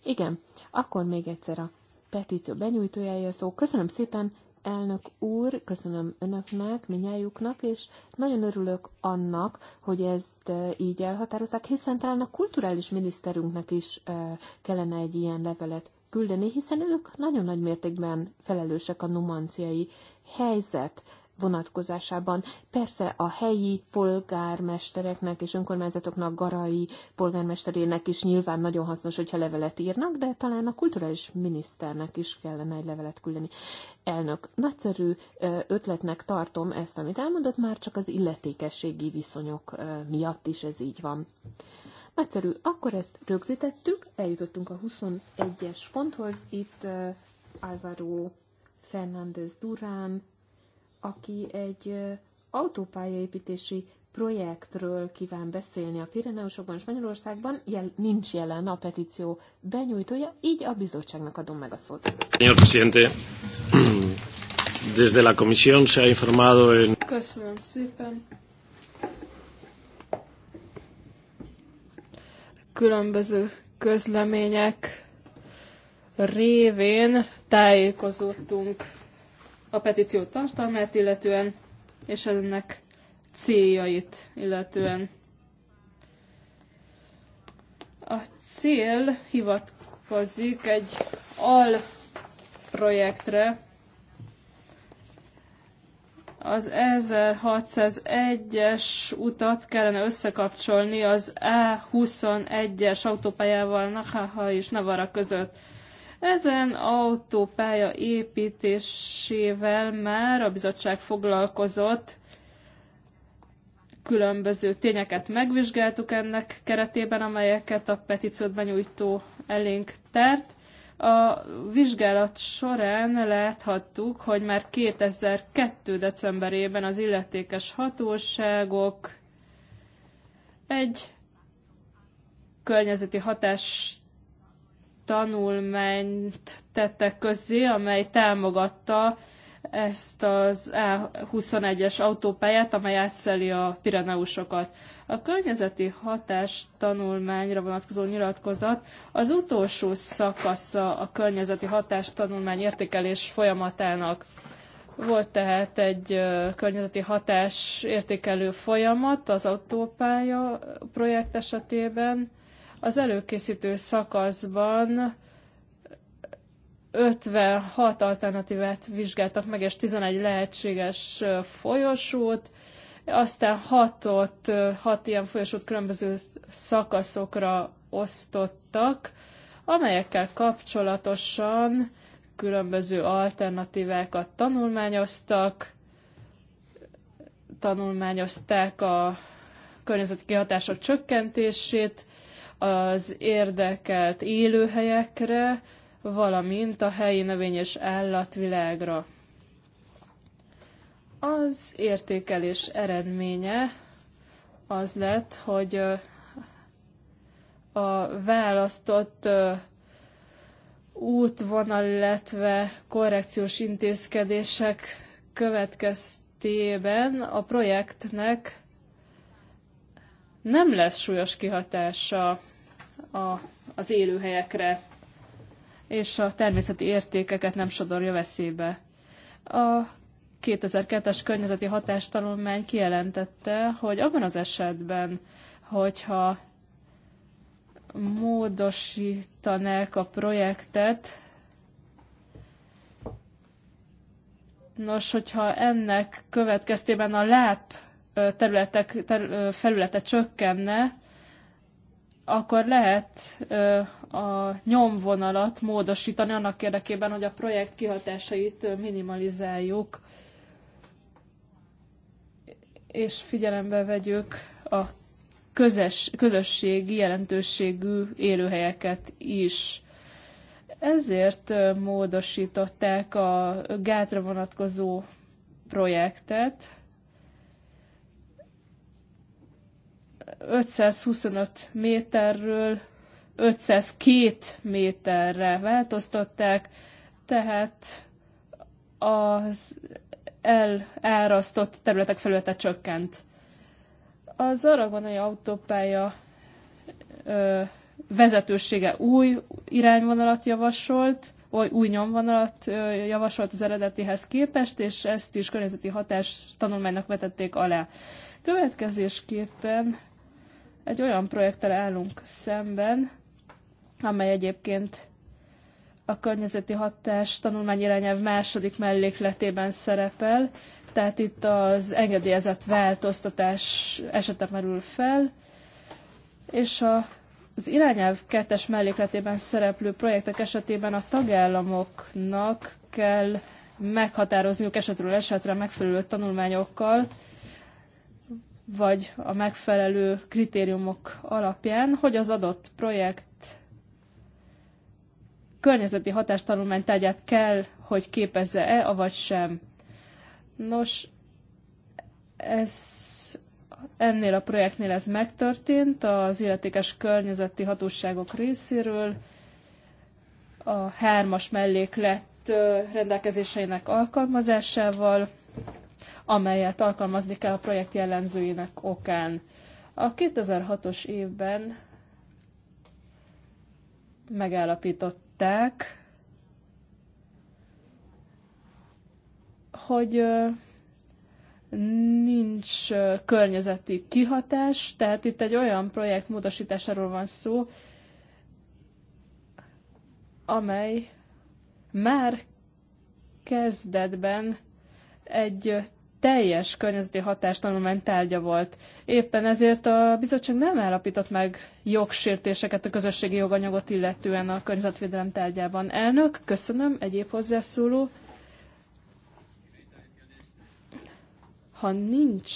Igen, akkor még egyszer a petíció benyújtójája szó. Köszönöm szépen, elnök úr, köszönöm önöknek, minnyájuknak, és nagyon örülök annak, hogy ezt e, így elhatározták, hiszen talán a kulturális miniszterünknek is e, kellene egy ilyen levelet küldeni, hiszen ők nagyon nagy mértékben felelősek a numanciai helyzet vonatkozásában. Persze a helyi polgármestereknek és önkormányzatoknak, garai polgármesterének is nyilván nagyon hasznos, hogyha levelet írnak, de talán a kulturális miniszternek is kellene egy levelet küldeni. Elnök, nagyszerű ötletnek tartom ezt, amit elmondott, már csak az illetékességi viszonyok miatt is ez így van. Nagyszerű, akkor ezt rögzítettük, eljutottunk a 21-es ponthoz, itt Álvaro Fernández Durán aki egy autópályaépítési projektről kíván beszélni a Pireneusokban, Magyarországban, jel, nincs jelen a petíció benyújtója, így a bizottságnak adom meg a szót. desde la comisión se ha informado en... Köszönöm szépen. Különböző közlemények révén tájékozottunk a petíció tartalmát illetően, és ennek céljait illetően. A cél hivatkozik egy al projektre, az 1601-es utat kellene összekapcsolni az a 21 es autópályával Nahaha és Navara között. Ezen autópálya építésével már a bizottság foglalkozott, különböző tényeket megvizsgáltuk ennek keretében, amelyeket a petíciót benyújtó elénk tárt. A vizsgálat során láthattuk, hogy már 2002. decemberében az illetékes hatóságok egy környezeti hatás tanulmányt tettek közzé, amely támogatta ezt az E21-es autópályát, amely átszeli a Pireneusokat. A környezeti hatás tanulmányra vonatkozó nyilatkozat az utolsó szakasza a környezeti hatás tanulmány értékelés folyamatának. Volt tehát egy környezeti hatás értékelő folyamat az autópálya projekt esetében, az előkészítő szakaszban 56 alternatívát vizsgáltak meg, és 11 lehetséges folyosót, aztán hatot, hat ilyen folyosót különböző szakaszokra osztottak, amelyekkel kapcsolatosan különböző alternatívákat tanulmányoztak, tanulmányozták a környezeti kihatások csökkentését, az érdekelt élőhelyekre, valamint a helyi növény és állatvilágra. Az értékelés eredménye az lett, hogy a választott útvonal, illetve korrekciós intézkedések következtében a projektnek nem lesz súlyos kihatása a, az élőhelyekre, és a természeti értékeket nem sodorja veszélybe. A 2002-es környezeti hatástanulmány kijelentette, hogy abban az esetben, hogyha módosítanák a projektet, nos, hogyha ennek következtében a láp területek, felülete csökkenne, akkor lehet a nyomvonalat módosítani annak érdekében, hogy a projekt kihatásait minimalizáljuk, és figyelembe vegyük a közös, közösségi jelentőségű élőhelyeket is. Ezért módosították a gátra vonatkozó projektet, 525 méterről 502 méterre változtatták, tehát az elárasztott területek felülete csökkent. Az aragonai autópálya ö, vezetősége új irányvonalat javasolt, oly új nyomvonalat javasolt az eredetihez képest, és ezt is környezeti hatás tanulmánynak vetették alá. Következésképpen egy olyan projekttel állunk szemben, amely egyébként a környezeti hatás tanulmány irányelv második mellékletében szerepel, tehát itt az engedélyezett változtatás esete merül fel, és a, az irányelv kettes mellékletében szereplő projektek esetében a tagállamoknak kell meghatározniuk esetről esetre megfelelő tanulmányokkal, vagy a megfelelő kritériumok alapján, hogy az adott projekt környezeti hatástanulmány kell, hogy képezze-e, avagy sem. Nos, ez, ennél a projektnél ez megtörtént az illetékes környezeti hatóságok részéről. A hármas melléklet rendelkezéseinek alkalmazásával amelyet alkalmazni kell a projekt jellemzőinek okán. A 2006-os évben megállapították, hogy nincs környezeti kihatás, tehát itt egy olyan projekt módosításáról van szó, amely már kezdetben egy teljes környezeti hatástanulmány tárgya volt. Éppen ezért a bizottság nem állapított meg jogsértéseket a közösségi joganyagot illetően a környezetvédelem tárgyában. Elnök, köszönöm, egyéb hozzászóló. Ha nincs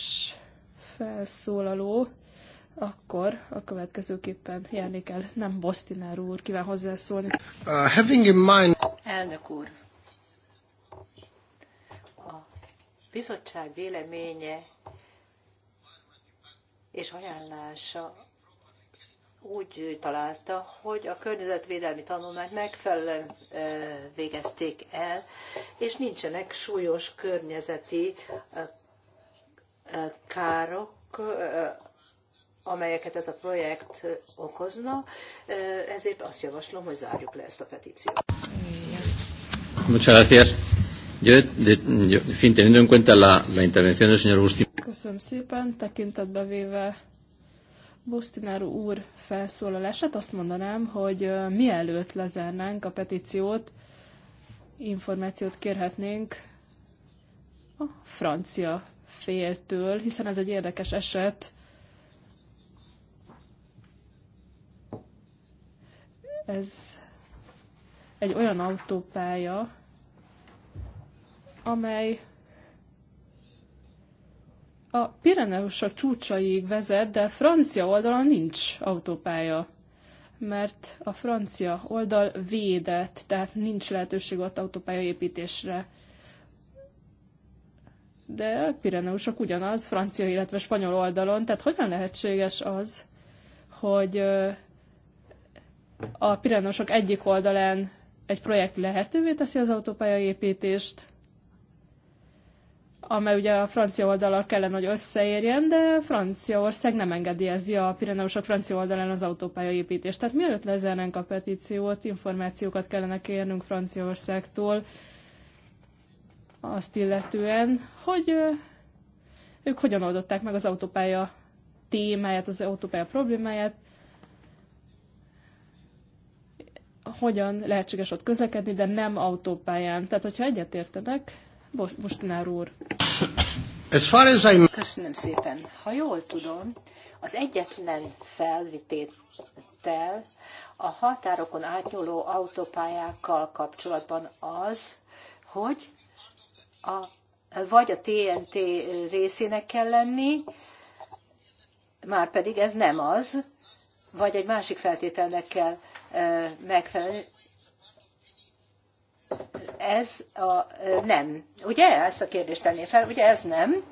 felszólaló, akkor a következőképpen járni kell. Nem Bostinár úr kíván hozzászólni. Uh, having in mind... Elnök úr, bizottság véleménye és ajánlása úgy találta, hogy a környezetvédelmi tanulmányt megfelelően végezték el, és nincsenek súlyos környezeti károk, amelyeket ez a projekt okozna, ezért azt javaslom, hogy zárjuk le ezt a petíciót. Yo, de, yo, en fin, teniendo en cuenta la, la intervención del señor Bustin. Köszönöm szépen, tekintetbe véve Bustinár úr felszólalását, azt mondanám, hogy mielőtt lezárnánk a petíciót, információt kérhetnénk a francia féltől, hiszen ez egy érdekes eset. Ez egy olyan autópálya, amely a Pireneusok csúcsaig vezet, de francia oldalon nincs autópálya, mert a francia oldal védett, tehát nincs lehetőség ott autópálya építésre. De a Pireneusok ugyanaz, francia, illetve spanyol oldalon, tehát hogyan lehetséges az, hogy a Pireneusok egyik oldalán egy projekt lehetővé teszi az autópálya építést, amely ugye a francia oldalak kellene, hogy összeérjen, de Franciaország nem engedélyezi a Pireneusok francia oldalán az autópálya építést. Tehát mielőtt lezárnánk a petíciót, információkat kellene kérnünk Franciaországtól azt illetően, hogy ők hogyan oldották meg az autópálya témáját, az autópálya problémáját, hogyan lehetséges ott közlekedni, de nem autópályán. Tehát, hogyha egyetértenek, Bostinár úr. As far as I... Köszönöm szépen. Ha jól tudom, az egyetlen felvitéttel a határokon átnyúló autópályákkal kapcsolatban az, hogy a, vagy a TNT részének kell lenni, már pedig ez nem az, vagy egy másik feltételnek kell eh, megfelelni, ez a nem. Ugye? Ezt a kérdést tenné fel. Ugye ez nem.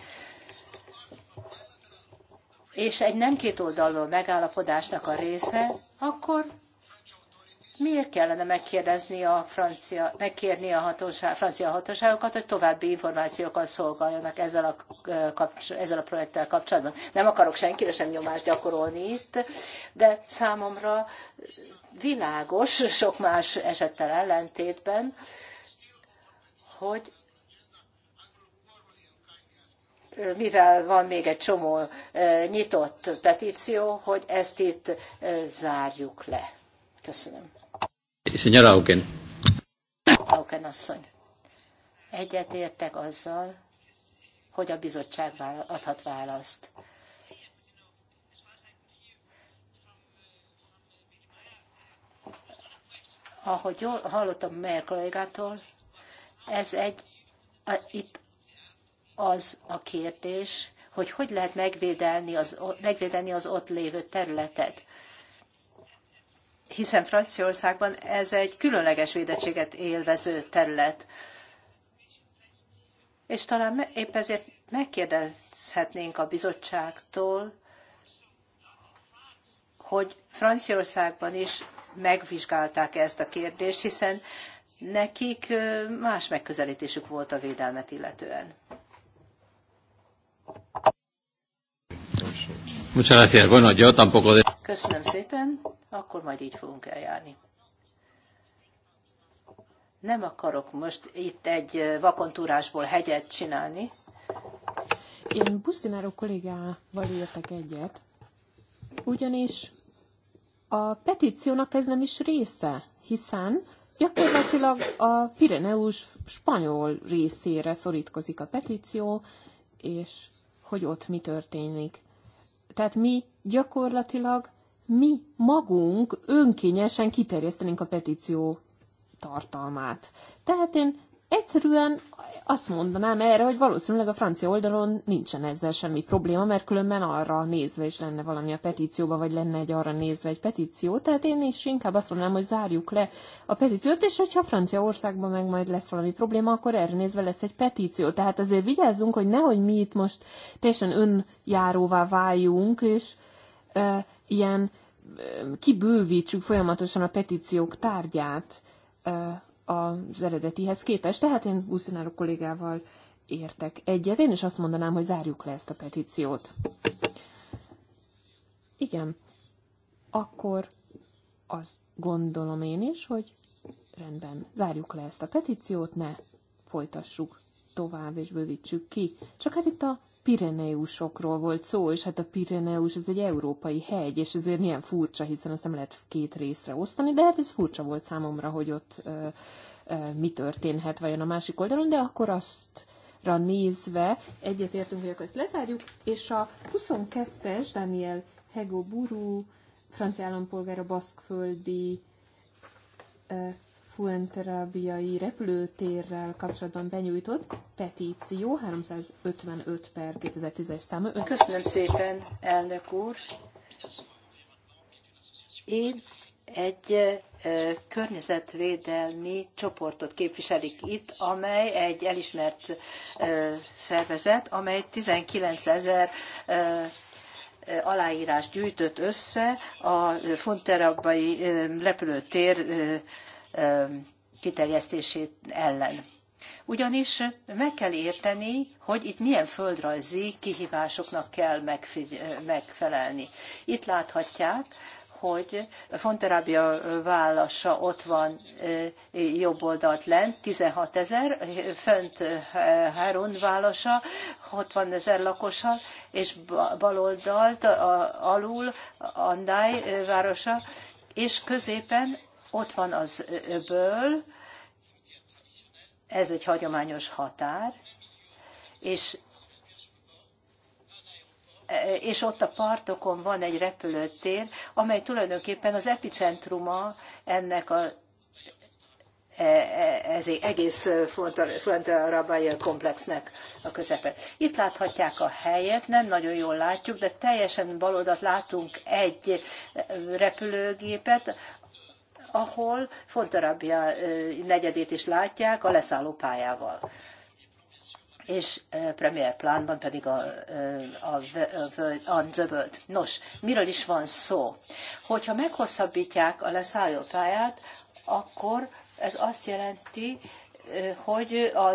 És egy nem kétoldalú megállapodásnak a része, akkor miért kellene megkérdezni a francia, megkérni a hatóság, francia hatóságokat, hogy további információkkal szolgáljanak ezzel a, ezzel a projekttel kapcsolatban. Nem akarok senkire sem nyomást gyakorolni itt, de számomra világos, sok más esettel ellentétben, hogy mivel van még egy csomó nyitott petíció, hogy ezt itt zárjuk le. Köszönöm. Señora Auken. Auken asszony. Egyetértek azzal, hogy a bizottság adhat választ. Ahogy jól hallottam Mer kollégától, ez egy, a, itt az a kérdés, hogy hogy lehet megvédelni az, megvédeni az ott lévő területet. Hiszen Franciaországban ez egy különleges védettséget élvező terület. És talán épp ezért megkérdezhetnénk a bizottságtól, hogy Franciaországban is megvizsgálták ezt a kérdést, hiszen nekik más megközelítésük volt a védelmet illetően. Köszönöm szépen, akkor majd így fogunk eljárni. Nem akarok most itt egy vakontúrásból hegyet csinálni. Én Pusztináró kollégával értek egyet, ugyanis a petíciónak ez nem is része, hiszen gyakorlatilag a Pireneus spanyol részére szorítkozik a petíció, és hogy ott mi történik. Tehát mi gyakorlatilag mi magunk önkényesen kiterjesztenénk a petíció tartalmát. Tehát én egyszerűen azt mondanám erre, hogy valószínűleg a francia oldalon nincsen ezzel semmi probléma, mert különben arra nézve is lenne valami a petícióba, vagy lenne egy arra nézve egy petíció. Tehát én is inkább azt mondanám, hogy zárjuk le a petíciót, és hogyha Franciaországban meg majd lesz valami probléma, akkor erre nézve lesz egy petíció. Tehát azért vigyázzunk, hogy nehogy mi itt most teljesen önjáróvá váljunk, és e, ilyen e, kibővítsük folyamatosan a petíciók tárgyát. E, az eredetihez képest. Tehát én Busztináró kollégával értek egyet. Én is azt mondanám, hogy zárjuk le ezt a petíciót. Igen. Akkor azt gondolom én is, hogy rendben, zárjuk le ezt a petíciót, ne folytassuk tovább és bővítsük ki. Csak hát itt a Pireneusokról volt szó, és hát a Pireneus ez egy európai hegy, és ezért milyen furcsa, hiszen azt nem lehet két részre osztani, de hát ez furcsa volt számomra, hogy ott ö, ö, mi történhet vajon a másik oldalon, de akkor azt nézve egyetértünk, hogy akkor ezt lezárjuk, és a 22-es Daniel Hegoburu, francia állampolgár, a baszkföldi Fuenterabiai repülőtérrel kapcsolatban benyújtott petíció 355 per 2010-es számú. Ön... Köszönöm szépen, elnök úr. Én egy környezetvédelmi csoportot képviselik itt, amely egy elismert szervezet, amely 19 ezer aláírás gyűjtött össze a Fonterabbai repülőtér kiterjesztését ellen. Ugyanis meg kell érteni, hogy itt milyen földrajzi kihívásoknak kell megfelelni. Itt láthatják, hogy Fonterábia vállasa ott van jobb oldalt lent, 16 ezer, fönt Heron vállasa, 60 ezer lakossal, és bal oldalt alul Andály városa, és középen ott van az öböl, ez egy hagyományos határ, és e, és ott a partokon van egy repülőtér, amely tulajdonképpen az epicentruma ennek a e, e, ez egész Fuenterrabája komplexnek a közepe. Itt láthatják a helyet, nem nagyon jól látjuk, de teljesen baloldat látunk egy repülőgépet, ahol Fontarabia negyedét is látják a leszálló pályával és premier plánban pedig a, a, a, a zöböld. Nos, miről is van szó? Hogyha meghosszabbítják a leszálló pályát, akkor ez azt jelenti, hogy a,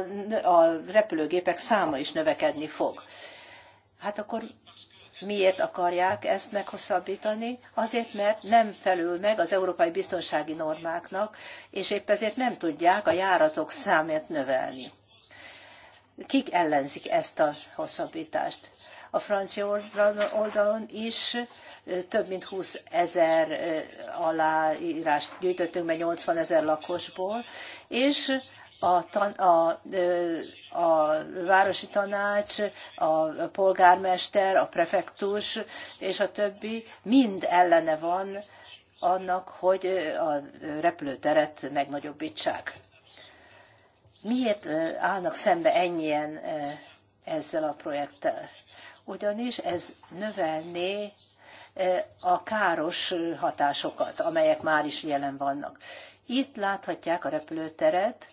a repülőgépek száma is növekedni fog. Hát akkor Miért akarják ezt meghosszabbítani? Azért, mert nem felül meg az európai biztonsági normáknak, és épp ezért nem tudják a járatok számát növelni. Kik ellenzik ezt a hosszabbítást? a francia oldalon is több mint 20 ezer aláírást gyűjtöttünk be 80 ezer lakosból, és a, tan, a, a városi tanács, a polgármester, a prefektus és a többi mind ellene van annak, hogy a repülőteret megnagyobbítsák. Miért állnak szembe ennyien ezzel a projekttel? Ugyanis ez növelné a káros hatásokat, amelyek már is jelen vannak. Itt láthatják a repülőteret,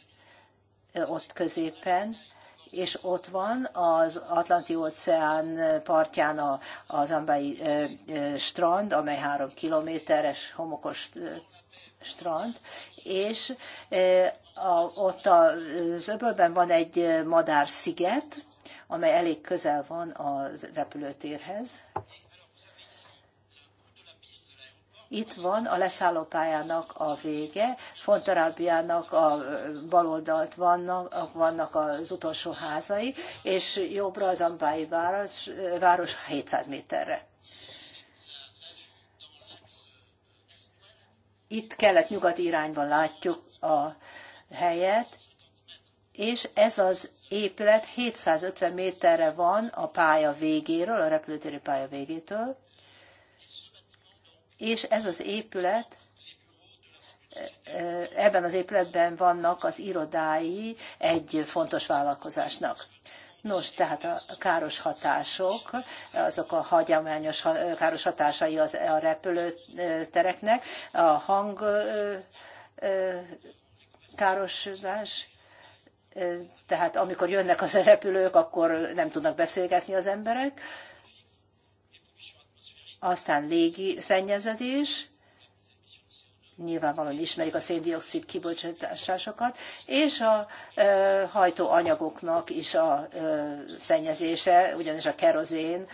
ott középen, és ott van az Atlanti-óceán partján az ambai strand, amely három kilométeres homokos strand, és a, ott a zöbölben van egy madársziget, amely elég közel van a repülőtérhez, itt van a leszállópályának a vége, Fontarábiának a baloldalt vannak, vannak az utolsó házai, és jobbra az Ambái város, város 700 méterre. Itt kelet-nyugat irányban látjuk a helyet, és ez az épület 750 méterre van a pálya végéről, a repülőtéri pálya végétől, és ez az épület e, e, ebben az épületben vannak az irodái egy fontos vállalkozásnak. Nos, tehát a káros hatások, azok a hagyományos káros hatásai az, a repülőtereknek, a hang e, károsodás, tehát amikor jönnek az repülők, akkor nem tudnak beszélgetni az emberek, aztán légi szennyezedés, nyilvánvalóan ismerik a széndiokszid kibocsátásokat, és a hajtóanyagoknak is a szennyezése, ugyanis a kerozén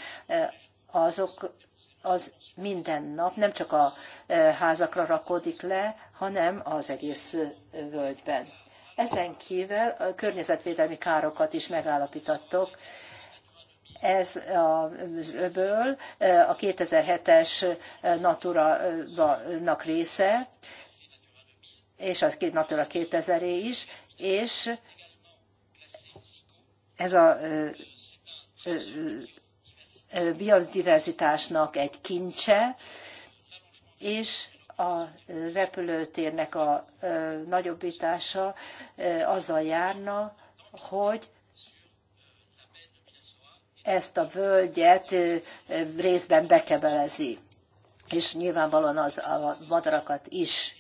azok az minden nap nem csak a házakra rakódik le, hanem az egész völgyben. Ezen kívül a környezetvédelmi károkat is megállapítottok, ez az öböl a 2007-es Natura-nak része, és a Natura 2000-é is, és ez a biodiverzitásnak egy kincse, és a repülőtérnek a nagyobbítása azzal járna, hogy ezt a völgyet részben bekebelezi, és nyilvánvalóan az a madarakat is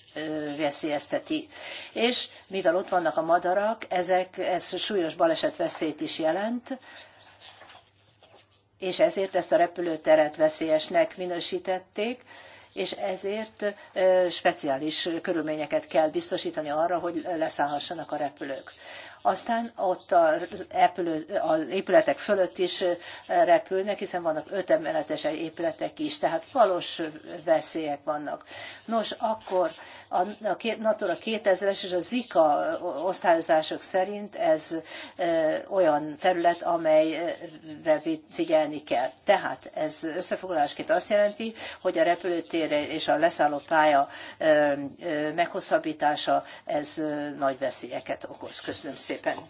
veszélyezteti. És mivel ott vannak a madarak, ezek, ez súlyos baleset veszélyt is jelent, és ezért ezt a repülőteret veszélyesnek minősítették, és ezért speciális körülményeket kell biztosítani arra, hogy leszállhassanak a repülők. Aztán ott az, az épületek fölött is repülnek, hiszen vannak ötemeletes épületek is, tehát valós veszélyek vannak. Nos, akkor a Natura 2000-es és a Zika osztályozások szerint ez olyan terület, amelyre figyelni kell. Tehát ez összefoglalásként azt jelenti, hogy a repülőtér és a leszálló pálya meghosszabbítása ez nagy veszélyeket okoz. Köszönöm szépen szépen.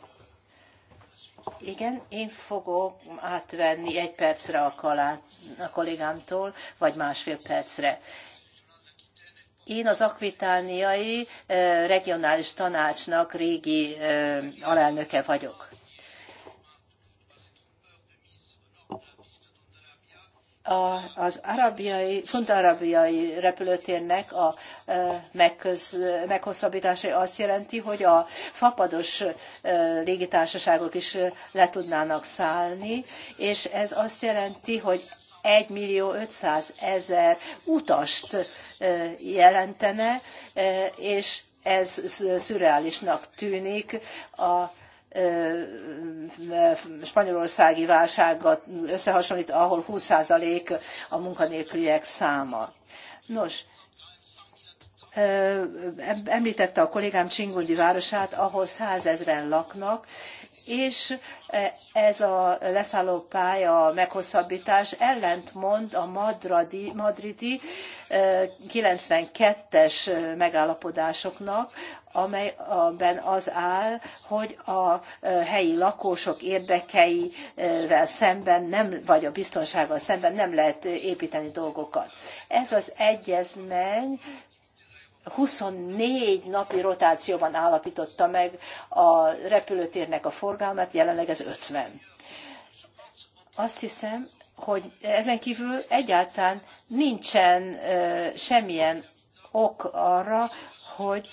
Igen, én fogok átvenni egy percre a, kalá, a kollégámtól, vagy másfél percre. Én az akvitániai eh, regionális tanácsnak régi eh, alelnöke vagyok a, az arabiai, fundarabiai repülőtérnek a megköz, meghosszabbítása azt jelenti, hogy a fapados légitársaságok is le tudnának szállni, és ez azt jelenti, hogy 1 millió 500 ezer utast jelentene, és ez szürreálisnak tűnik a spanyolországi válsággal összehasonlít, ahol 20% a munkanélküliek száma. Nos, említette a kollégám Csingundi városát, ahol százezren laknak, és ez a leszálló pálya meghosszabbítás ellentmond a madradi, madridi 92-es megállapodásoknak, amelyben az áll, hogy a helyi lakosok érdekeivel szemben, nem, vagy a biztonsággal szemben nem lehet építeni dolgokat. Ez az egyezmény 24 napi rotációban állapította meg a repülőtérnek a forgalmát, jelenleg ez 50. Azt hiszem, hogy ezen kívül egyáltalán nincsen semmilyen ok arra, hogy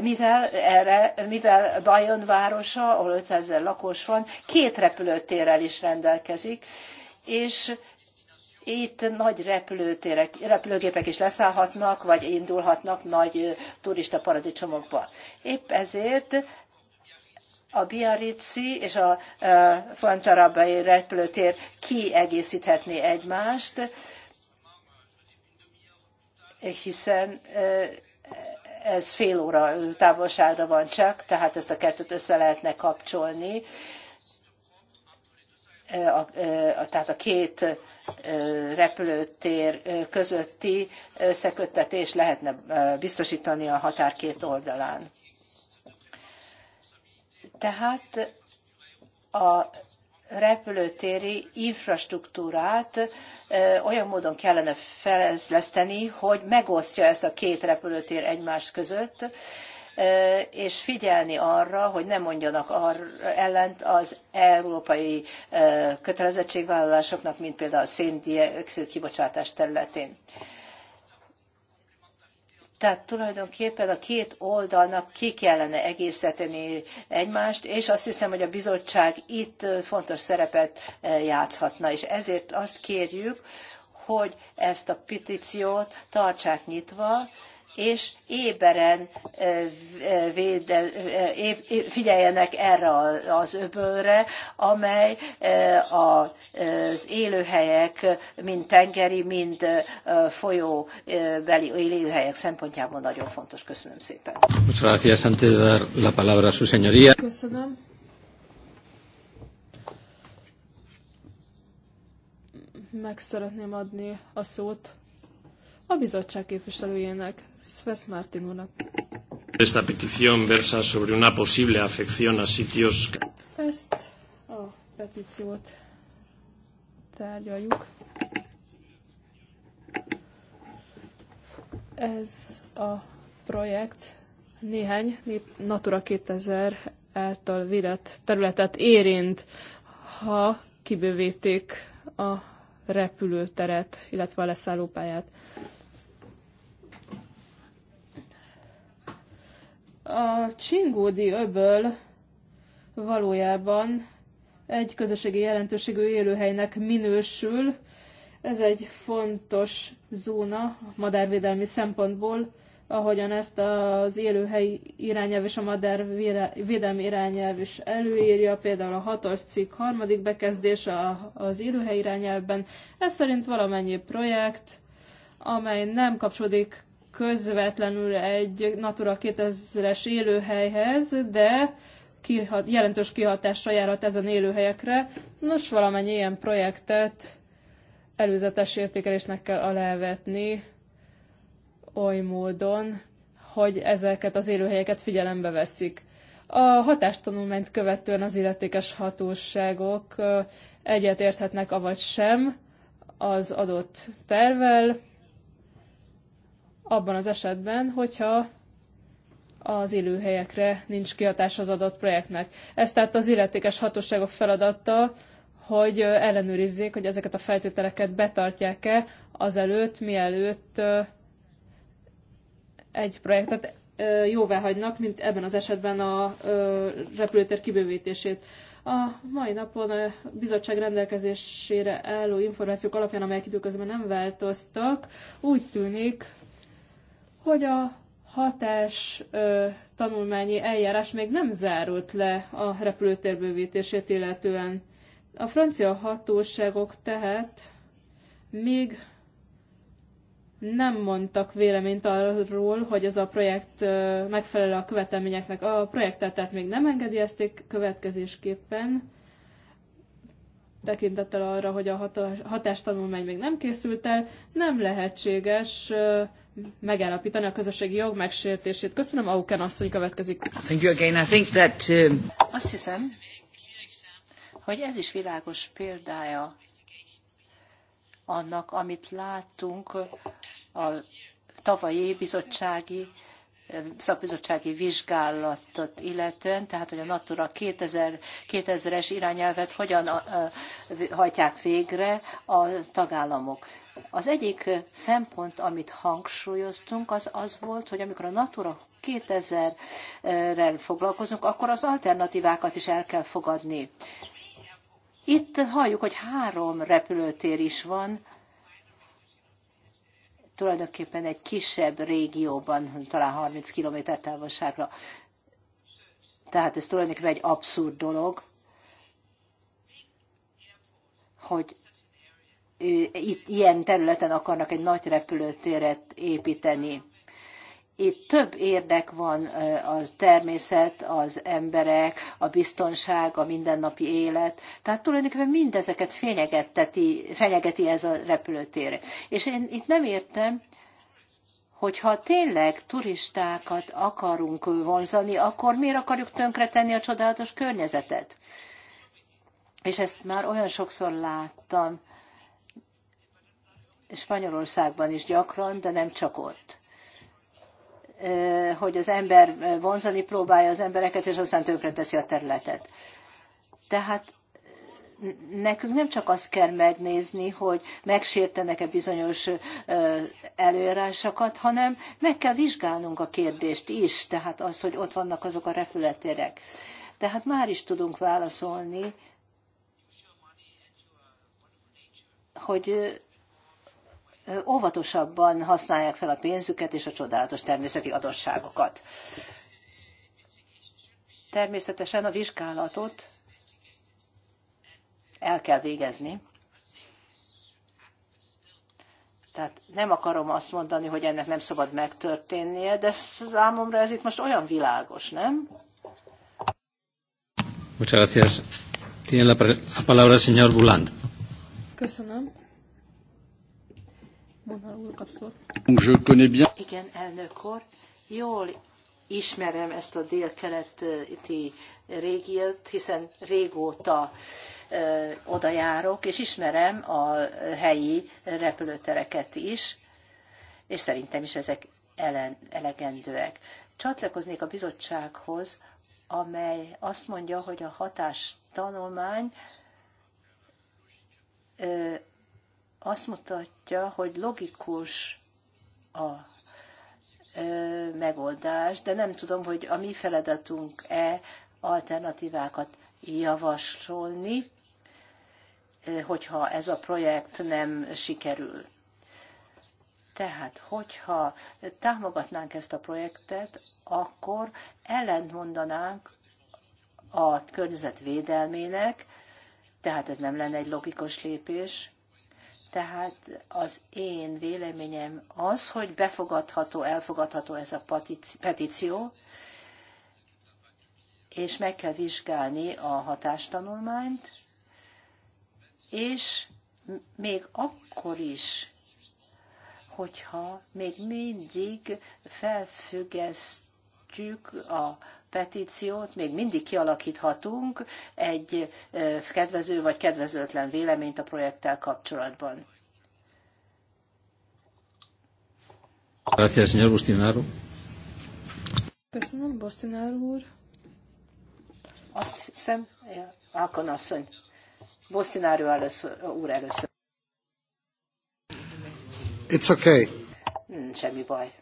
mivel, erre, mivel Bajon városa, ahol 500 ezer lakos van, két repülőtérrel is rendelkezik, és itt nagy repülőtérek, repülőgépek is leszállhatnak, vagy indulhatnak nagy turista paradicsomokba. Épp ezért a Biarritzi és a Fontarabai repülőtér kiegészíthetné egymást, hiszen ez fél óra távolságra van csak, tehát ezt a kettőt össze lehetne kapcsolni. A, tehát a két repülőtér közötti összeköttetés lehetne biztosítani a határ két oldalán. Tehát a repülőtéri infrastruktúrát olyan módon kellene fejleszteni, hogy megosztja ezt a két repülőtér egymás között, és figyelni arra, hogy ne mondjanak arra ellent az európai kötelezettségvállalásoknak, mint például a széndiokszid kibocsátás területén. Tehát tulajdonképpen a két oldalnak ki kellene egészíteni egymást, és azt hiszem, hogy a bizottság itt fontos szerepet játszhatna, és ezért azt kérjük, hogy ezt a petíciót tartsák nyitva, és éberen véde, figyeljenek erre az öbölre, amely az élőhelyek, mind tengeri, mind folyóbeli élőhelyek szempontjából nagyon fontos. Köszönöm szépen. Köszönöm. Meg szeretném adni a szót a bizottság képviselőjének, Svesz Martin úrnak. Esta petición versa sobre una posible afección a sitios... Ezt a petíciót tárgyaljuk. Ez a projekt néhány Natura 2000 által védett területet érint, ha kibővítik a repülőteret, illetve a leszállópályát. A Csingódi öböl valójában egy közösségi jelentőségű élőhelynek minősül. Ez egy fontos zóna madárvédelmi szempontból, ahogyan ezt az élőhely irányelv és a madárvédelmi irányelv is előírja, például a hatos cikk harmadik bekezdése az élőhely irányelvben. Ez szerint valamennyi projekt, amely nem kapcsolódik közvetlenül egy Natura 2000-es élőhelyhez, de kihat, jelentős kihatással járhat ezen élőhelyekre. Nos, valamennyi ilyen projektet előzetes értékelésnek kell alávetni oly módon, hogy ezeket az élőhelyeket figyelembe veszik. A hatástanulmányt követően az illetékes hatóságok egyetérthetnek avagy sem az adott tervel, abban az esetben, hogyha az élőhelyekre nincs kihatás az adott projektnek. Ez tehát az illetékes hatóságok feladata, hogy ellenőrizzék, hogy ezeket a feltételeket betartják-e azelőtt, mielőtt egy projektet jóvá hagynak, mint ebben az esetben a repülőtér kibővítését. A mai napon a bizottság rendelkezésére álló információk alapján, amelyek időközben nem változtak, úgy tűnik, hogy a hatás ö, tanulmányi eljárás még nem zárult le a repülőtér bővítését illetően. A francia hatóságok tehát még nem mondtak véleményt arról, hogy ez a projekt megfelel a követelményeknek. A projektet tehát még nem engedélyezték következésképpen, tekintettel arra, hogy a hatástanulmány még nem készült el, nem lehetséges ö, megállapítani a közösségi jog megsértését. Köszönöm, Auken asszony következik. Thank you again. I think that, um, Azt hiszem, hogy ez is világos példája annak, amit láttunk a tavalyi bizottsági szakbizottsági vizsgálatot illetően, tehát hogy a Natura 2000, 2000-es irányelvet hogyan hajtják végre a tagállamok. Az egyik szempont, amit hangsúlyoztunk, az az volt, hogy amikor a Natura 2000-rel foglalkozunk, akkor az alternatívákat is el kell fogadni. Itt halljuk, hogy három repülőtér is van, tulajdonképpen egy kisebb régióban, talán 30 km távolságra. Tehát ez tulajdonképpen egy abszurd dolog, hogy itt ilyen területen akarnak egy nagy repülőtéret építeni itt több érdek van a természet, az emberek, a biztonság, a mindennapi élet. Tehát tulajdonképpen mindezeket fenyegeteti, fenyegeti ez a repülőtér. És én itt nem értem, hogyha tényleg turistákat akarunk vonzani, akkor miért akarjuk tönkretenni a csodálatos környezetet? És ezt már olyan sokszor láttam, Spanyolországban is gyakran, de nem csak ott. Eh, hogy az ember eh, vonzani próbálja az embereket, és aztán teszi a területet. Tehát nekünk nem csak azt kell megnézni, hogy megsértenek-e bizonyos eh, előírásokat, hanem meg kell vizsgálnunk a kérdést is, tehát az, hogy ott vannak azok a repületérek. Tehát már is tudunk válaszolni, hogy óvatosabban használják fel a pénzüket és a csodálatos természeti adottságokat. Természetesen a vizsgálatot el kell végezni. Tehát nem akarom azt mondani, hogy ennek nem szabad megtörténnie, de számomra ez itt most olyan világos, nem? Muchas gracias. Tiene la, palabra el señor Buland. Köszönöm. Bonnal Igen, elnök úr. Jól ismerem ezt a délkeleti régiót, hiszen régóta ö, oda járok, és ismerem a helyi repülőtereket is, és szerintem is ezek ellen, elegendőek. Csatlakoznék a bizottsághoz, amely azt mondja, hogy a hatás tanulmány ö, azt mutatja, hogy logikus a megoldás, de nem tudom, hogy a mi feladatunk-e alternatívákat javasolni, hogyha ez a projekt nem sikerül. Tehát, hogyha támogatnánk ezt a projektet, akkor ellentmondanánk a környezet védelmének, tehát ez nem lenne egy logikus lépés, tehát az én véleményem az, hogy befogadható, elfogadható ez a petíció, és meg kell vizsgálni a hatástanulmányt, és még akkor is, hogyha még mindig felfüggesztjük a petíciót még mindig kialakíthatunk egy kedvező vagy kedvezőtlen véleményt a projekttel kapcsolatban. Gracias, señor Bustinaro. Köszönöm, Bustinaro úr. Azt hiszem, Alkon asszony. Bustinaro először, úr először. It's okay. Hmm, semmi baj.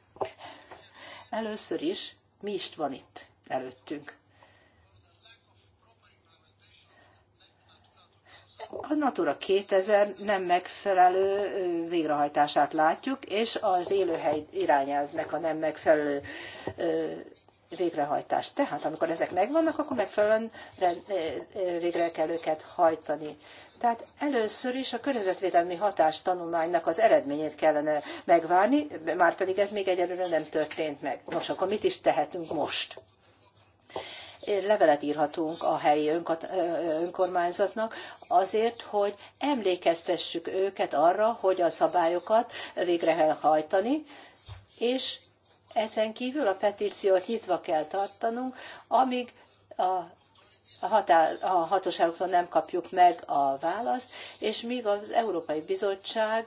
Először is, mi is van itt? előttünk. A Natura 2000 nem megfelelő végrehajtását látjuk, és az élőhely irányelvnek a nem megfelelő végrehajtást Tehát amikor ezek megvannak, akkor megfelelően végre kell őket hajtani. Tehát először is a környezetvédelmi hatástanulmánynak az eredményét kellene megvárni, már pedig ez még egyelőre nem történt meg. Nos, akkor mit is tehetünk most? levelet írhatunk a helyi önkormányzatnak azért, hogy emlékeztessük őket arra, hogy a szabályokat végre kell hajtani, és ezen kívül a petíciót nyitva kell tartanunk, amíg a a, hatóságoktól nem kapjuk meg a választ, és míg az Európai Bizottság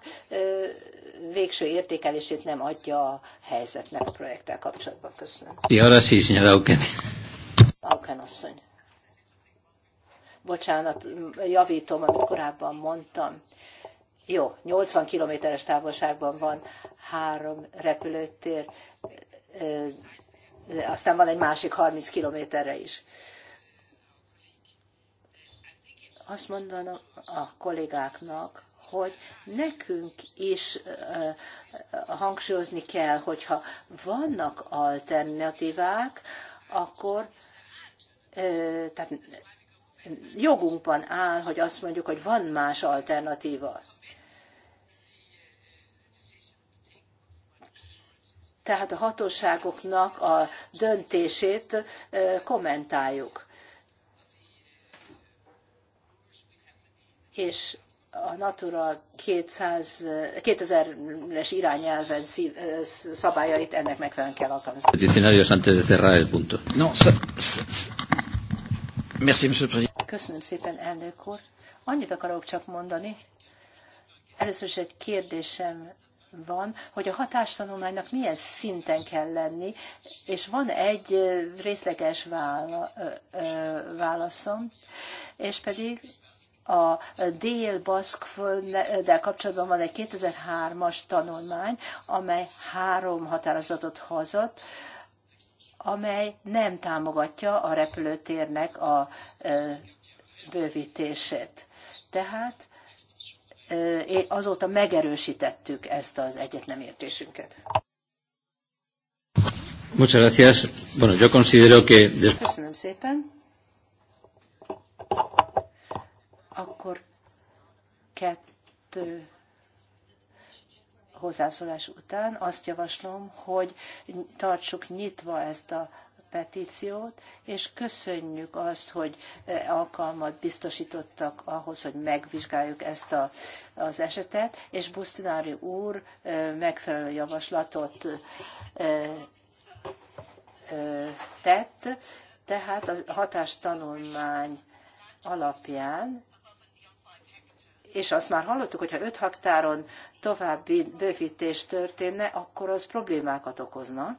végső értékelését nem adja a helyzetnek a projekttel kapcsolatban. Köszönöm. Auken Bocsánat, javítom, amit korábban mondtam. Jó, 80 kilométeres távolságban van három repülőtér, aztán van egy másik 30 kilométerre is. Azt mondanom a kollégáknak, hogy nekünk is hangsúlyozni kell, hogyha vannak alternatívák, akkor tehát jogunkban áll, hogy azt mondjuk, hogy van más alternatíva. Tehát a hatóságoknak a döntését kommentáljuk. És a Natura 200, 2000-es irányelven szabályait ennek megfelelően kell alkalmazni. Merci, Monsieur le Président. Köszönöm szépen, elnök úr. Annyit akarok csak mondani. Először is egy kérdésem van, hogy a hatástanulmánynak milyen szinten kell lenni, és van egy részleges vála, válaszom, és pedig a Dél-Baszk földdel kapcsolatban van egy 2003-as tanulmány, amely három határozatot hozott, amely nem támogatja a repülőtérnek a bővítését. Tehát azóta megerősítettük ezt az egyetnemértésünket. Muchas gracias. Bueno, yo considero que... Köszönöm szépen. Akkor kettő hozzászólás után azt javaslom, hogy tartsuk nyitva ezt a petíciót, és köszönjük azt, hogy e, alkalmat biztosítottak ahhoz, hogy megvizsgáljuk ezt a, az esetet, és Busztinári úr e, megfelelő javaslatot e, tett, tehát a hatástanulmány alapján és azt már hallottuk, hogy ha öt hektáron további bővítés történne, akkor az problémákat okozna.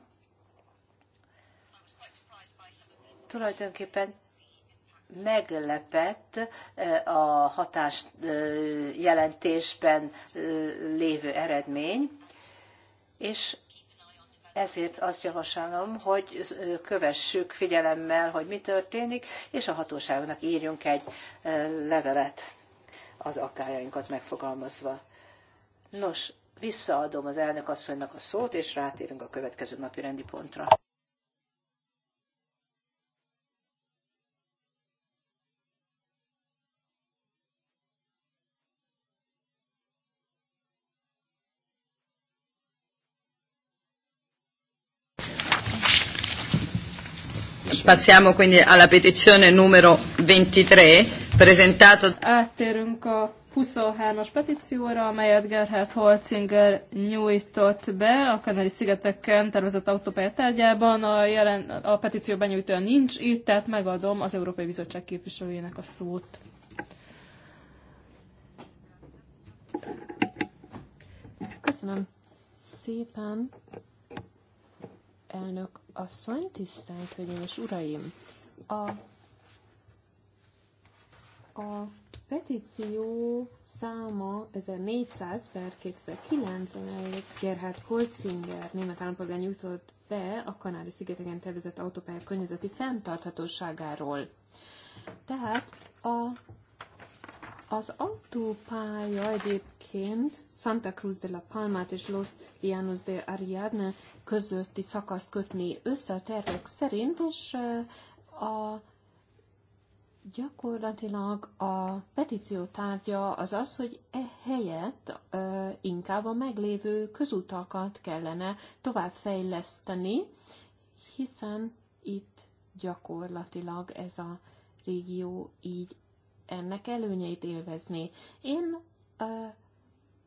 Tulajdonképpen meglepett e, a hatás e, jelentésben e, lévő eredmény, és ezért azt javaslom, hogy kövessük figyelemmel, hogy mi történik, és a hatóságnak írjunk egy levelet az akájainkat megfogalmazva. Nos, visszaadom az elnök asszonynak a szót, és rátérünk a következő napi rendi pontra. Passiamo quindi alla petizione numero 23 presentato... Áttérünk a 23-as petícióra, amelyet Gerhard Holzinger nyújtott be a Kanári-szigeteken tervezett autópályatárgyában. A, jelen, a petíció benyújtója nincs itt, tehát megadom az Európai Bizottság képviselőjének a szót. Köszönöm szépen, elnök asszony, tisztelt hölgyeim és uraim! A a petíció száma 1400 per 2009, Gerhard Holzinger, német állampolgár nyújtott be a Kanári-szigeteken tervezett autópálya környezeti fenntarthatóságáról. Tehát a, az autópálya egyébként Santa Cruz de la Palma és Los Llanos de Ariadne közötti szakaszt kötni össze a tervek szerint, és a Gyakorlatilag a petíció tárgya az az, hogy e helyett e, inkább a meglévő közutakat kellene továbbfejleszteni, hiszen itt gyakorlatilag ez a régió így ennek előnyeit élvezni. Én e,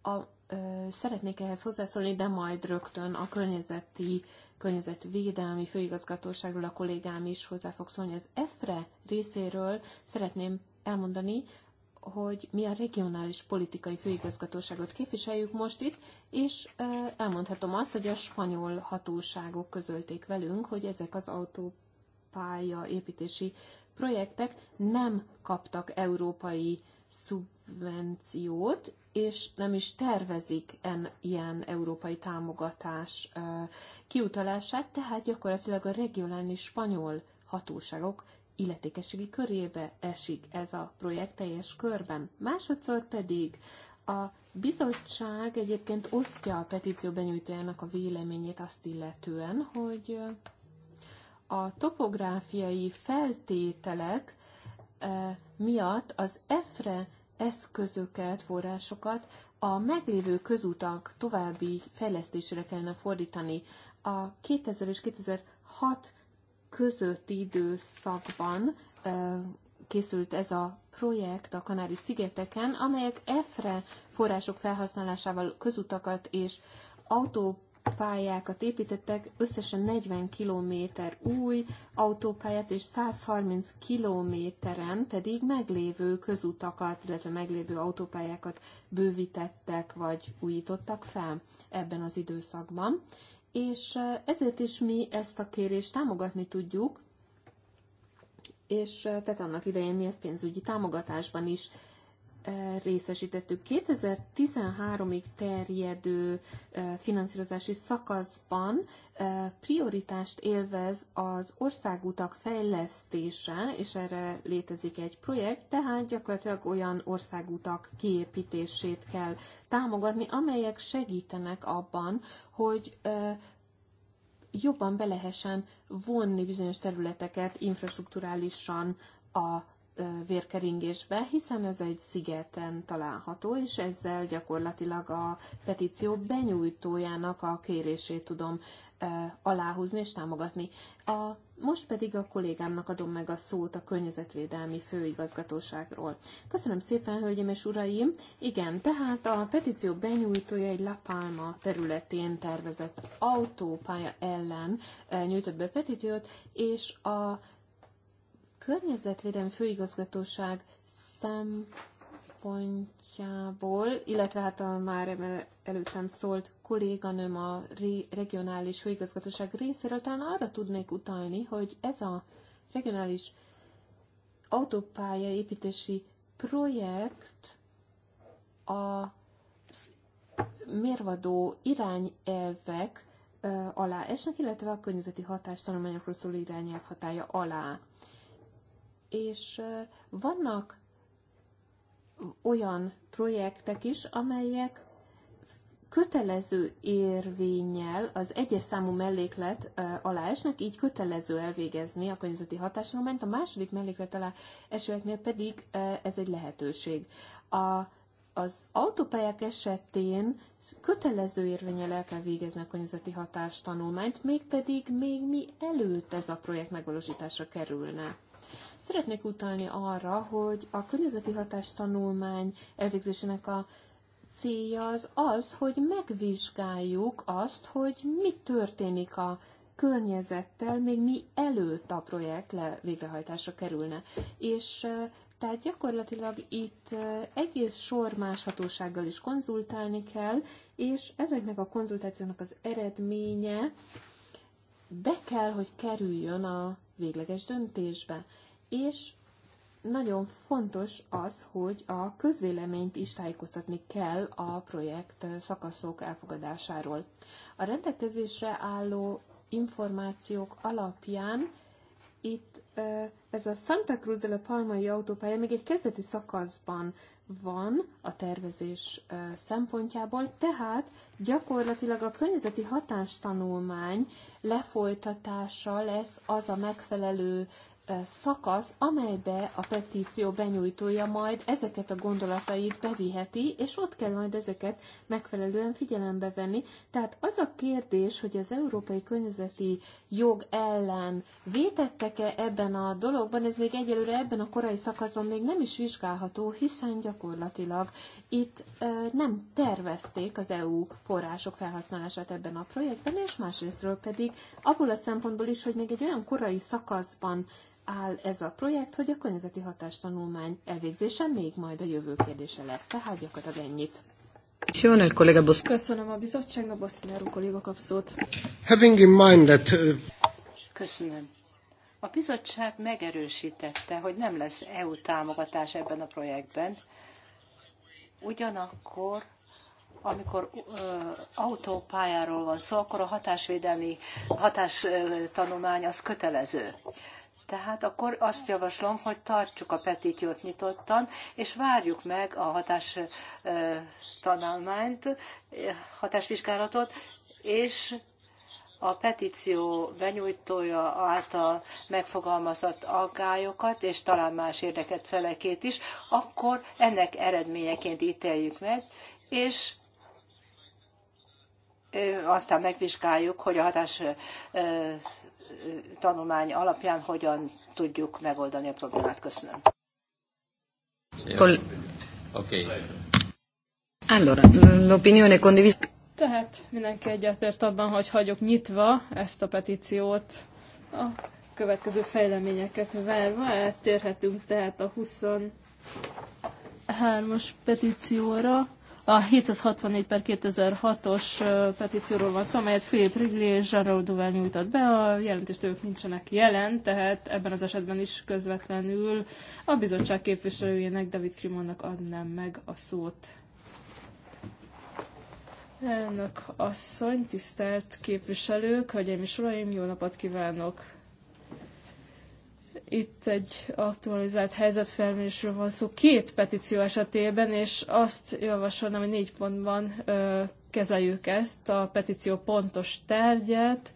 a, e, szeretnék ehhez hozzászólni, de majd rögtön a környezeti környezetvédelmi főigazgatóságról a kollégám is hozzá fog szólni. Az EFRE részéről szeretném elmondani, hogy mi a regionális politikai főigazgatóságot képviseljük most itt, és elmondhatom azt, hogy a spanyol hatóságok közölték velünk, hogy ezek az autópálya építési projektek nem kaptak európai szubvenciót, és nem is tervezik en, ilyen európai támogatás kiutalását, tehát gyakorlatilag a regionális spanyol hatóságok illetékességi körébe esik ez a projekt teljes körben. Másodszor pedig a bizottság egyébként osztja a petíció benyújtójának a véleményét azt illetően, hogy a topográfiai feltételek miatt az EFRE eszközöket, forrásokat a meglévő közutak további fejlesztésére kellene fordítani. A 2000 és 2006 közötti időszakban készült ez a projekt a Kanári-szigeteken, amelyek EFRE források felhasználásával közutakat és autó pályákat építettek, összesen 40 km új autópályát, és 130 kilométeren pedig meglévő közutakat, illetve meglévő autópályákat bővítettek vagy újítottak fel ebben az időszakban. És ezért is mi ezt a kérést támogatni tudjuk, és tehát annak idején mi ezt pénzügyi támogatásban is részesítettük. 2013-ig terjedő finanszírozási szakaszban prioritást élvez az országutak fejlesztése, és erre létezik egy projekt, tehát gyakorlatilag olyan országutak kiépítését kell támogatni, amelyek segítenek abban, hogy jobban belehessen vonni bizonyos területeket infrastruktúrálisan a vérkeringésbe, hiszen ez egy szigeten található, és ezzel gyakorlatilag a petíció benyújtójának a kérését tudom aláhúzni és támogatni. A, most pedig a kollégámnak adom meg a szót a Környezetvédelmi Főigazgatóságról. Köszönöm szépen, hölgyeim és uraim! Igen, tehát a petíció benyújtója egy Lapálma területén tervezett autópálya ellen nyújtott be petíciót, és a környezetvédelmi főigazgatóság szempontjából, illetve hát a már előttem szólt kolléganőm a regionális főigazgatóság részéről, talán arra tudnék utalni, hogy ez a regionális autópálya építési projekt a mérvadó irányelvek alá esnek, illetve a környezeti hatástanulmányokról szóló irányelv hatája alá és vannak olyan projektek is, amelyek kötelező érvényel az egyes számú melléklet alá esnek, így kötelező elvégezni a környezeti hatástanulmányt, a második melléklet alá esőeknél pedig ez egy lehetőség. A, az autópályák esetén kötelező érvényel el kell végezni a környezeti hatástanulmányt, mégpedig még mi előtt ez a projekt megvalósításra kerülne. Szeretnék utalni arra, hogy a környezeti hatástanulmány elvégzésének a célja az az, hogy megvizsgáljuk azt, hogy mi történik a környezettel, még mi előtt a projekt le, végrehajtásra kerülne. És tehát gyakorlatilag itt egész sor más hatósággal is konzultálni kell, és ezeknek a konzultációnak az eredménye be kell, hogy kerüljön a végleges döntésbe és nagyon fontos az, hogy a közvéleményt is tájékoztatni kell a projekt szakaszok elfogadásáról. A rendelkezésre álló információk alapján itt ez a Santa Cruz de la Palmai autópálya még egy kezdeti szakaszban van a tervezés szempontjából, tehát gyakorlatilag a környezeti hatástanulmány lefolytatása lesz az a megfelelő szakasz, amelybe a petíció benyújtója majd ezeket a gondolatait beviheti, és ott kell majd ezeket megfelelően figyelembe venni. Tehát az a kérdés, hogy az európai környezeti jog ellen vétettek-e ebben a dologban, ez még egyelőre ebben a korai szakaszban még nem is vizsgálható, hiszen gyakorlatilag itt ö, nem tervezték az EU források felhasználását ebben a projektben, és másrésztről pedig abból a szempontból is, hogy még egy olyan korai szakaszban áll ez a projekt, hogy a környezeti hatástanulmány elvégzése még majd a jövő kérdése lesz. Tehát gyakorlatilag ennyit. Köszönöm a bizottságnak, Erú kolléga kap szót. Having in mind that... Uh, Köszönöm. A bizottság megerősítette, hogy nem lesz EU támogatás ebben a projektben. Ugyanakkor amikor uh, autópályáról van szó, akkor a hatásvédelmi hatástanulmány az kötelező. Tehát akkor azt javaslom, hogy tartsuk a petíciót nyitottan, és várjuk meg a hatás tanulmányt, hatásvizsgálatot, és a petíció benyújtója által megfogalmazott aggályokat, és talán más érdeket felekét is, akkor ennek eredményeként ítéljük meg, és aztán megvizsgáljuk, hogy a hatás tanulmány alapján hogyan tudjuk megoldani a problémát. Köszönöm. Oké. Allora, l'opinione condivisa. Tehát mindenki egyetért abban, hogy hagyok nyitva ezt a petíciót a következő fejleményeket várva. Áttérhetünk tehát a 23-as petícióra. A 764 per 2006-os petícióról van szó, amelyet Philip Wrigley és Gerald Duvel nyújtott be. A jelentést ők nincsenek jelen, tehát ebben az esetben is közvetlenül a bizottság képviselőjének, David Krimonnak adnám meg a szót. Elnök asszony, tisztelt képviselők, hölgyeim és uraim, jó napot kívánok! Itt egy aktualizált helyzetfelmérésről van szó két petíció esetében, és azt javasolnám, hogy négy pontban ö, kezeljük ezt, a petíció pontos tárgyát,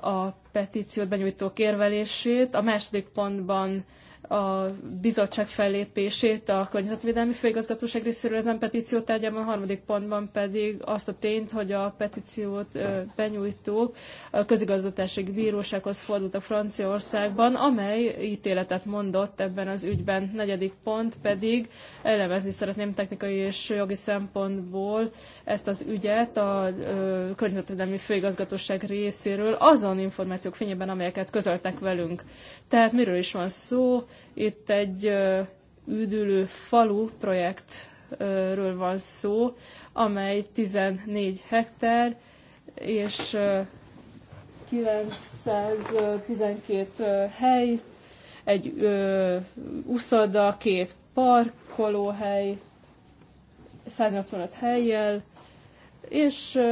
a petíciót benyújtók érvelését, a második pontban a bizottság fellépését a Környezetvédelmi Főigazgatóság részéről ezen petíció tárgyában, a harmadik pontban pedig azt a tényt, hogy a petíciót benyújtók a közigazgatási bírósághoz fordultak Franciaországban, amely ítéletet mondott ebben az ügyben. Negyedik pont pedig elemezni szeretném technikai és jogi szempontból ezt az ügyet a Környezetvédelmi Főigazgatóság részéről azon információk fényében, amelyeket közöltek velünk. Tehát miről is van szó? Itt egy üdülő falu projektről van szó, amely 14 hektár, és 912 hely, egy uszoda, két parkolóhely, 185 helyjel, és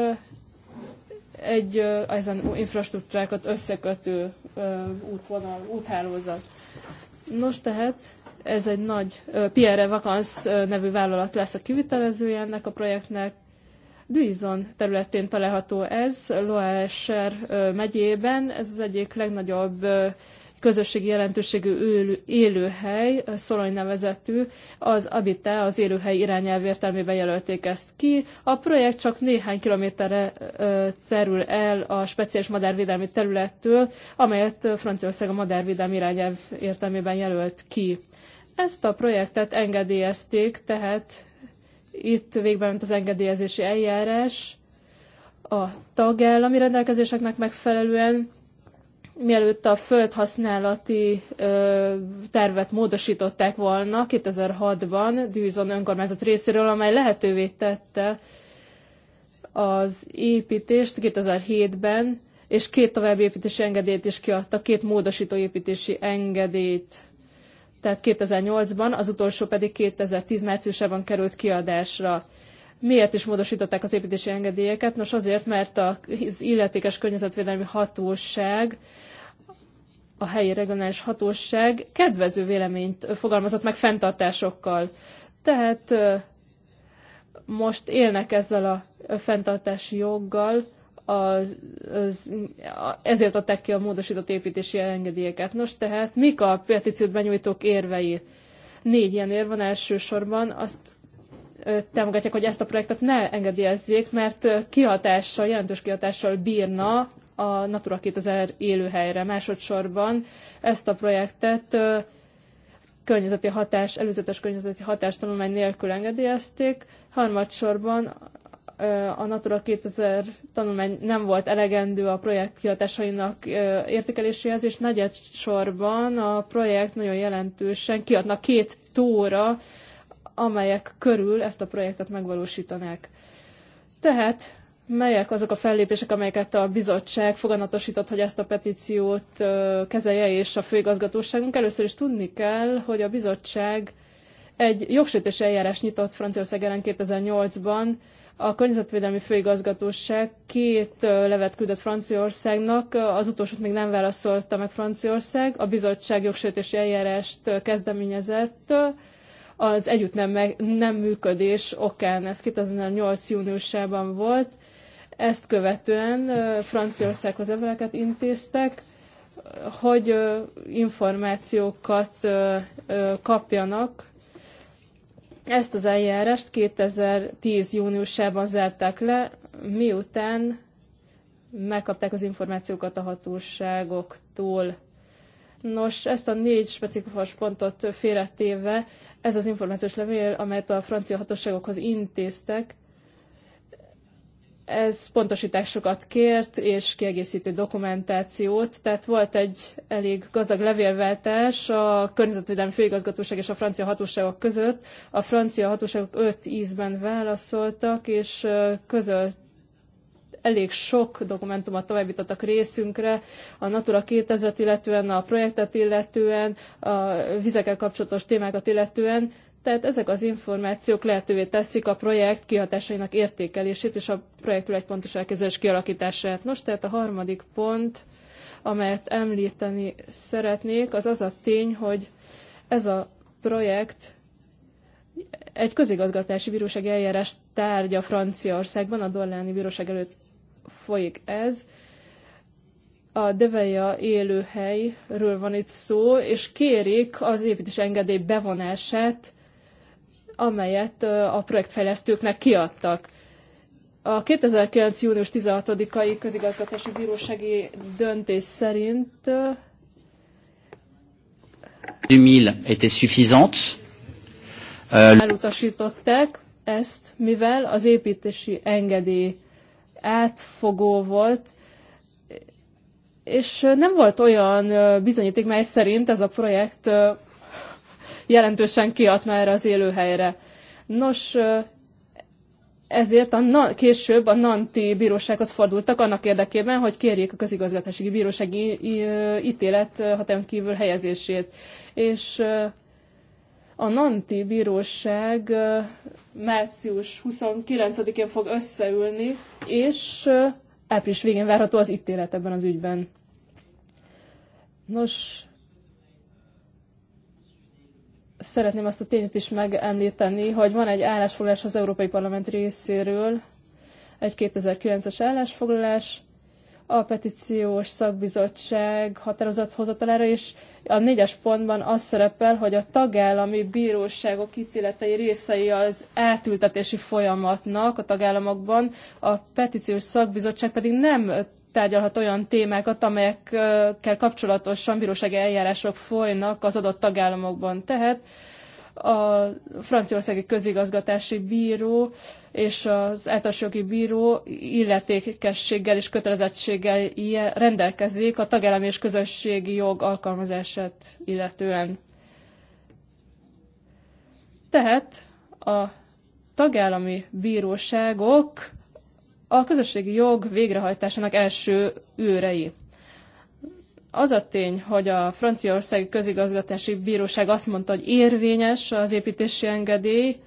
egy ezen infrastruktúrákat összekötő útvonal, úthálózat. Nos tehát ez egy nagy Pierre Vacans nevű vállalat lesz a kivitelezője ennek a projektnek. Duizon területén található ez, Loesher megyében. Ez az egyik legnagyobb közösségi jelentőségű élőhely, Szolony nevezetű, az Abite, az élőhely irányelv értelmében jelölték ezt ki. A projekt csak néhány kilométerre terül el a speciális madárvédelmi területtől, amelyet Franciaország a madárvédelmi irányelv értelmében jelölt ki. Ezt a projektet engedélyezték, tehát itt végben ment az engedélyezési eljárás a tagállami rendelkezéseknek megfelelően, mielőtt a földhasználati ö, tervet módosították volna 2006-ban Dűzon önkormányzat részéről, amely lehetővé tette az építést 2007-ben, és két további építési engedélyt is kiadta, két módosító építési engedélyt. Tehát 2008-ban, az utolsó pedig 2010 márciusában került kiadásra. Miért is módosították az építési engedélyeket? Nos, azért, mert az illetékes környezetvédelmi hatóság a helyi regionális hatóság kedvező véleményt fogalmazott meg fenntartásokkal. Tehát most élnek ezzel a fenntartási joggal, az, az, ezért adták ki a módosított építési engedélyeket. Nos, tehát mik a petíciót benyújtók érvei? Négy ilyen érv van elsősorban. Azt támogatják, hogy ezt a projektet ne engedélyezzék, mert kihatással, jelentős kihatással bírna a Natura 2000 élőhelyre. Másodszorban ezt a projektet környezeti hatás, előzetes környezeti tanulmány nélkül engedélyezték. Harmadsorban a Natura 2000 tanulmány nem volt elegendő a projekt kiadásainak értékeléséhez, és negyed sorban a projekt nagyon jelentősen kiadna két tóra, amelyek körül ezt a projektet megvalósítanák. Tehát melyek azok a fellépések, amelyeket a bizottság foganatosított, hogy ezt a petíciót kezelje, és a főigazgatóságunk. Először is tudni kell, hogy a bizottság egy jogsértési eljárás nyitott Franciaország ellen 2008-ban. A Környezetvédelmi Főigazgatóság két levet küldött Franciaországnak, az utolsót még nem válaszolta meg Franciaország. A bizottság jogsértési eljárást kezdeményezett az együtt nem, nem működés okán, ez 2008. júniusában volt ezt követően Franciaországhoz leveleket intéztek, hogy információkat kapjanak. Ezt az eljárást 2010. júniusában zárták le, miután megkapták az információkat a hatóságoktól. Nos, ezt a négy specifikus pontot félretéve, ez az információs levél, amelyet a francia hatóságokhoz intéztek, ez pontosításokat kért, és kiegészítő dokumentációt, tehát volt egy elég gazdag levélváltás a Környezetvédelmi Főigazgatóság és a francia hatóságok között. A francia hatóságok öt ízben válaszoltak, és közölt elég sok dokumentumot továbbítottak részünkre, a Natura 2000-et illetően, a projektet illetően, a vizekkel kapcsolatos témákat illetően, tehát ezek az információk lehetővé teszik a projekt kihatásainak értékelését és a projektről egy pontos elképzelés kialakítását. Nos, tehát a harmadik pont, amelyet említeni szeretnék, az az a tény, hogy ez a projekt egy közigazgatási bírósági eljárás tárgya Franciaországban, a Dorláni Bíróság előtt folyik ez. A Deveja élőhelyről van itt szó, és kérik az építés engedély bevonását amelyet a projektfejlesztőknek kiadtak. A 2009. június 16-ai közigazgatási bírósági döntés szerint 2000 était suffisante. Euh, elutasították ezt, mivel az építési engedély átfogó volt, és nem volt olyan bizonyíték, mely szerint ez a projekt jelentősen kiadna erre az élőhelyre. Nos, ezért a na, később a Nanti bírósághoz fordultak annak érdekében, hogy kérjék a közigazgatási bírósági ítélet hatályon kívül helyezését. És a Nanti bíróság március 29-én fog összeülni, és április végén várható az ítélet ebben az ügyben. Nos, szeretném azt a tényt is megemlíteni, hogy van egy állásfoglalás az Európai Parlament részéről, egy 2009-es állásfoglalás, a petíciós szakbizottság határozathozatalára, és a négyes pontban az szerepel, hogy a tagállami bíróságok ítéletei részei az átültetési folyamatnak a tagállamokban, a petíciós szakbizottság pedig nem tárgyalhat olyan témákat, amelyekkel kapcsolatosan bírósági eljárások folynak az adott tagállamokban. Tehát a franciaországi közigazgatási bíró és az általánosjogi bíró illetékességgel és kötelezettséggel rendelkezik a tagállami és közösségi jog alkalmazását illetően. Tehát a tagállami bíróságok a közösségi jog végrehajtásának első őrei. Az a tény, hogy a Franciaországi Közigazgatási Bíróság azt mondta, hogy érvényes az építési engedély,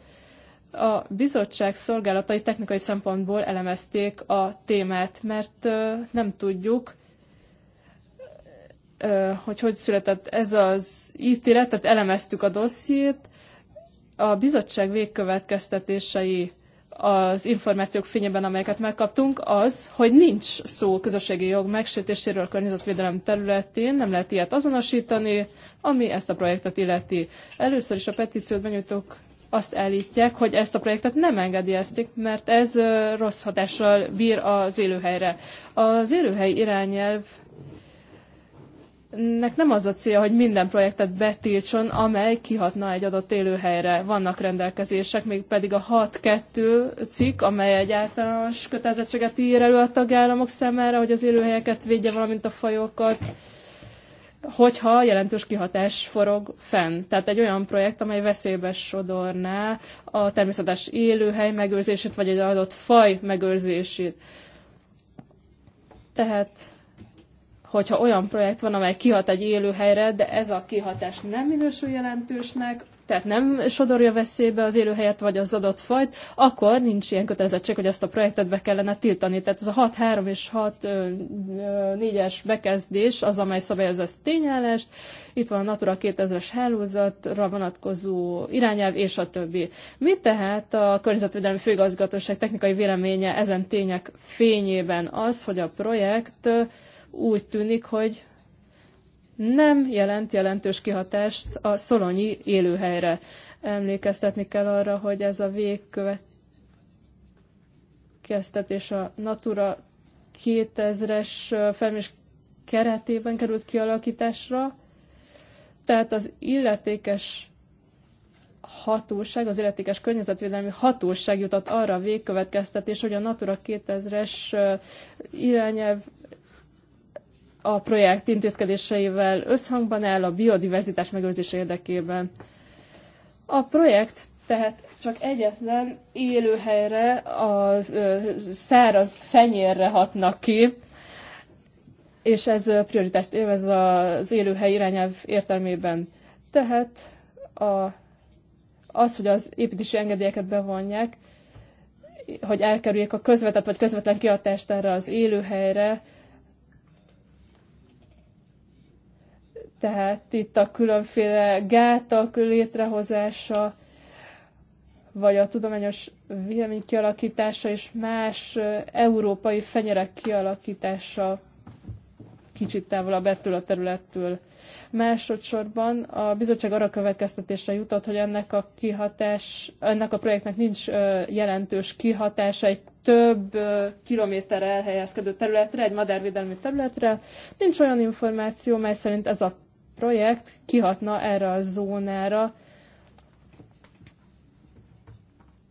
a bizottság szolgálatai technikai szempontból elemezték a témát, mert nem tudjuk, hogy hogy született ez az ítélet, tehát elemeztük a dossziét. A bizottság végkövetkeztetései az információk fényében, amelyeket megkaptunk, az, hogy nincs szó közösségi jog megsértéséről a környezetvédelem területén, nem lehet ilyet azonosítani, ami ezt a projektet illeti. Először is a petíciót benyújtók azt állítják, hogy ezt a projektet nem engedélyezték, mert ez rossz hatással bír az élőhelyre. Az élőhely irányelv nek nem az a célja, hogy minden projektet betiltson, amely kihatna egy adott élőhelyre. Vannak rendelkezések, még pedig a 6.2 cikk, amely egy általános kötelezettséget ír elő a tagállamok számára, hogy az élőhelyeket védje, valamint a fajokat, hogyha jelentős kihatás forog fenn. Tehát egy olyan projekt, amely veszélybe sodorná a természetes élőhely megőrzését, vagy egy adott faj megőrzését. Tehát hogyha olyan projekt van, amely kihat egy élőhelyre, de ez a kihatás nem minősül jelentősnek, tehát nem sodorja veszélybe az élőhelyet vagy az adott fajt, akkor nincs ilyen kötelezettség, hogy ezt a projektet be kellene tiltani. Tehát ez a 6-3 és 4 es bekezdés az, amely szabályozza ezt tényállást. Itt van a Natura 2000-es hálózatra vonatkozó irányelv és a többi. Mi tehát a Környezetvédelmi Főigazgatóság technikai véleménye ezen tények fényében az, hogy a projekt úgy tűnik, hogy nem jelent jelentős kihatást a szolonyi élőhelyre. Emlékeztetni kell arra, hogy ez a végkövetkeztetés a Natura 2000-es felmérés keretében került kialakításra, tehát az illetékes hatóság, az illetékes környezetvédelmi hatóság jutott arra a végkövetkeztetés, hogy a Natura 2000-es irányelv a projekt intézkedéseivel összhangban áll a biodiverzitás megőrzése érdekében. A projekt tehát csak egyetlen élőhelyre, a száraz fenyérre hatnak ki, és ez prioritást élvez az élőhely irányelv értelmében. Tehát a, az, hogy az építési engedélyeket bevonják, hogy elkerüljék a közvetett vagy közvetlen kiadást erre az élőhelyre, Tehát itt a különféle gátak létrehozása, vagy a tudományos vélemény kialakítása és más európai fenyerek kialakítása kicsit távolabb ettől a területtől. Másodszorban a bizottság arra következtetésre jutott, hogy ennek a kihatás, ennek a projektnek nincs jelentős kihatása egy több kilométerre elhelyezkedő területre, egy madárvédelmi területre. Nincs olyan információ, mely szerint ez a projekt kihatna erre a zónára.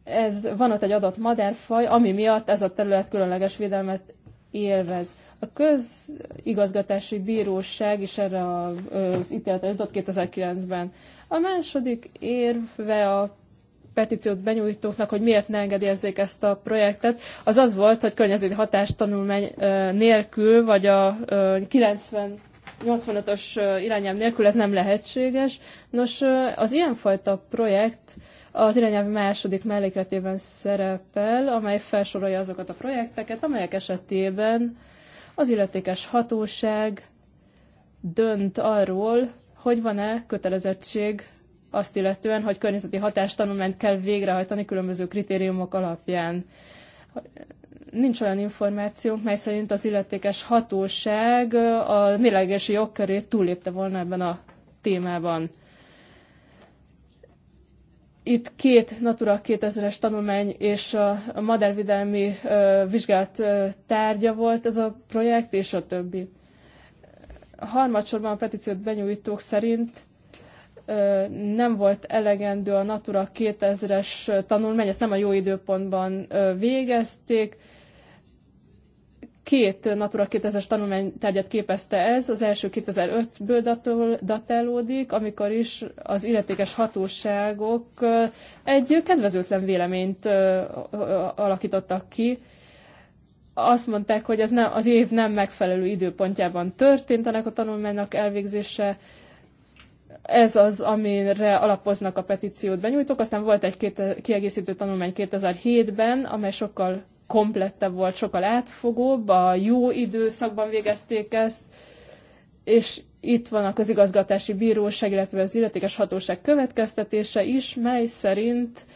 Ez van ott egy adott madárfaj, ami miatt ez a terület különleges védelmet élvez. A közigazgatási bíróság is erre az ítéletre jutott 2009-ben. A második érve a petíciót benyújtóknak, hogy miért ne engedélyezzék ezt a projektet, az az volt, hogy környezeti hatástanulmány nélkül, vagy a 90 85-ös irányelv nélkül ez nem lehetséges. Nos, az ilyenfajta projekt az irányelv második mellékletében szerepel, amely felsorolja azokat a projekteket, amelyek esetében az illetékes hatóság dönt arról, hogy van-e kötelezettség azt illetően, hogy környezeti hatástanulmányt kell végrehajtani különböző kritériumok alapján nincs olyan információnk, mely szerint az illetékes hatóság a mérlegési jogkörét túllépte volna ebben a témában. Itt két Natura 2000-es tanulmány és a madárvidelmi vizsgált tárgya volt ez a projekt, és a többi. Harmadsorban a petíciót benyújtók szerint nem volt elegendő a Natura 2000-es tanulmány, ezt nem a jó időpontban végezték, Két Natura 2000-es tanulmánytárgyat képezte ez, az első 2005-ből datálódik, amikor is az illetékes hatóságok egy kedvezőtlen véleményt alakítottak ki, azt mondták, hogy ez nem, az év nem megfelelő időpontjában történt ennek a tanulmánynak elvégzése. Ez az, amire alapoznak a petíciót benyújtók. Aztán volt egy két, kiegészítő tanulmány 2007-ben, amely sokkal komplettebb volt, sokkal átfogóbb, a jó időszakban végezték ezt, és itt van a közigazgatási bíróság, illetve az illetékes hatóság következtetése is, mely szerint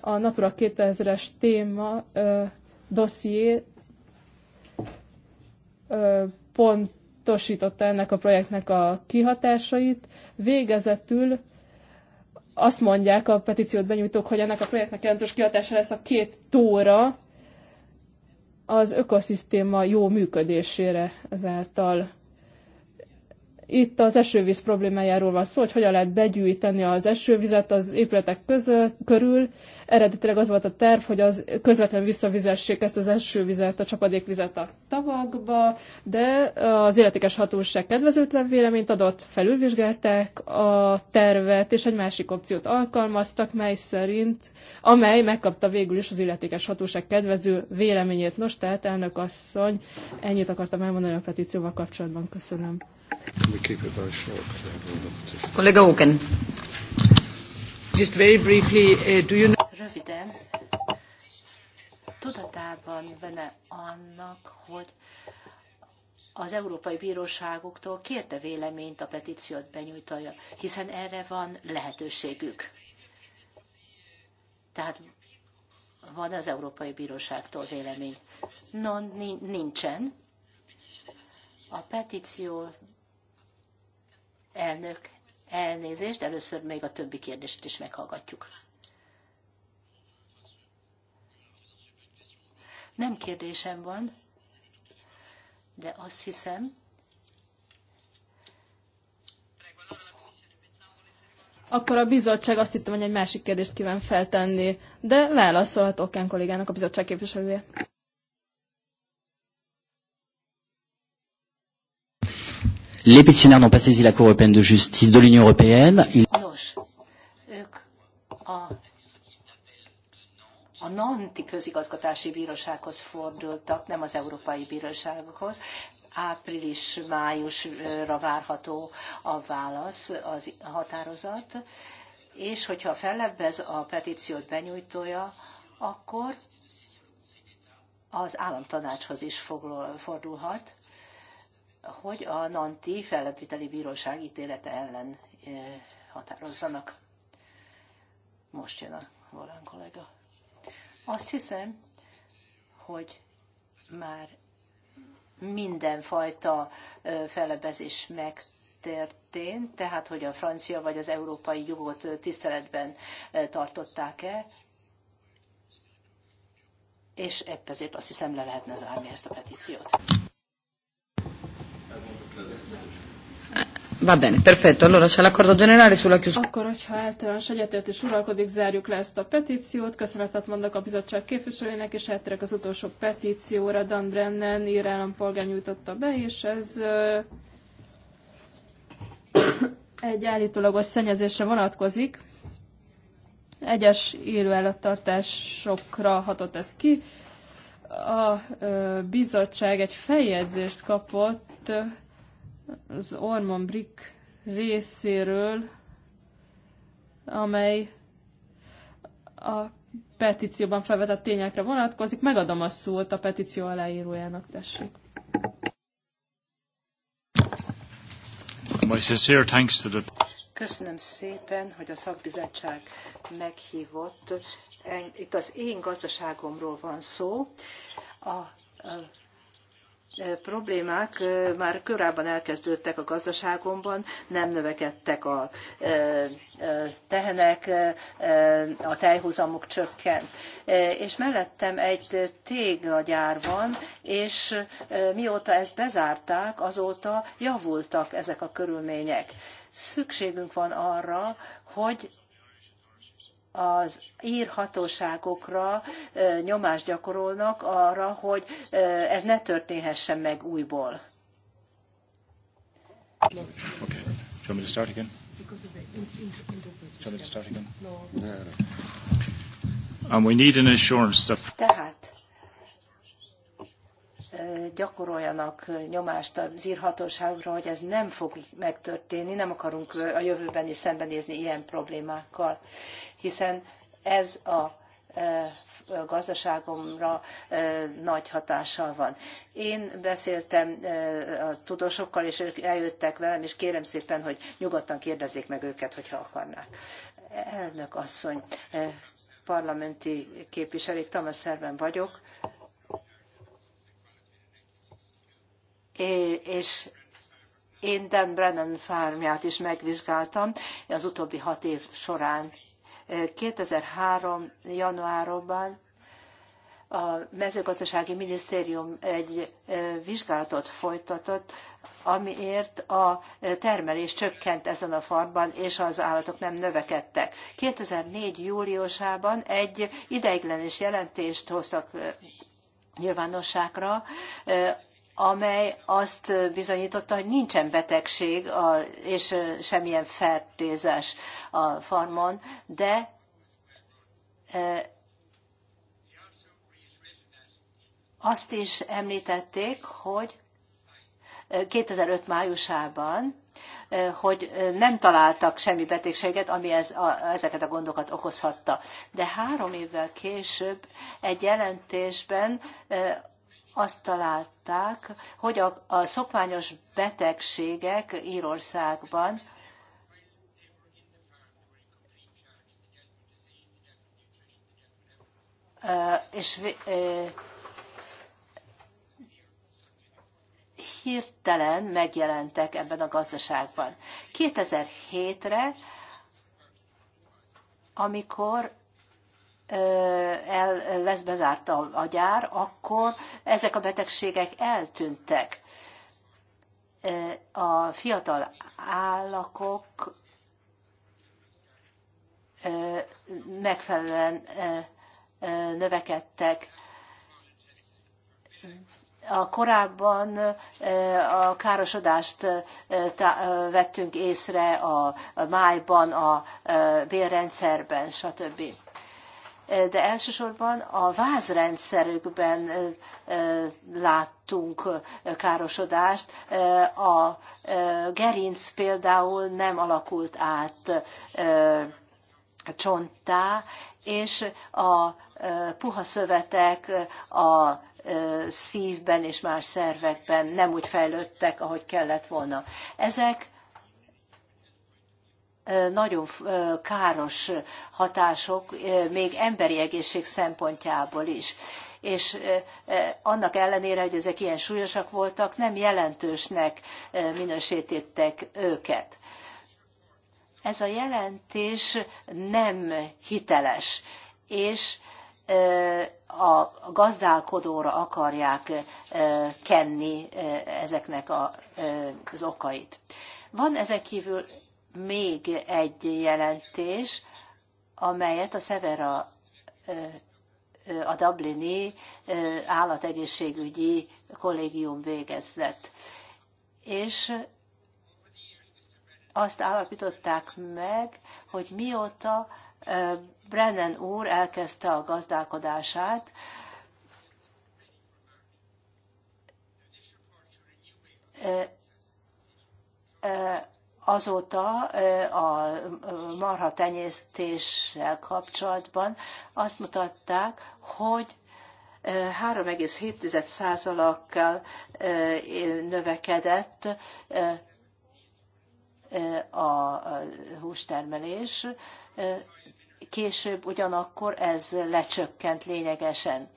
a Natura 2000-es téma ö, dosszié ö, pontosította ennek a projektnek a kihatásait. Végezetül azt mondják a petíciót benyújtók, hogy ennek a projektnek jelentős kihatása lesz a két tóra, az ökoszisztéma jó működésére ezáltal. Itt az esővíz problémájáról van szó, hogy hogyan lehet begyűjteni az esővizet az épületek közül körül. Eredetileg az volt a terv, hogy az közvetlen visszavizessék ezt az esővizet, a csapadékvizet a tavakba, de az illetékes hatóság kedvezőtlen véleményt adott, felülvizsgálták a tervet, és egy másik opciót alkalmaztak, mely szerint, amely megkapta végül is az illetékes hatóság kedvező véleményét. Nos, tehát elnök asszony, ennyit akartam elmondani a petícióval kapcsolatban. Köszönöm. Kollega Oken. Just very briefly, uh, do you know... Röviden, tudatában benne annak, hogy az európai bíróságoktól kérte véleményt a petíciót benyújtalja, hiszen erre van lehetőségük. Tehát van az Európai Bíróságtól vélemény. No, nincsen. A petíció Elnök, elnézést, először még a többi kérdést is meghallgatjuk. Nem kérdésem van, de azt hiszem, Akkor a bizottság azt hittem, hogy egy másik kérdést kíván feltenni, de válaszolhat okán, kollégának a bizottság képviselője. Les pétitionnaires n'ont pas saisi la Cour européenne de justice de l'Union européenne. Ils... Nos, ők a, a Nanti közigazgatási bírósághoz fordultak, nem az Európai Bírósághoz. Április-májusra várható a válasz, az határozat, és hogyha fellebbez a petíciót benyújtója, akkor az államtanácshoz is fordulhat hogy a Nanti fellepíteli bíróság ítélete ellen eh, határozzanak. Most jön a volán kollega. Azt hiszem, hogy már mindenfajta eh, fellebezés megtörtént, tehát hogy a francia vagy az európai jogot eh, tiszteletben tartották-e, és épp ezért azt hiszem le lehetne zárni ezt a petíciót. Va bene, perfetto. Allora c'è l'accordo generale sulla chiusura. Akkor, hogyha általános egyetértés uralkodik, zárjuk le ezt a petíciót. Köszönetet mondok a bizottság képviselőjének, és elterek az utolsó petícióra. Dan Brennan ír állampolgár nyújtotta be, és ez egy állítólagos szennyezésre vonatkozik. Egyes élő állattartásokra hatott ez ki. A bizottság egy feljegyzést kapott, az Ormon Brick részéről, amely a petícióban felvetett tényekre vonatkozik. Megadom a szót a petíció aláírójának, tessék. Köszönöm szépen, hogy a szakbizottság meghívott. Itt az én gazdaságomról van szó. A problémák már korábban elkezdődtek a gazdaságomban, nem növekedtek a tehenek, a tejhozamok csökkent. És mellettem egy téglagyár van, és mióta ezt bezárták, azóta javultak ezek a körülmények. Szükségünk van arra, hogy az ír hatóságokra nyomást gyakorolnak arra, hogy ez ne történhessen meg újból. Um, Tehát gyakoroljanak nyomást az írhatóságra, hogy ez nem fog megtörténni, nem akarunk a jövőben is szembenézni ilyen problémákkal, hiszen ez a gazdaságomra nagy hatással van. Én beszéltem a tudósokkal, és ők eljöttek velem, és kérem szépen, hogy nyugodtan kérdezzék meg őket, hogyha akarnák. Elnök asszony, parlamenti képviselők, Tamas Szerben vagyok és én Dan Brennan farmját is megvizsgáltam az utóbbi hat év során. 2003. januárban a mezőgazdasági minisztérium egy vizsgálatot folytatott, amiért a termelés csökkent ezen a farmban, és az állatok nem növekedtek. 2004. júliusában egy ideiglenes jelentést hoztak nyilvánosságra amely azt bizonyította, hogy nincsen betegség a, és semmilyen fertőzés a farmon, de azt is említették, hogy 2005 májusában, hogy nem találtak semmi betegséget, ami ez, a, ezeket a gondokat okozhatta. De három évvel később egy jelentésben azt találták, hogy a, a szokványos betegségek Írországban és hirtelen megjelentek ebben a gazdaságban. 2007-re, amikor el lesz bezárta a gyár, akkor ezek a betegségek eltűntek. A fiatal állakok megfelelően növekedtek. A korábban a károsodást vettünk észre a májban, a bélrendszerben, stb de elsősorban a vázrendszerükben láttunk károsodást. A gerinc például nem alakult át csonttá, és a puha szövetek a szívben és más szervekben nem úgy fejlődtek, ahogy kellett volna. Ezek nagyon káros hatások, még emberi egészség szempontjából is és annak ellenére, hogy ezek ilyen súlyosak voltak, nem jelentősnek minősítettek őket. Ez a jelentés nem hiteles, és a gazdálkodóra akarják kenni ezeknek az okait. Van ezen kívül még egy jelentés, amelyet a Severa a Dublini állategészségügyi kollégium végezett. És azt állapították meg, hogy mióta Brennan úr elkezdte a gazdálkodását, azóta a marha tenyésztéssel kapcsolatban azt mutatták, hogy 3,7%-kal növekedett a hústermelés, később ugyanakkor ez lecsökkent lényegesen.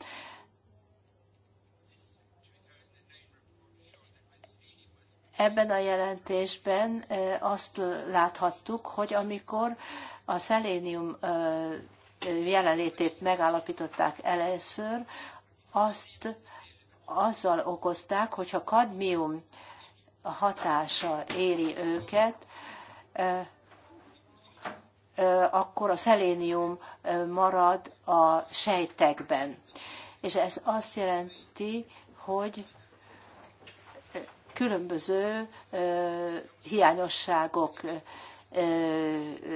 Ebben a jelentésben azt láthattuk, hogy amikor a szelénium jelenlétét megállapították először, azt azzal okozták, hogyha kadmium hatása éri őket, akkor a szelénium marad a sejtekben. És ez azt jelenti, hogy különböző hiányosságok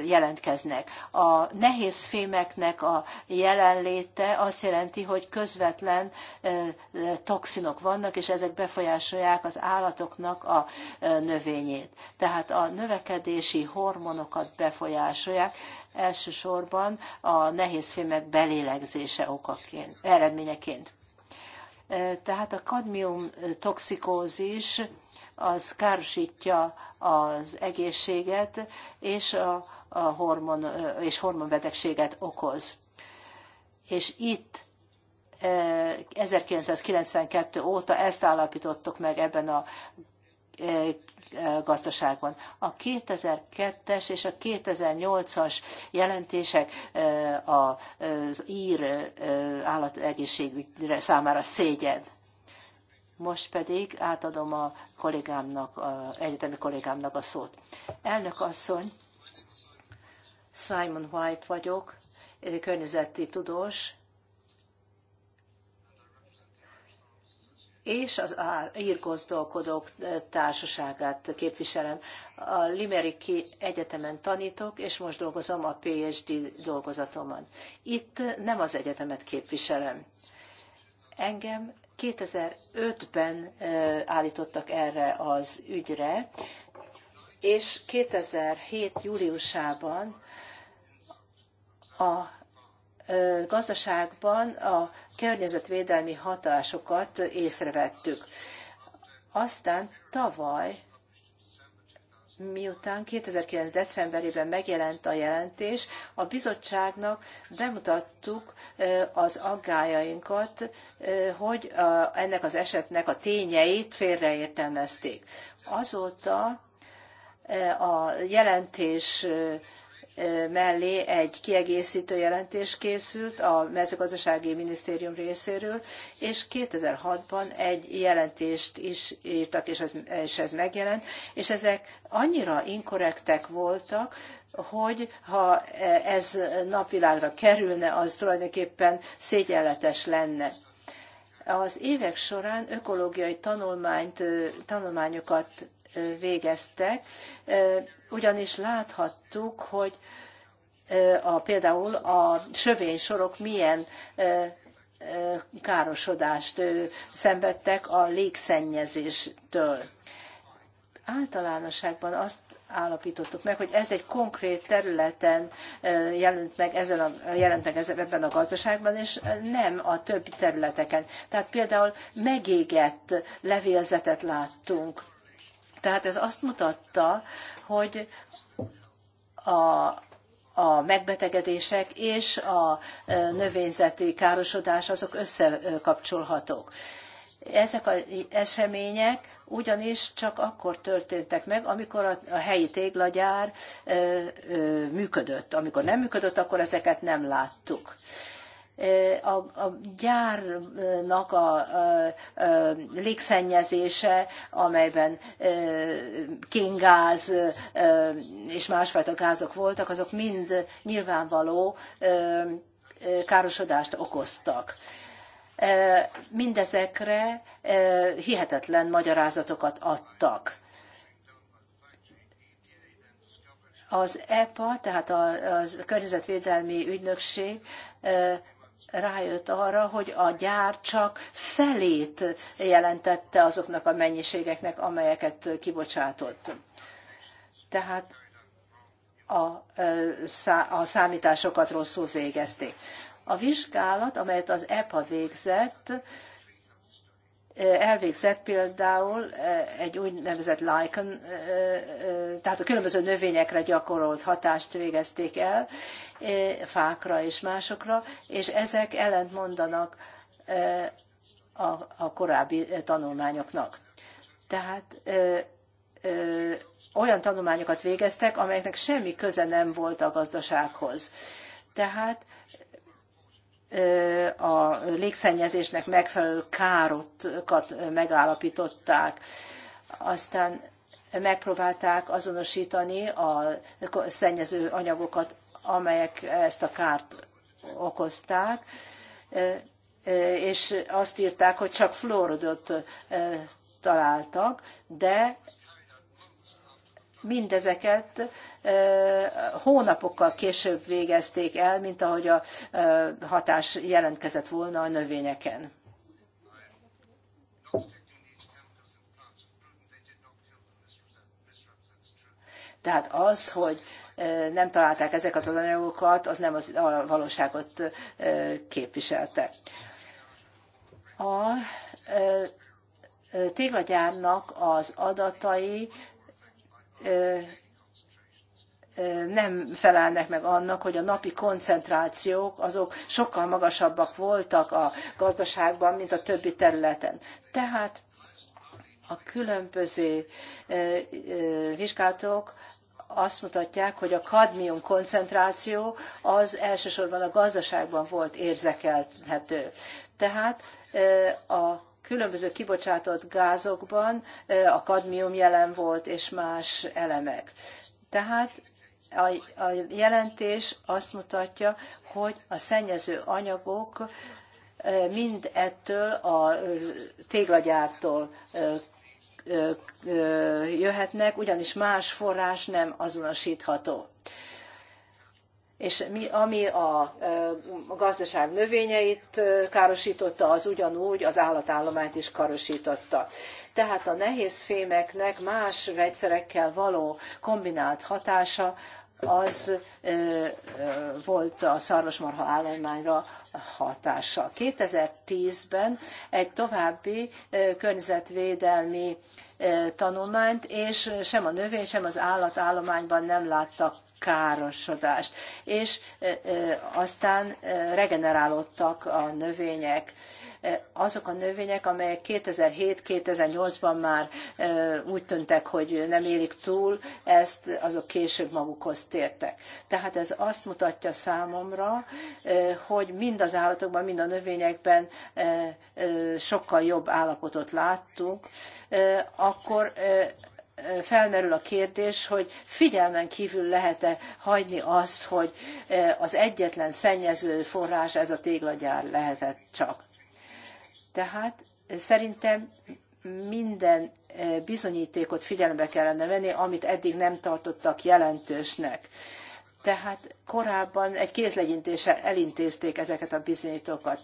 jelentkeznek. A nehéz fémeknek a jelenléte azt jelenti, hogy közvetlen toxinok vannak, és ezek befolyásolják az állatoknak a növényét. Tehát a növekedési hormonokat befolyásolják, elsősorban a nehéz fémek belélegzése okaként, eredményeként. Tehát a kadmium toxikózis az károsítja az egészséget, és a, a hormon, és hormonbetegséget okoz. És itt 1992 óta ezt állapítottuk meg ebben a gazdaságban. A 2002-es és a 2008-as jelentések az ír állategészségügyre számára szégyen. Most pedig átadom a kollégámnak, a egyetemi kollégámnak a szót. Elnök asszony, Simon White vagyok, környezeti tudós, és az ír társaságát képviselem. A Limericki Egyetemen tanítok, és most dolgozom a PhD dolgozatomon. Itt nem az egyetemet képviselem. Engem 2005-ben állítottak erre az ügyre, és 2007. júliusában a gazdaságban a környezetvédelmi hatásokat észrevettük. Aztán tavaly, miután 2009. decemberében megjelent a jelentés, a bizottságnak bemutattuk az aggájainkat, hogy ennek az esetnek a tényeit félreértelmezték. Azóta a jelentés mellé egy kiegészítő jelentés készült a mezőgazdasági minisztérium részéről, és 2006-ban egy jelentést is írtak, és ez, és ez megjelent, és ezek annyira inkorrektek voltak, hogy ha e, ez napvilágra kerülne, az tulajdonképpen szégyenletes lenne. Az évek során ökológiai tanulmányt, tanulmányokat végeztek, ugyanis láthattuk, hogy a, például a sövénysorok milyen károsodást szenvedtek a légszennyezéstől. Általánosságban azt állapítottuk meg, hogy ez egy konkrét területen jelent meg, ezen a, jelent meg ebben a gazdaságban, és nem a többi területeken. Tehát például megégett levélzetet láttunk, tehát ez azt mutatta, hogy a, a megbetegedések és a növényzeti károsodás azok összekapcsolhatók. Ezek az események ugyanis csak akkor történtek meg, amikor a, a helyi téglagyár ö, ö, működött. Amikor nem működött, akkor ezeket nem láttuk a, a gyárnak a, a, a légszennyezése, amelyben kéngáz és másfajta gázok voltak, azok mind nyilvánvaló károsodást okoztak. Mindezekre hihetetlen magyarázatokat adtak. Az EPA, tehát a, a Környezetvédelmi Ügynökség rájött arra, hogy a gyár csak felét jelentette azoknak a mennyiségeknek, amelyeket kibocsátott. Tehát a, a számításokat rosszul végezték. A vizsgálat, amelyet az EPA végzett, elvégzett például eh, egy úgynevezett lichen, eh, eh, tehát a különböző növényekre gyakorolt hatást végezték el, fákra és másokra, és ezek ellent mondanak a, korábbi tanulmányoknak. Tehát olyan tanulmányokat végeztek, amelyeknek semmi köze nem volt a gazdasághoz. Tehát a légszennyezésnek megfelelő károkat megállapították. Aztán megpróbálták azonosítani a szennyező anyagokat, amelyek ezt a kárt okozták, és azt írták, hogy csak fluorodot találtak, de mindezeket hónapokkal később végezték el, mint ahogy a hatás jelentkezett volna a növényeken. Tehát az, hogy nem találták ezeket az anyagokat, az nem az, a valóságot képviselte. A téglagyárnak az adatai nem felelnek meg annak, hogy a napi koncentrációk azok sokkal magasabbak voltak a gazdaságban, mint a többi területen. Tehát a különböző vizsgálatok azt mutatják, hogy a kadmium koncentráció az elsősorban a gazdaságban volt érzékelhető. Tehát a különböző kibocsátott gázokban a kadmium jelen volt, és más elemek. Tehát a, a jelentés azt mutatja, hogy a szennyező anyagok mind ettől a téglagyártól jöhetnek, ugyanis más forrás nem azonosítható és mi, ami a gazdaság növényeit károsította, az ugyanúgy az állatállományt is károsította. Tehát a nehéz fémeknek más vegyszerekkel való kombinált hatása az volt a szarvasmarha állományra hatása. 2010-ben egy további környezetvédelmi tanulmányt, és sem a növény, sem az állatállományban nem láttak károsodást. És aztán regenerálódtak a növények. Azok a növények, amelyek 2007-2008-ban már úgy tűntek, hogy nem élik túl, ezt azok később magukhoz tértek. Tehát ez azt mutatja számomra, hogy mind az állatokban, mind a növényekben sokkal jobb állapotot láttunk, akkor felmerül a kérdés, hogy figyelmen kívül lehet-e hagyni azt, hogy e, az egyetlen szennyező forrás ez a téglagyár lehetett csak. Tehát szerintem minden e, bizonyítékot figyelembe kellene venni, amit eddig nem tartottak jelentősnek. Tehát korábban egy kézlegyintéssel elintézték ezeket a bizonyítókat.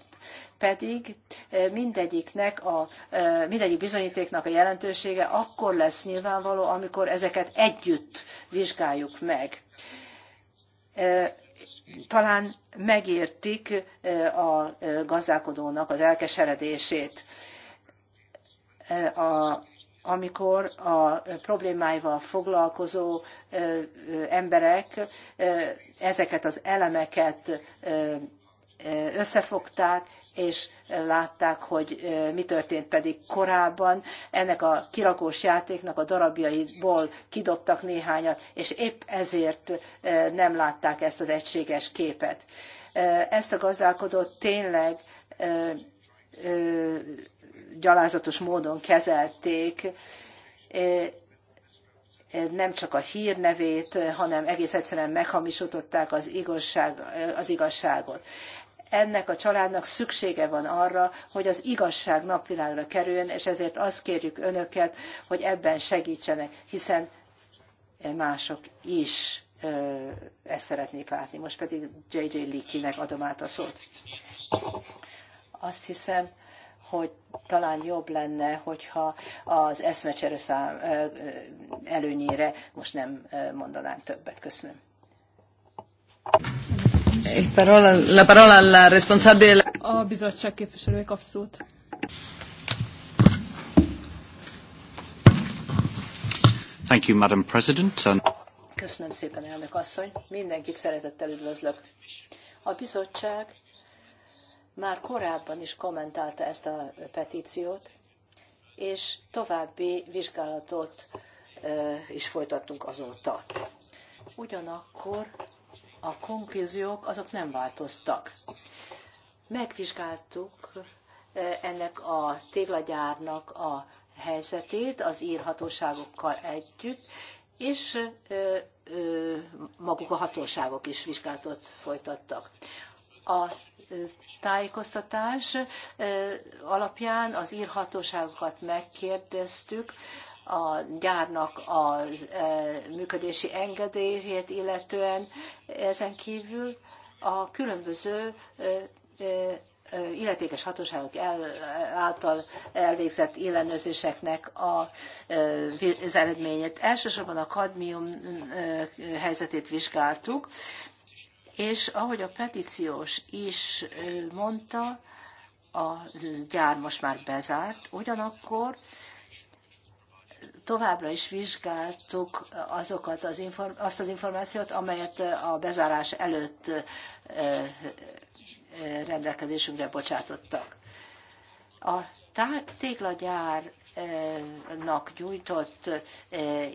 Pedig e, mindegyiknek a, e, mindegyik bizonyítéknak a jelentősége akkor lesz nyilvánvaló, amikor ezeket együtt vizsgáljuk meg. E, talán megértik a gazdálkodónak az elkeseredését. A amikor a problémáival foglalkozó emberek ezeket az elemeket összefogták, és látták, hogy mi történt pedig korábban. Ennek a kirakós játéknak a darabjaiból kidobtak néhányat, és épp ezért nem látták ezt az egységes képet. Ezt a gazdálkodót tényleg gyalázatos módon kezelték, e, e, nem csak a hírnevét, hanem egész egyszerűen meghamisították az, igazság, az igazságot. Ennek a családnak szüksége van arra, hogy az igazság napvilágra kerüljön, és ezért azt kérjük önöket, hogy ebben segítsenek, hiszen mások is ezt szeretnék látni. Most pedig J.J. Leakey-nek adom át a szót. Azt hiszem, hogy talán jobb lenne, hogyha az eszmecsere szám előnyére most nem mondanánk többet. Köszönöm. Eh, la parola alla responsabile. A bizottság képviselői kap szót. Thank you, Madam President. Köszönöm szépen, elnök asszony. Mindenkit szeretettel üdvözlök. A bizottság már korábban is kommentálta ezt a petíciót, és további vizsgálatot is folytattunk azóta. Ugyanakkor a konklúziók azok nem változtak. Megvizsgáltuk ennek a téglagyárnak a helyzetét az írhatóságokkal együtt, és maguk a hatóságok is vizsgálatot folytattak. A tájékoztatás alapján az írhatóságokat megkérdeztük, a gyárnak a működési engedélyét illetően, ezen kívül a különböző illetékes hatóságok el, által elvégzett ellenőrzéseknek a, az eredményét. Elsősorban a kadmium helyzetét vizsgáltuk, és ahogy a petíciós is mondta, a gyár most már bezárt, ugyanakkor továbbra is vizsgáltuk azokat az inform- azt az információt, amelyet a bezárás előtt rendelkezésünkre bocsátottak. A téglagyár nak gyújtott eh,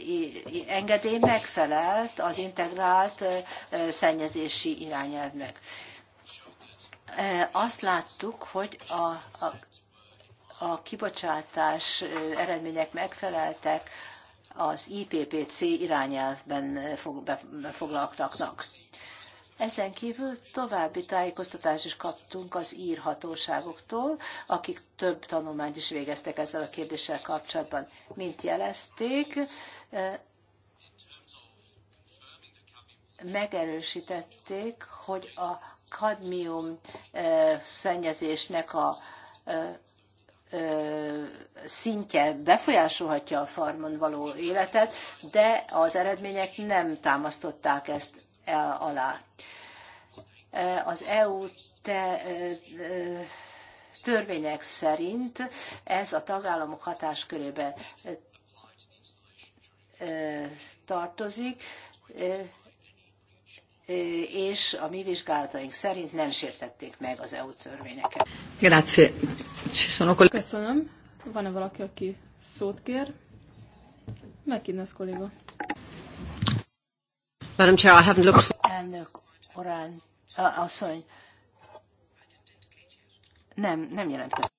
engedély megfelelt az integrált eh, szennyezési irányelvnek. Eh, azt láttuk, hogy a, a, a kibocsátás eredmények megfeleltek az IPPC irányelvben foglaltaknak. Ezen kívül további tájékoztatást is kaptunk az írhatóságoktól, akik több tanulmányt is végeztek ezzel a kérdéssel kapcsolatban. Mint jelezték, e, megerősítették, hogy a kadmium e, szennyezésnek a e, szintje befolyásolhatja a farmon való életet, de az eredmények nem támasztották ezt E, alá. E, az EU te, e, törvények szerint ez a tagállamok hatáskörébe tartozik, és a mi vizsgálataink szerint nem sértették meg az EU törvényeket. Grazie. Köszönöm. Van-e valaki, aki szót kér? Megkínes kolléga. Madam Chair, I haven't looked... Elnök Orán, asszony, nem, nem jelentkezett.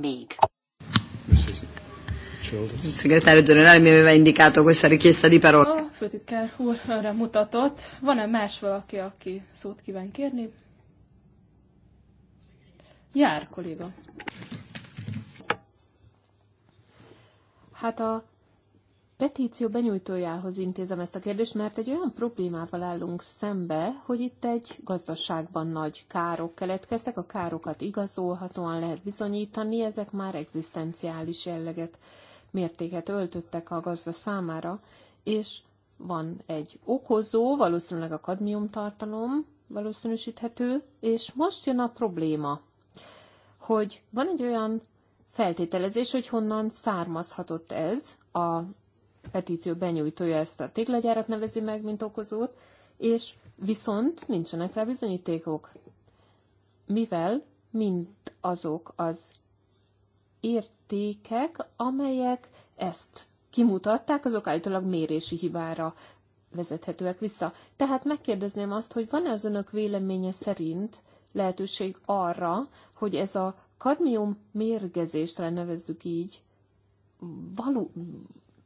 Még. Il segretario generale mi aveva indicato di A főtitkár úr arra mutatott. Van-e más valaki, aki szót kíván kérni? Jár, kolléga. Hát a petíció benyújtójához intézem ezt a kérdést, mert egy olyan problémával állunk szembe, hogy itt egy gazdaságban nagy károk keletkeztek, a károkat igazolhatóan lehet bizonyítani, ezek már egzisztenciális jelleget, mértéket öltöttek a gazda számára, és van egy okozó, valószínűleg a kadmium tartalom valószínűsíthető, és most jön a probléma, hogy van egy olyan feltételezés, hogy honnan származhatott ez, a petíció benyújtója ezt a téglagyárat nevezi meg, mint okozót, és viszont nincsenek rá bizonyítékok. Mivel mind azok az értékek, amelyek ezt kimutatták, azok általában mérési hibára vezethetőek vissza. Tehát megkérdezném azt, hogy van-e az önök véleménye szerint lehetőség arra, hogy ez a kadmium mérgezést, nevezzük így, való,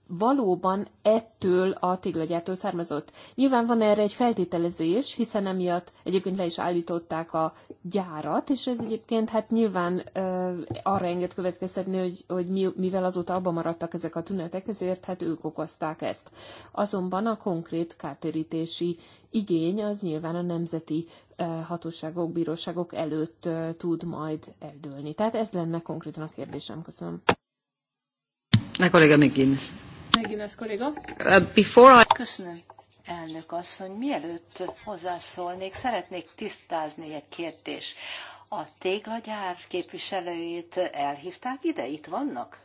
valóban ettől a téglagyártól származott. Nyilván van erre egy feltételezés, hiszen emiatt egyébként le is állították a gyárat, és ez egyébként hát nyilván ö, arra enged következtetni, hogy, hogy mi, mivel azóta abban maradtak ezek a tünetek, ezért hát ők okozták ezt. Azonban a konkrét kártérítési igény az nyilván a nemzeti ö, hatóságok, bíróságok előtt ö, tud majd eldőlni. Tehát ez lenne konkrétan a kérdésem. Köszönöm. A kollega McGuinness. Megines kolléga. Uh, before I... Köszönöm. Elnök asszony, mielőtt hozzászólnék, szeretnék tisztázni egy kérdés. A téglagyár képviselőjét elhívták ide? Itt vannak?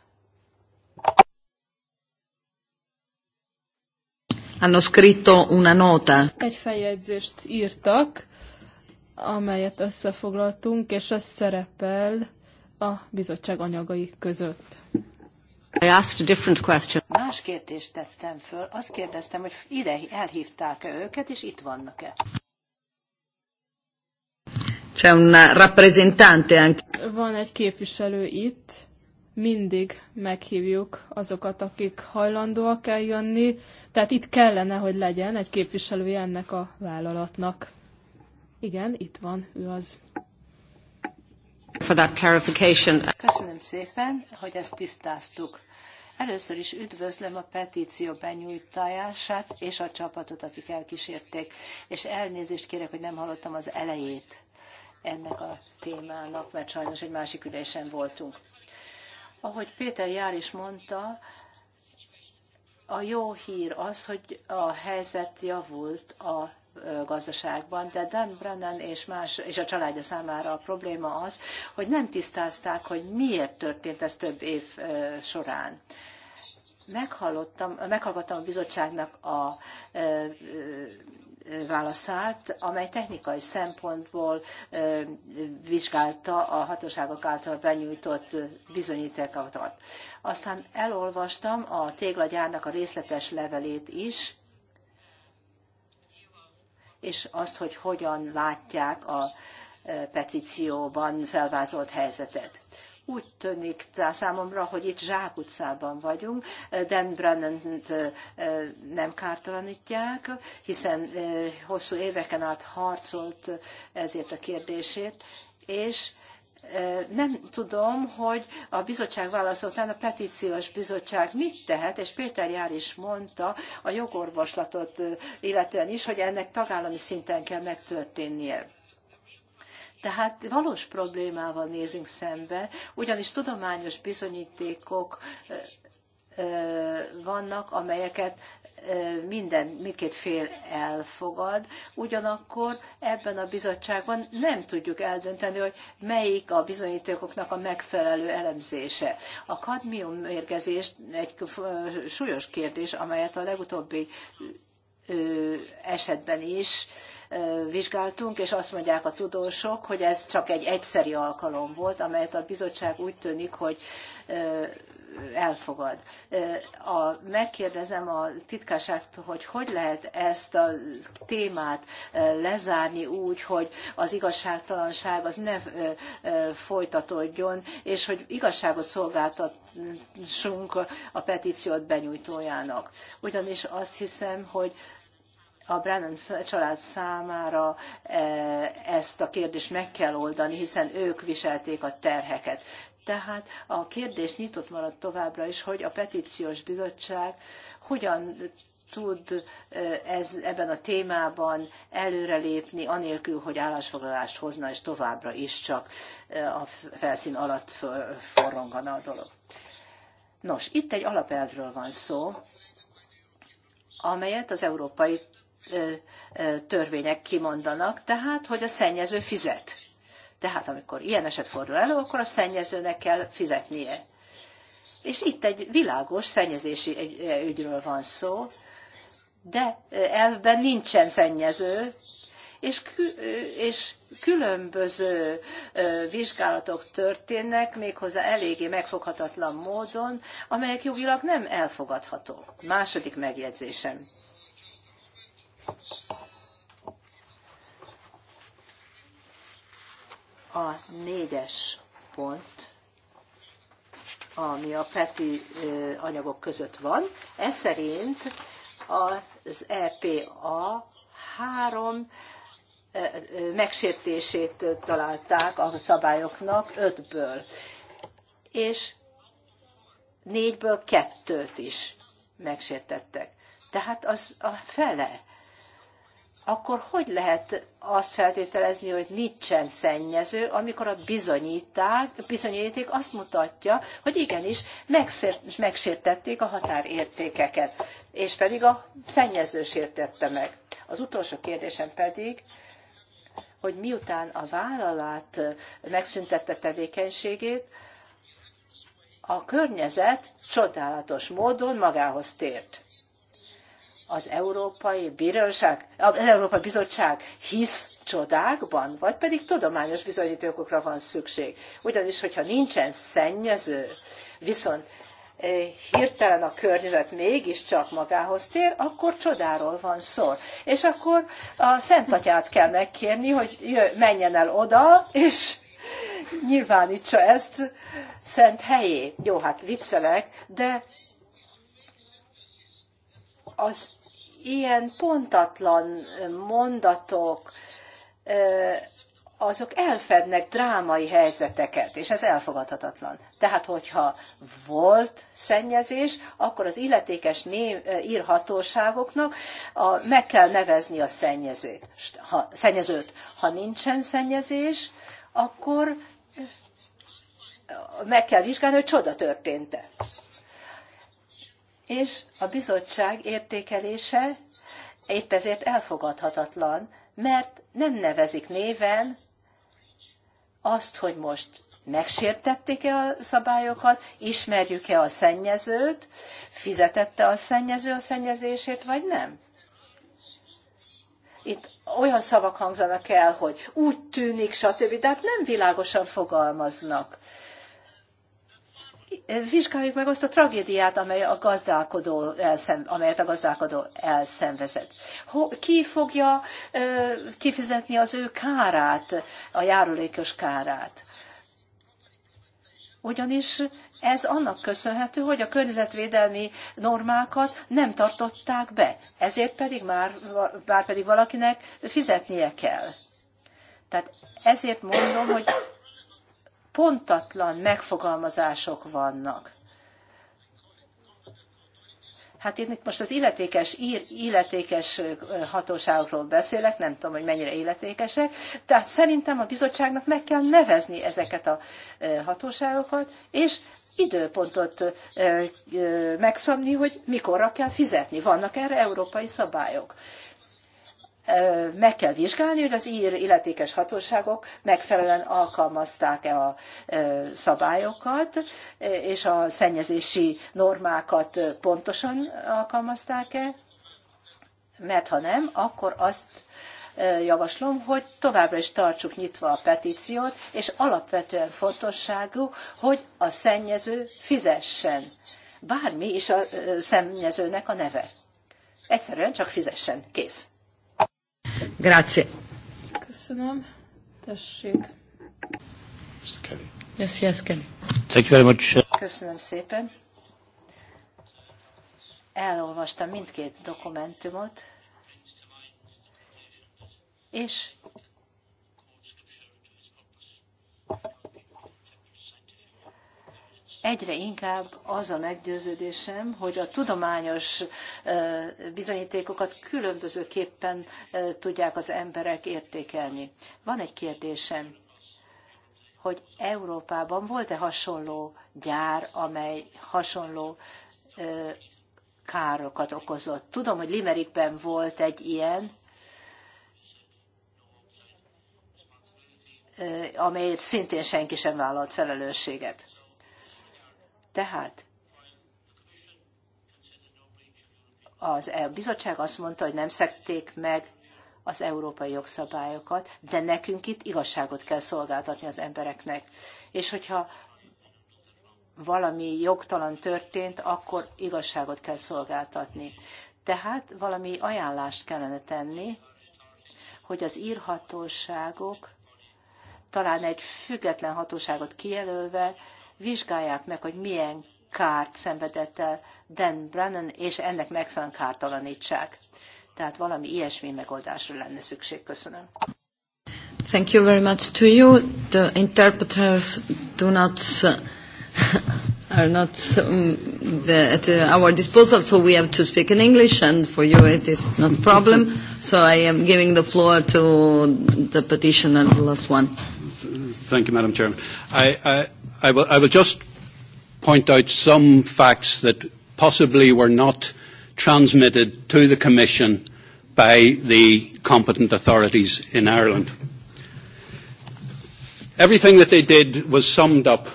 Hanno scritto una nota. Egy feljegyzést írtak, amelyet összefoglaltunk, és ez szerepel a bizottság anyagai között. Más kérdést tettem föl. Azt kérdeztem, hogy ide elhívták-e őket, és itt vannak-e? Van egy képviselő itt. Mindig meghívjuk azokat, akik hajlandóak eljönni. Tehát itt kellene, hogy legyen egy képviselője ennek a vállalatnak. Igen, itt van ő az. Köszönöm szépen, hogy ezt tisztáztuk. Először is üdvözlöm a petíció benyújtását és a csapatot, akik elkísérték, és elnézést kérek, hogy nem hallottam az elejét ennek a témának, mert sajnos egy másik ülésen voltunk. Ahogy Péter Jár is mondta, a jó hír az, hogy a helyzet javult a gazdaságban, de Dan Brennan és, más, és a családja számára a probléma az, hogy nem tisztázták, hogy miért történt ez több év során meghallottam, meghallgattam a bizottságnak a válaszát, amely technikai szempontból vizsgálta a hatóságok által benyújtott bizonyítékokat. Aztán elolvastam a téglagyárnak a részletes levelét is, és azt, hogy hogyan látják a e, petícióban felvázolt helyzetet. Úgy tűnik számomra, hogy itt zsákutcában vagyunk, e, Dan brennan e, nem kártalanítják, hiszen hosszú éveken át harcolt ezért a kérdésért, és nem tudom, hogy a bizottság válasz után a petíciós bizottság mit tehet, és Péter Jár is mondta a jogorvoslatot illetően is, hogy ennek tagállami szinten kell megtörténnie. Tehát valós problémával nézünk szembe, ugyanis tudományos bizonyítékok vannak, amelyeket minden, mindkét fél elfogad. Ugyanakkor ebben a bizottságban nem tudjuk eldönteni, hogy melyik a bizonyítékoknak a megfelelő elemzése. A kadmium mérgezés egy súlyos kérdés, amelyet a legutóbbi esetben is vizsgáltunk, és azt mondják a tudósok, hogy ez csak egy egyszeri alkalom volt, amelyet a bizottság úgy tűnik, hogy elfogad. A, megkérdezem a titkárságtól, hogy hogy lehet ezt a témát lezárni úgy, hogy az igazságtalanság az ne folytatódjon, és hogy igazságot szolgáltassunk a petíciót benyújtójának. Ugyanis azt hiszem, hogy a Brennan család számára e, ezt a kérdést meg kell oldani, hiszen ők viselték a terheket. Tehát a kérdés nyitott maradt továbbra is, hogy a petíciós bizottság hogyan tud e, ez, ebben a témában előrelépni, anélkül, hogy állásfoglalást hozna, és továbbra is csak e, a felszín alatt forrongana a dolog. Nos, itt egy alapelvről van szó, amelyet az Európai törvények kimondanak, tehát, hogy a szennyező fizet. Tehát amikor ilyen eset fordul elő, akkor a szennyezőnek kell fizetnie. És itt egy világos szennyezési ügyről van szó, de elvben nincsen szennyező, és, és különböző vizsgálatok történnek, méghozzá eléggé megfoghatatlan módon, amelyek jogilag nem elfogadhatók. Második megjegyzésem. A négyes pont, ami a PETI anyagok között van, ez szerint az EPA három megsértését találták a szabályoknak ötből, és négyből kettőt is megsértettek. Tehát az a fele akkor hogy lehet azt feltételezni, hogy nincsen szennyező, amikor a bizonyíták, bizonyíték azt mutatja, hogy igenis megsértették a határértékeket, és pedig a szennyező sértette meg. Az utolsó kérdésem pedig, hogy miután a vállalat megszüntette tevékenységét, a környezet csodálatos módon magához tért az Európai Bíróság, az Európai Bizottság hisz csodákban, vagy pedig tudományos bizonyítékokra van szükség. Ugyanis, hogyha nincsen szennyező, viszont eh, hirtelen a környezet mégiscsak magához tér, akkor csodáról van szó. És akkor a Szentatyát kell megkérni, hogy jö, menjen el oda, és nyilvánítsa ezt szent helyé. Jó, hát viccelek, de az ilyen pontatlan mondatok, azok elfednek drámai helyzeteket, és ez elfogadhatatlan. Tehát, hogyha volt szennyezés, akkor az illetékes ném, írhatóságoknak a, meg kell nevezni a szennyezőt. Ha, szennyezőt. Ha nincsen szennyezés, akkor meg kell vizsgálni, hogy csoda történt-e és a bizottság értékelése épp ezért elfogadhatatlan, mert nem nevezik néven azt, hogy most megsértették-e a szabályokat, ismerjük-e a szennyezőt, fizetette a szennyező a szennyezését, vagy nem. Itt olyan szavak hangzanak el, hogy úgy tűnik, stb., de hát nem világosan fogalmaznak vizsgáljuk meg azt a tragédiát, amely a gazdálkodó elszem, amelyet a gazdálkodó elszenvezett. Ki fogja kifizetni az ő kárát, a járulékos kárát? Ugyanis ez annak köszönhető, hogy a környezetvédelmi normákat nem tartották be, ezért pedig már, bár pedig valakinek fizetnie kell. Tehát ezért mondom, hogy pontatlan megfogalmazások vannak. Hát én itt most az illetékes, illetékes hatóságokról beszélek, nem tudom, hogy mennyire illetékesek, tehát szerintem a bizottságnak meg kell nevezni ezeket a hatóságokat, és időpontot megszabni, hogy mikorra kell fizetni. Vannak erre európai szabályok meg kell vizsgálni, hogy az ír illetékes hatóságok megfelelően alkalmazták-e a szabályokat, és a szennyezési normákat pontosan alkalmazták-e, mert ha nem, akkor azt javaslom, hogy továbbra is tartsuk nyitva a petíciót, és alapvetően fontosságú, hogy a szennyező fizessen. Bármi is a szennyezőnek a neve. Egyszerűen csak fizessen. Kész. Grazie. Köszönöm. Tessék. Yes, yes, Kelly. Thank you very much. Köszönöm szépen. Elolvastam mindkét dokumentumot, és egyre inkább az a meggyőződésem, hogy a tudományos bizonyítékokat különbözőképpen tudják az emberek értékelni. Van egy kérdésem, hogy Európában volt-e hasonló gyár, amely hasonló károkat okozott. Tudom, hogy Limerickben volt egy ilyen, amelyet szintén senki sem vállalt felelősséget. Tehát az e- bizottság azt mondta, hogy nem szekték meg az európai jogszabályokat, de nekünk itt igazságot kell szolgáltatni az embereknek. És hogyha valami jogtalan történt, akkor igazságot kell szolgáltatni. Tehát valami ajánlást kellene tenni, hogy az írhatóságok, talán egy független hatóságot kijelölve, vizsgálják meg, hogy milyen kárt szenvedett el Dan Brennan, és ennek megfelelően kártalanítsák. Tehát valami ilyesmi megoldásra lenne szükség. Köszönöm. Thank you very much to you. The interpreters do not uh, are not um, the, at uh, our disposal, so we have to speak in English, and for you it is not a problem. So I am giving the floor to the petitioner, the last one. Thank you, Madam Chairman. I, I I will, I will just point out some facts that possibly were not transmitted to the Commission by the competent authorities in Ireland. Everything that they did was summed up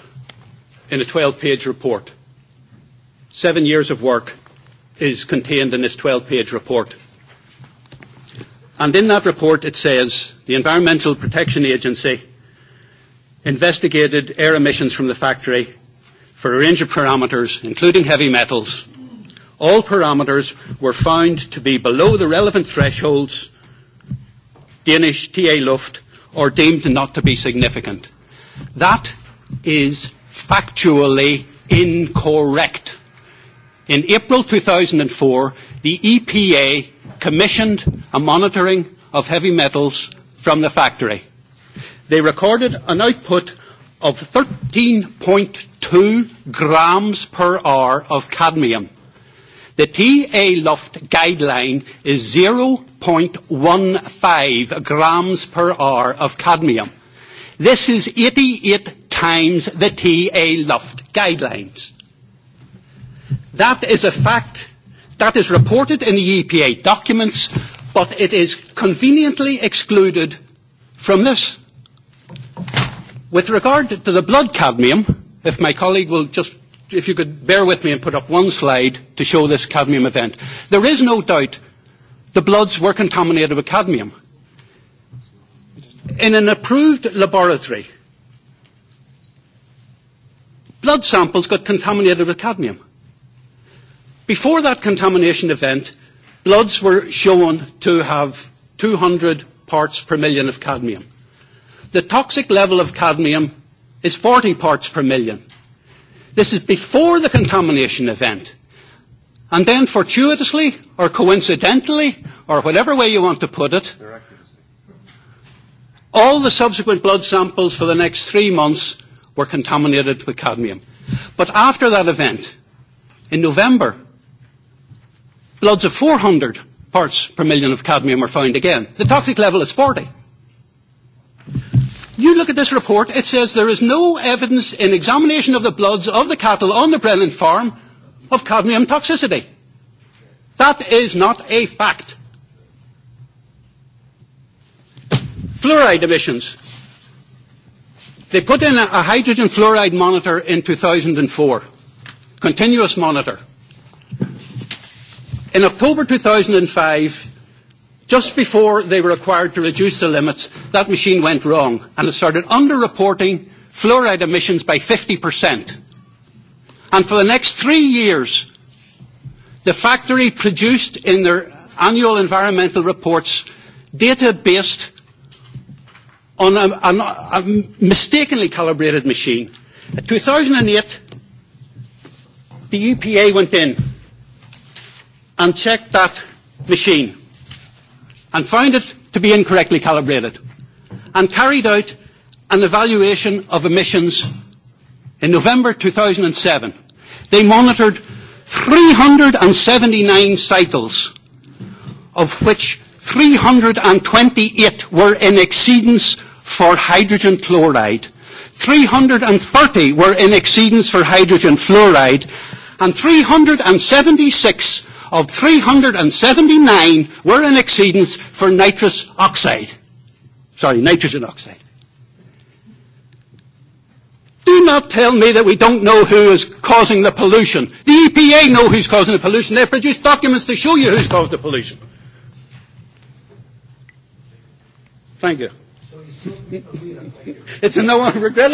in a 12-page report. Seven years of work is contained in this 12-page report. And in that report it says the Environmental Protection Agency investigated air emissions from the factory for a range of parameters, including heavy metals. All parameters were found to be below the relevant thresholds, Danish TA Luft, or deemed not to be significant. That is factually incorrect. In April 2004, the EPA commissioned a monitoring of heavy metals from the factory they recorded an output of 13.2 grams per hour of cadmium. The TA Luft guideline is 0.15 grams per hour of cadmium. This is 88 times the TA Luft guidelines. That is a fact that is reported in the EPA documents, but it is conveniently excluded from this. With regard to the blood cadmium, if my colleague will just, if you could bear with me and put up one slide to show this cadmium event. There is no doubt the bloods were contaminated with cadmium. In an approved laboratory, blood samples got contaminated with cadmium. Before that contamination event, bloods were shown to have 200 parts per million of cadmium. The toxic level of cadmium is 40 parts per million. This is before the contamination event. And then fortuitously or coincidentally or whatever way you want to put it, all the subsequent blood samples for the next three months were contaminated with cadmium. But after that event, in November, bloods of 400 parts per million of cadmium were found again. The toxic level is 40. You look at this report, it says there is no evidence in examination of the bloods of the cattle on the Brennan farm of cadmium toxicity. That is not a fact. Fluoride emissions. They put in a, a hydrogen fluoride monitor in 2004, continuous monitor. In October 2005, Just before they were required to reduce the limits, that machine went wrong and it started underreporting fluoride emissions by 50%. And for the next three years, the factory produced in their annual environmental reports data based on a, a, a mistakenly calibrated machine. In 2008, the EPA went in and checked that machine and found it to be incorrectly calibrated and carried out an evaluation of emissions in November 2007. They monitored 379 cycles, of which 328 were in exceedance for hydrogen chloride, 330 were in exceedance for hydrogen fluoride, and 376 of 379 were in exceedance for nitrous oxide. Sorry, nitrogen oxide. Do not tell me that we don't know who is causing the pollution. The EPA know who's causing the pollution. They produce documents to show you who's caused the pollution. Thank you. it's a no one regret.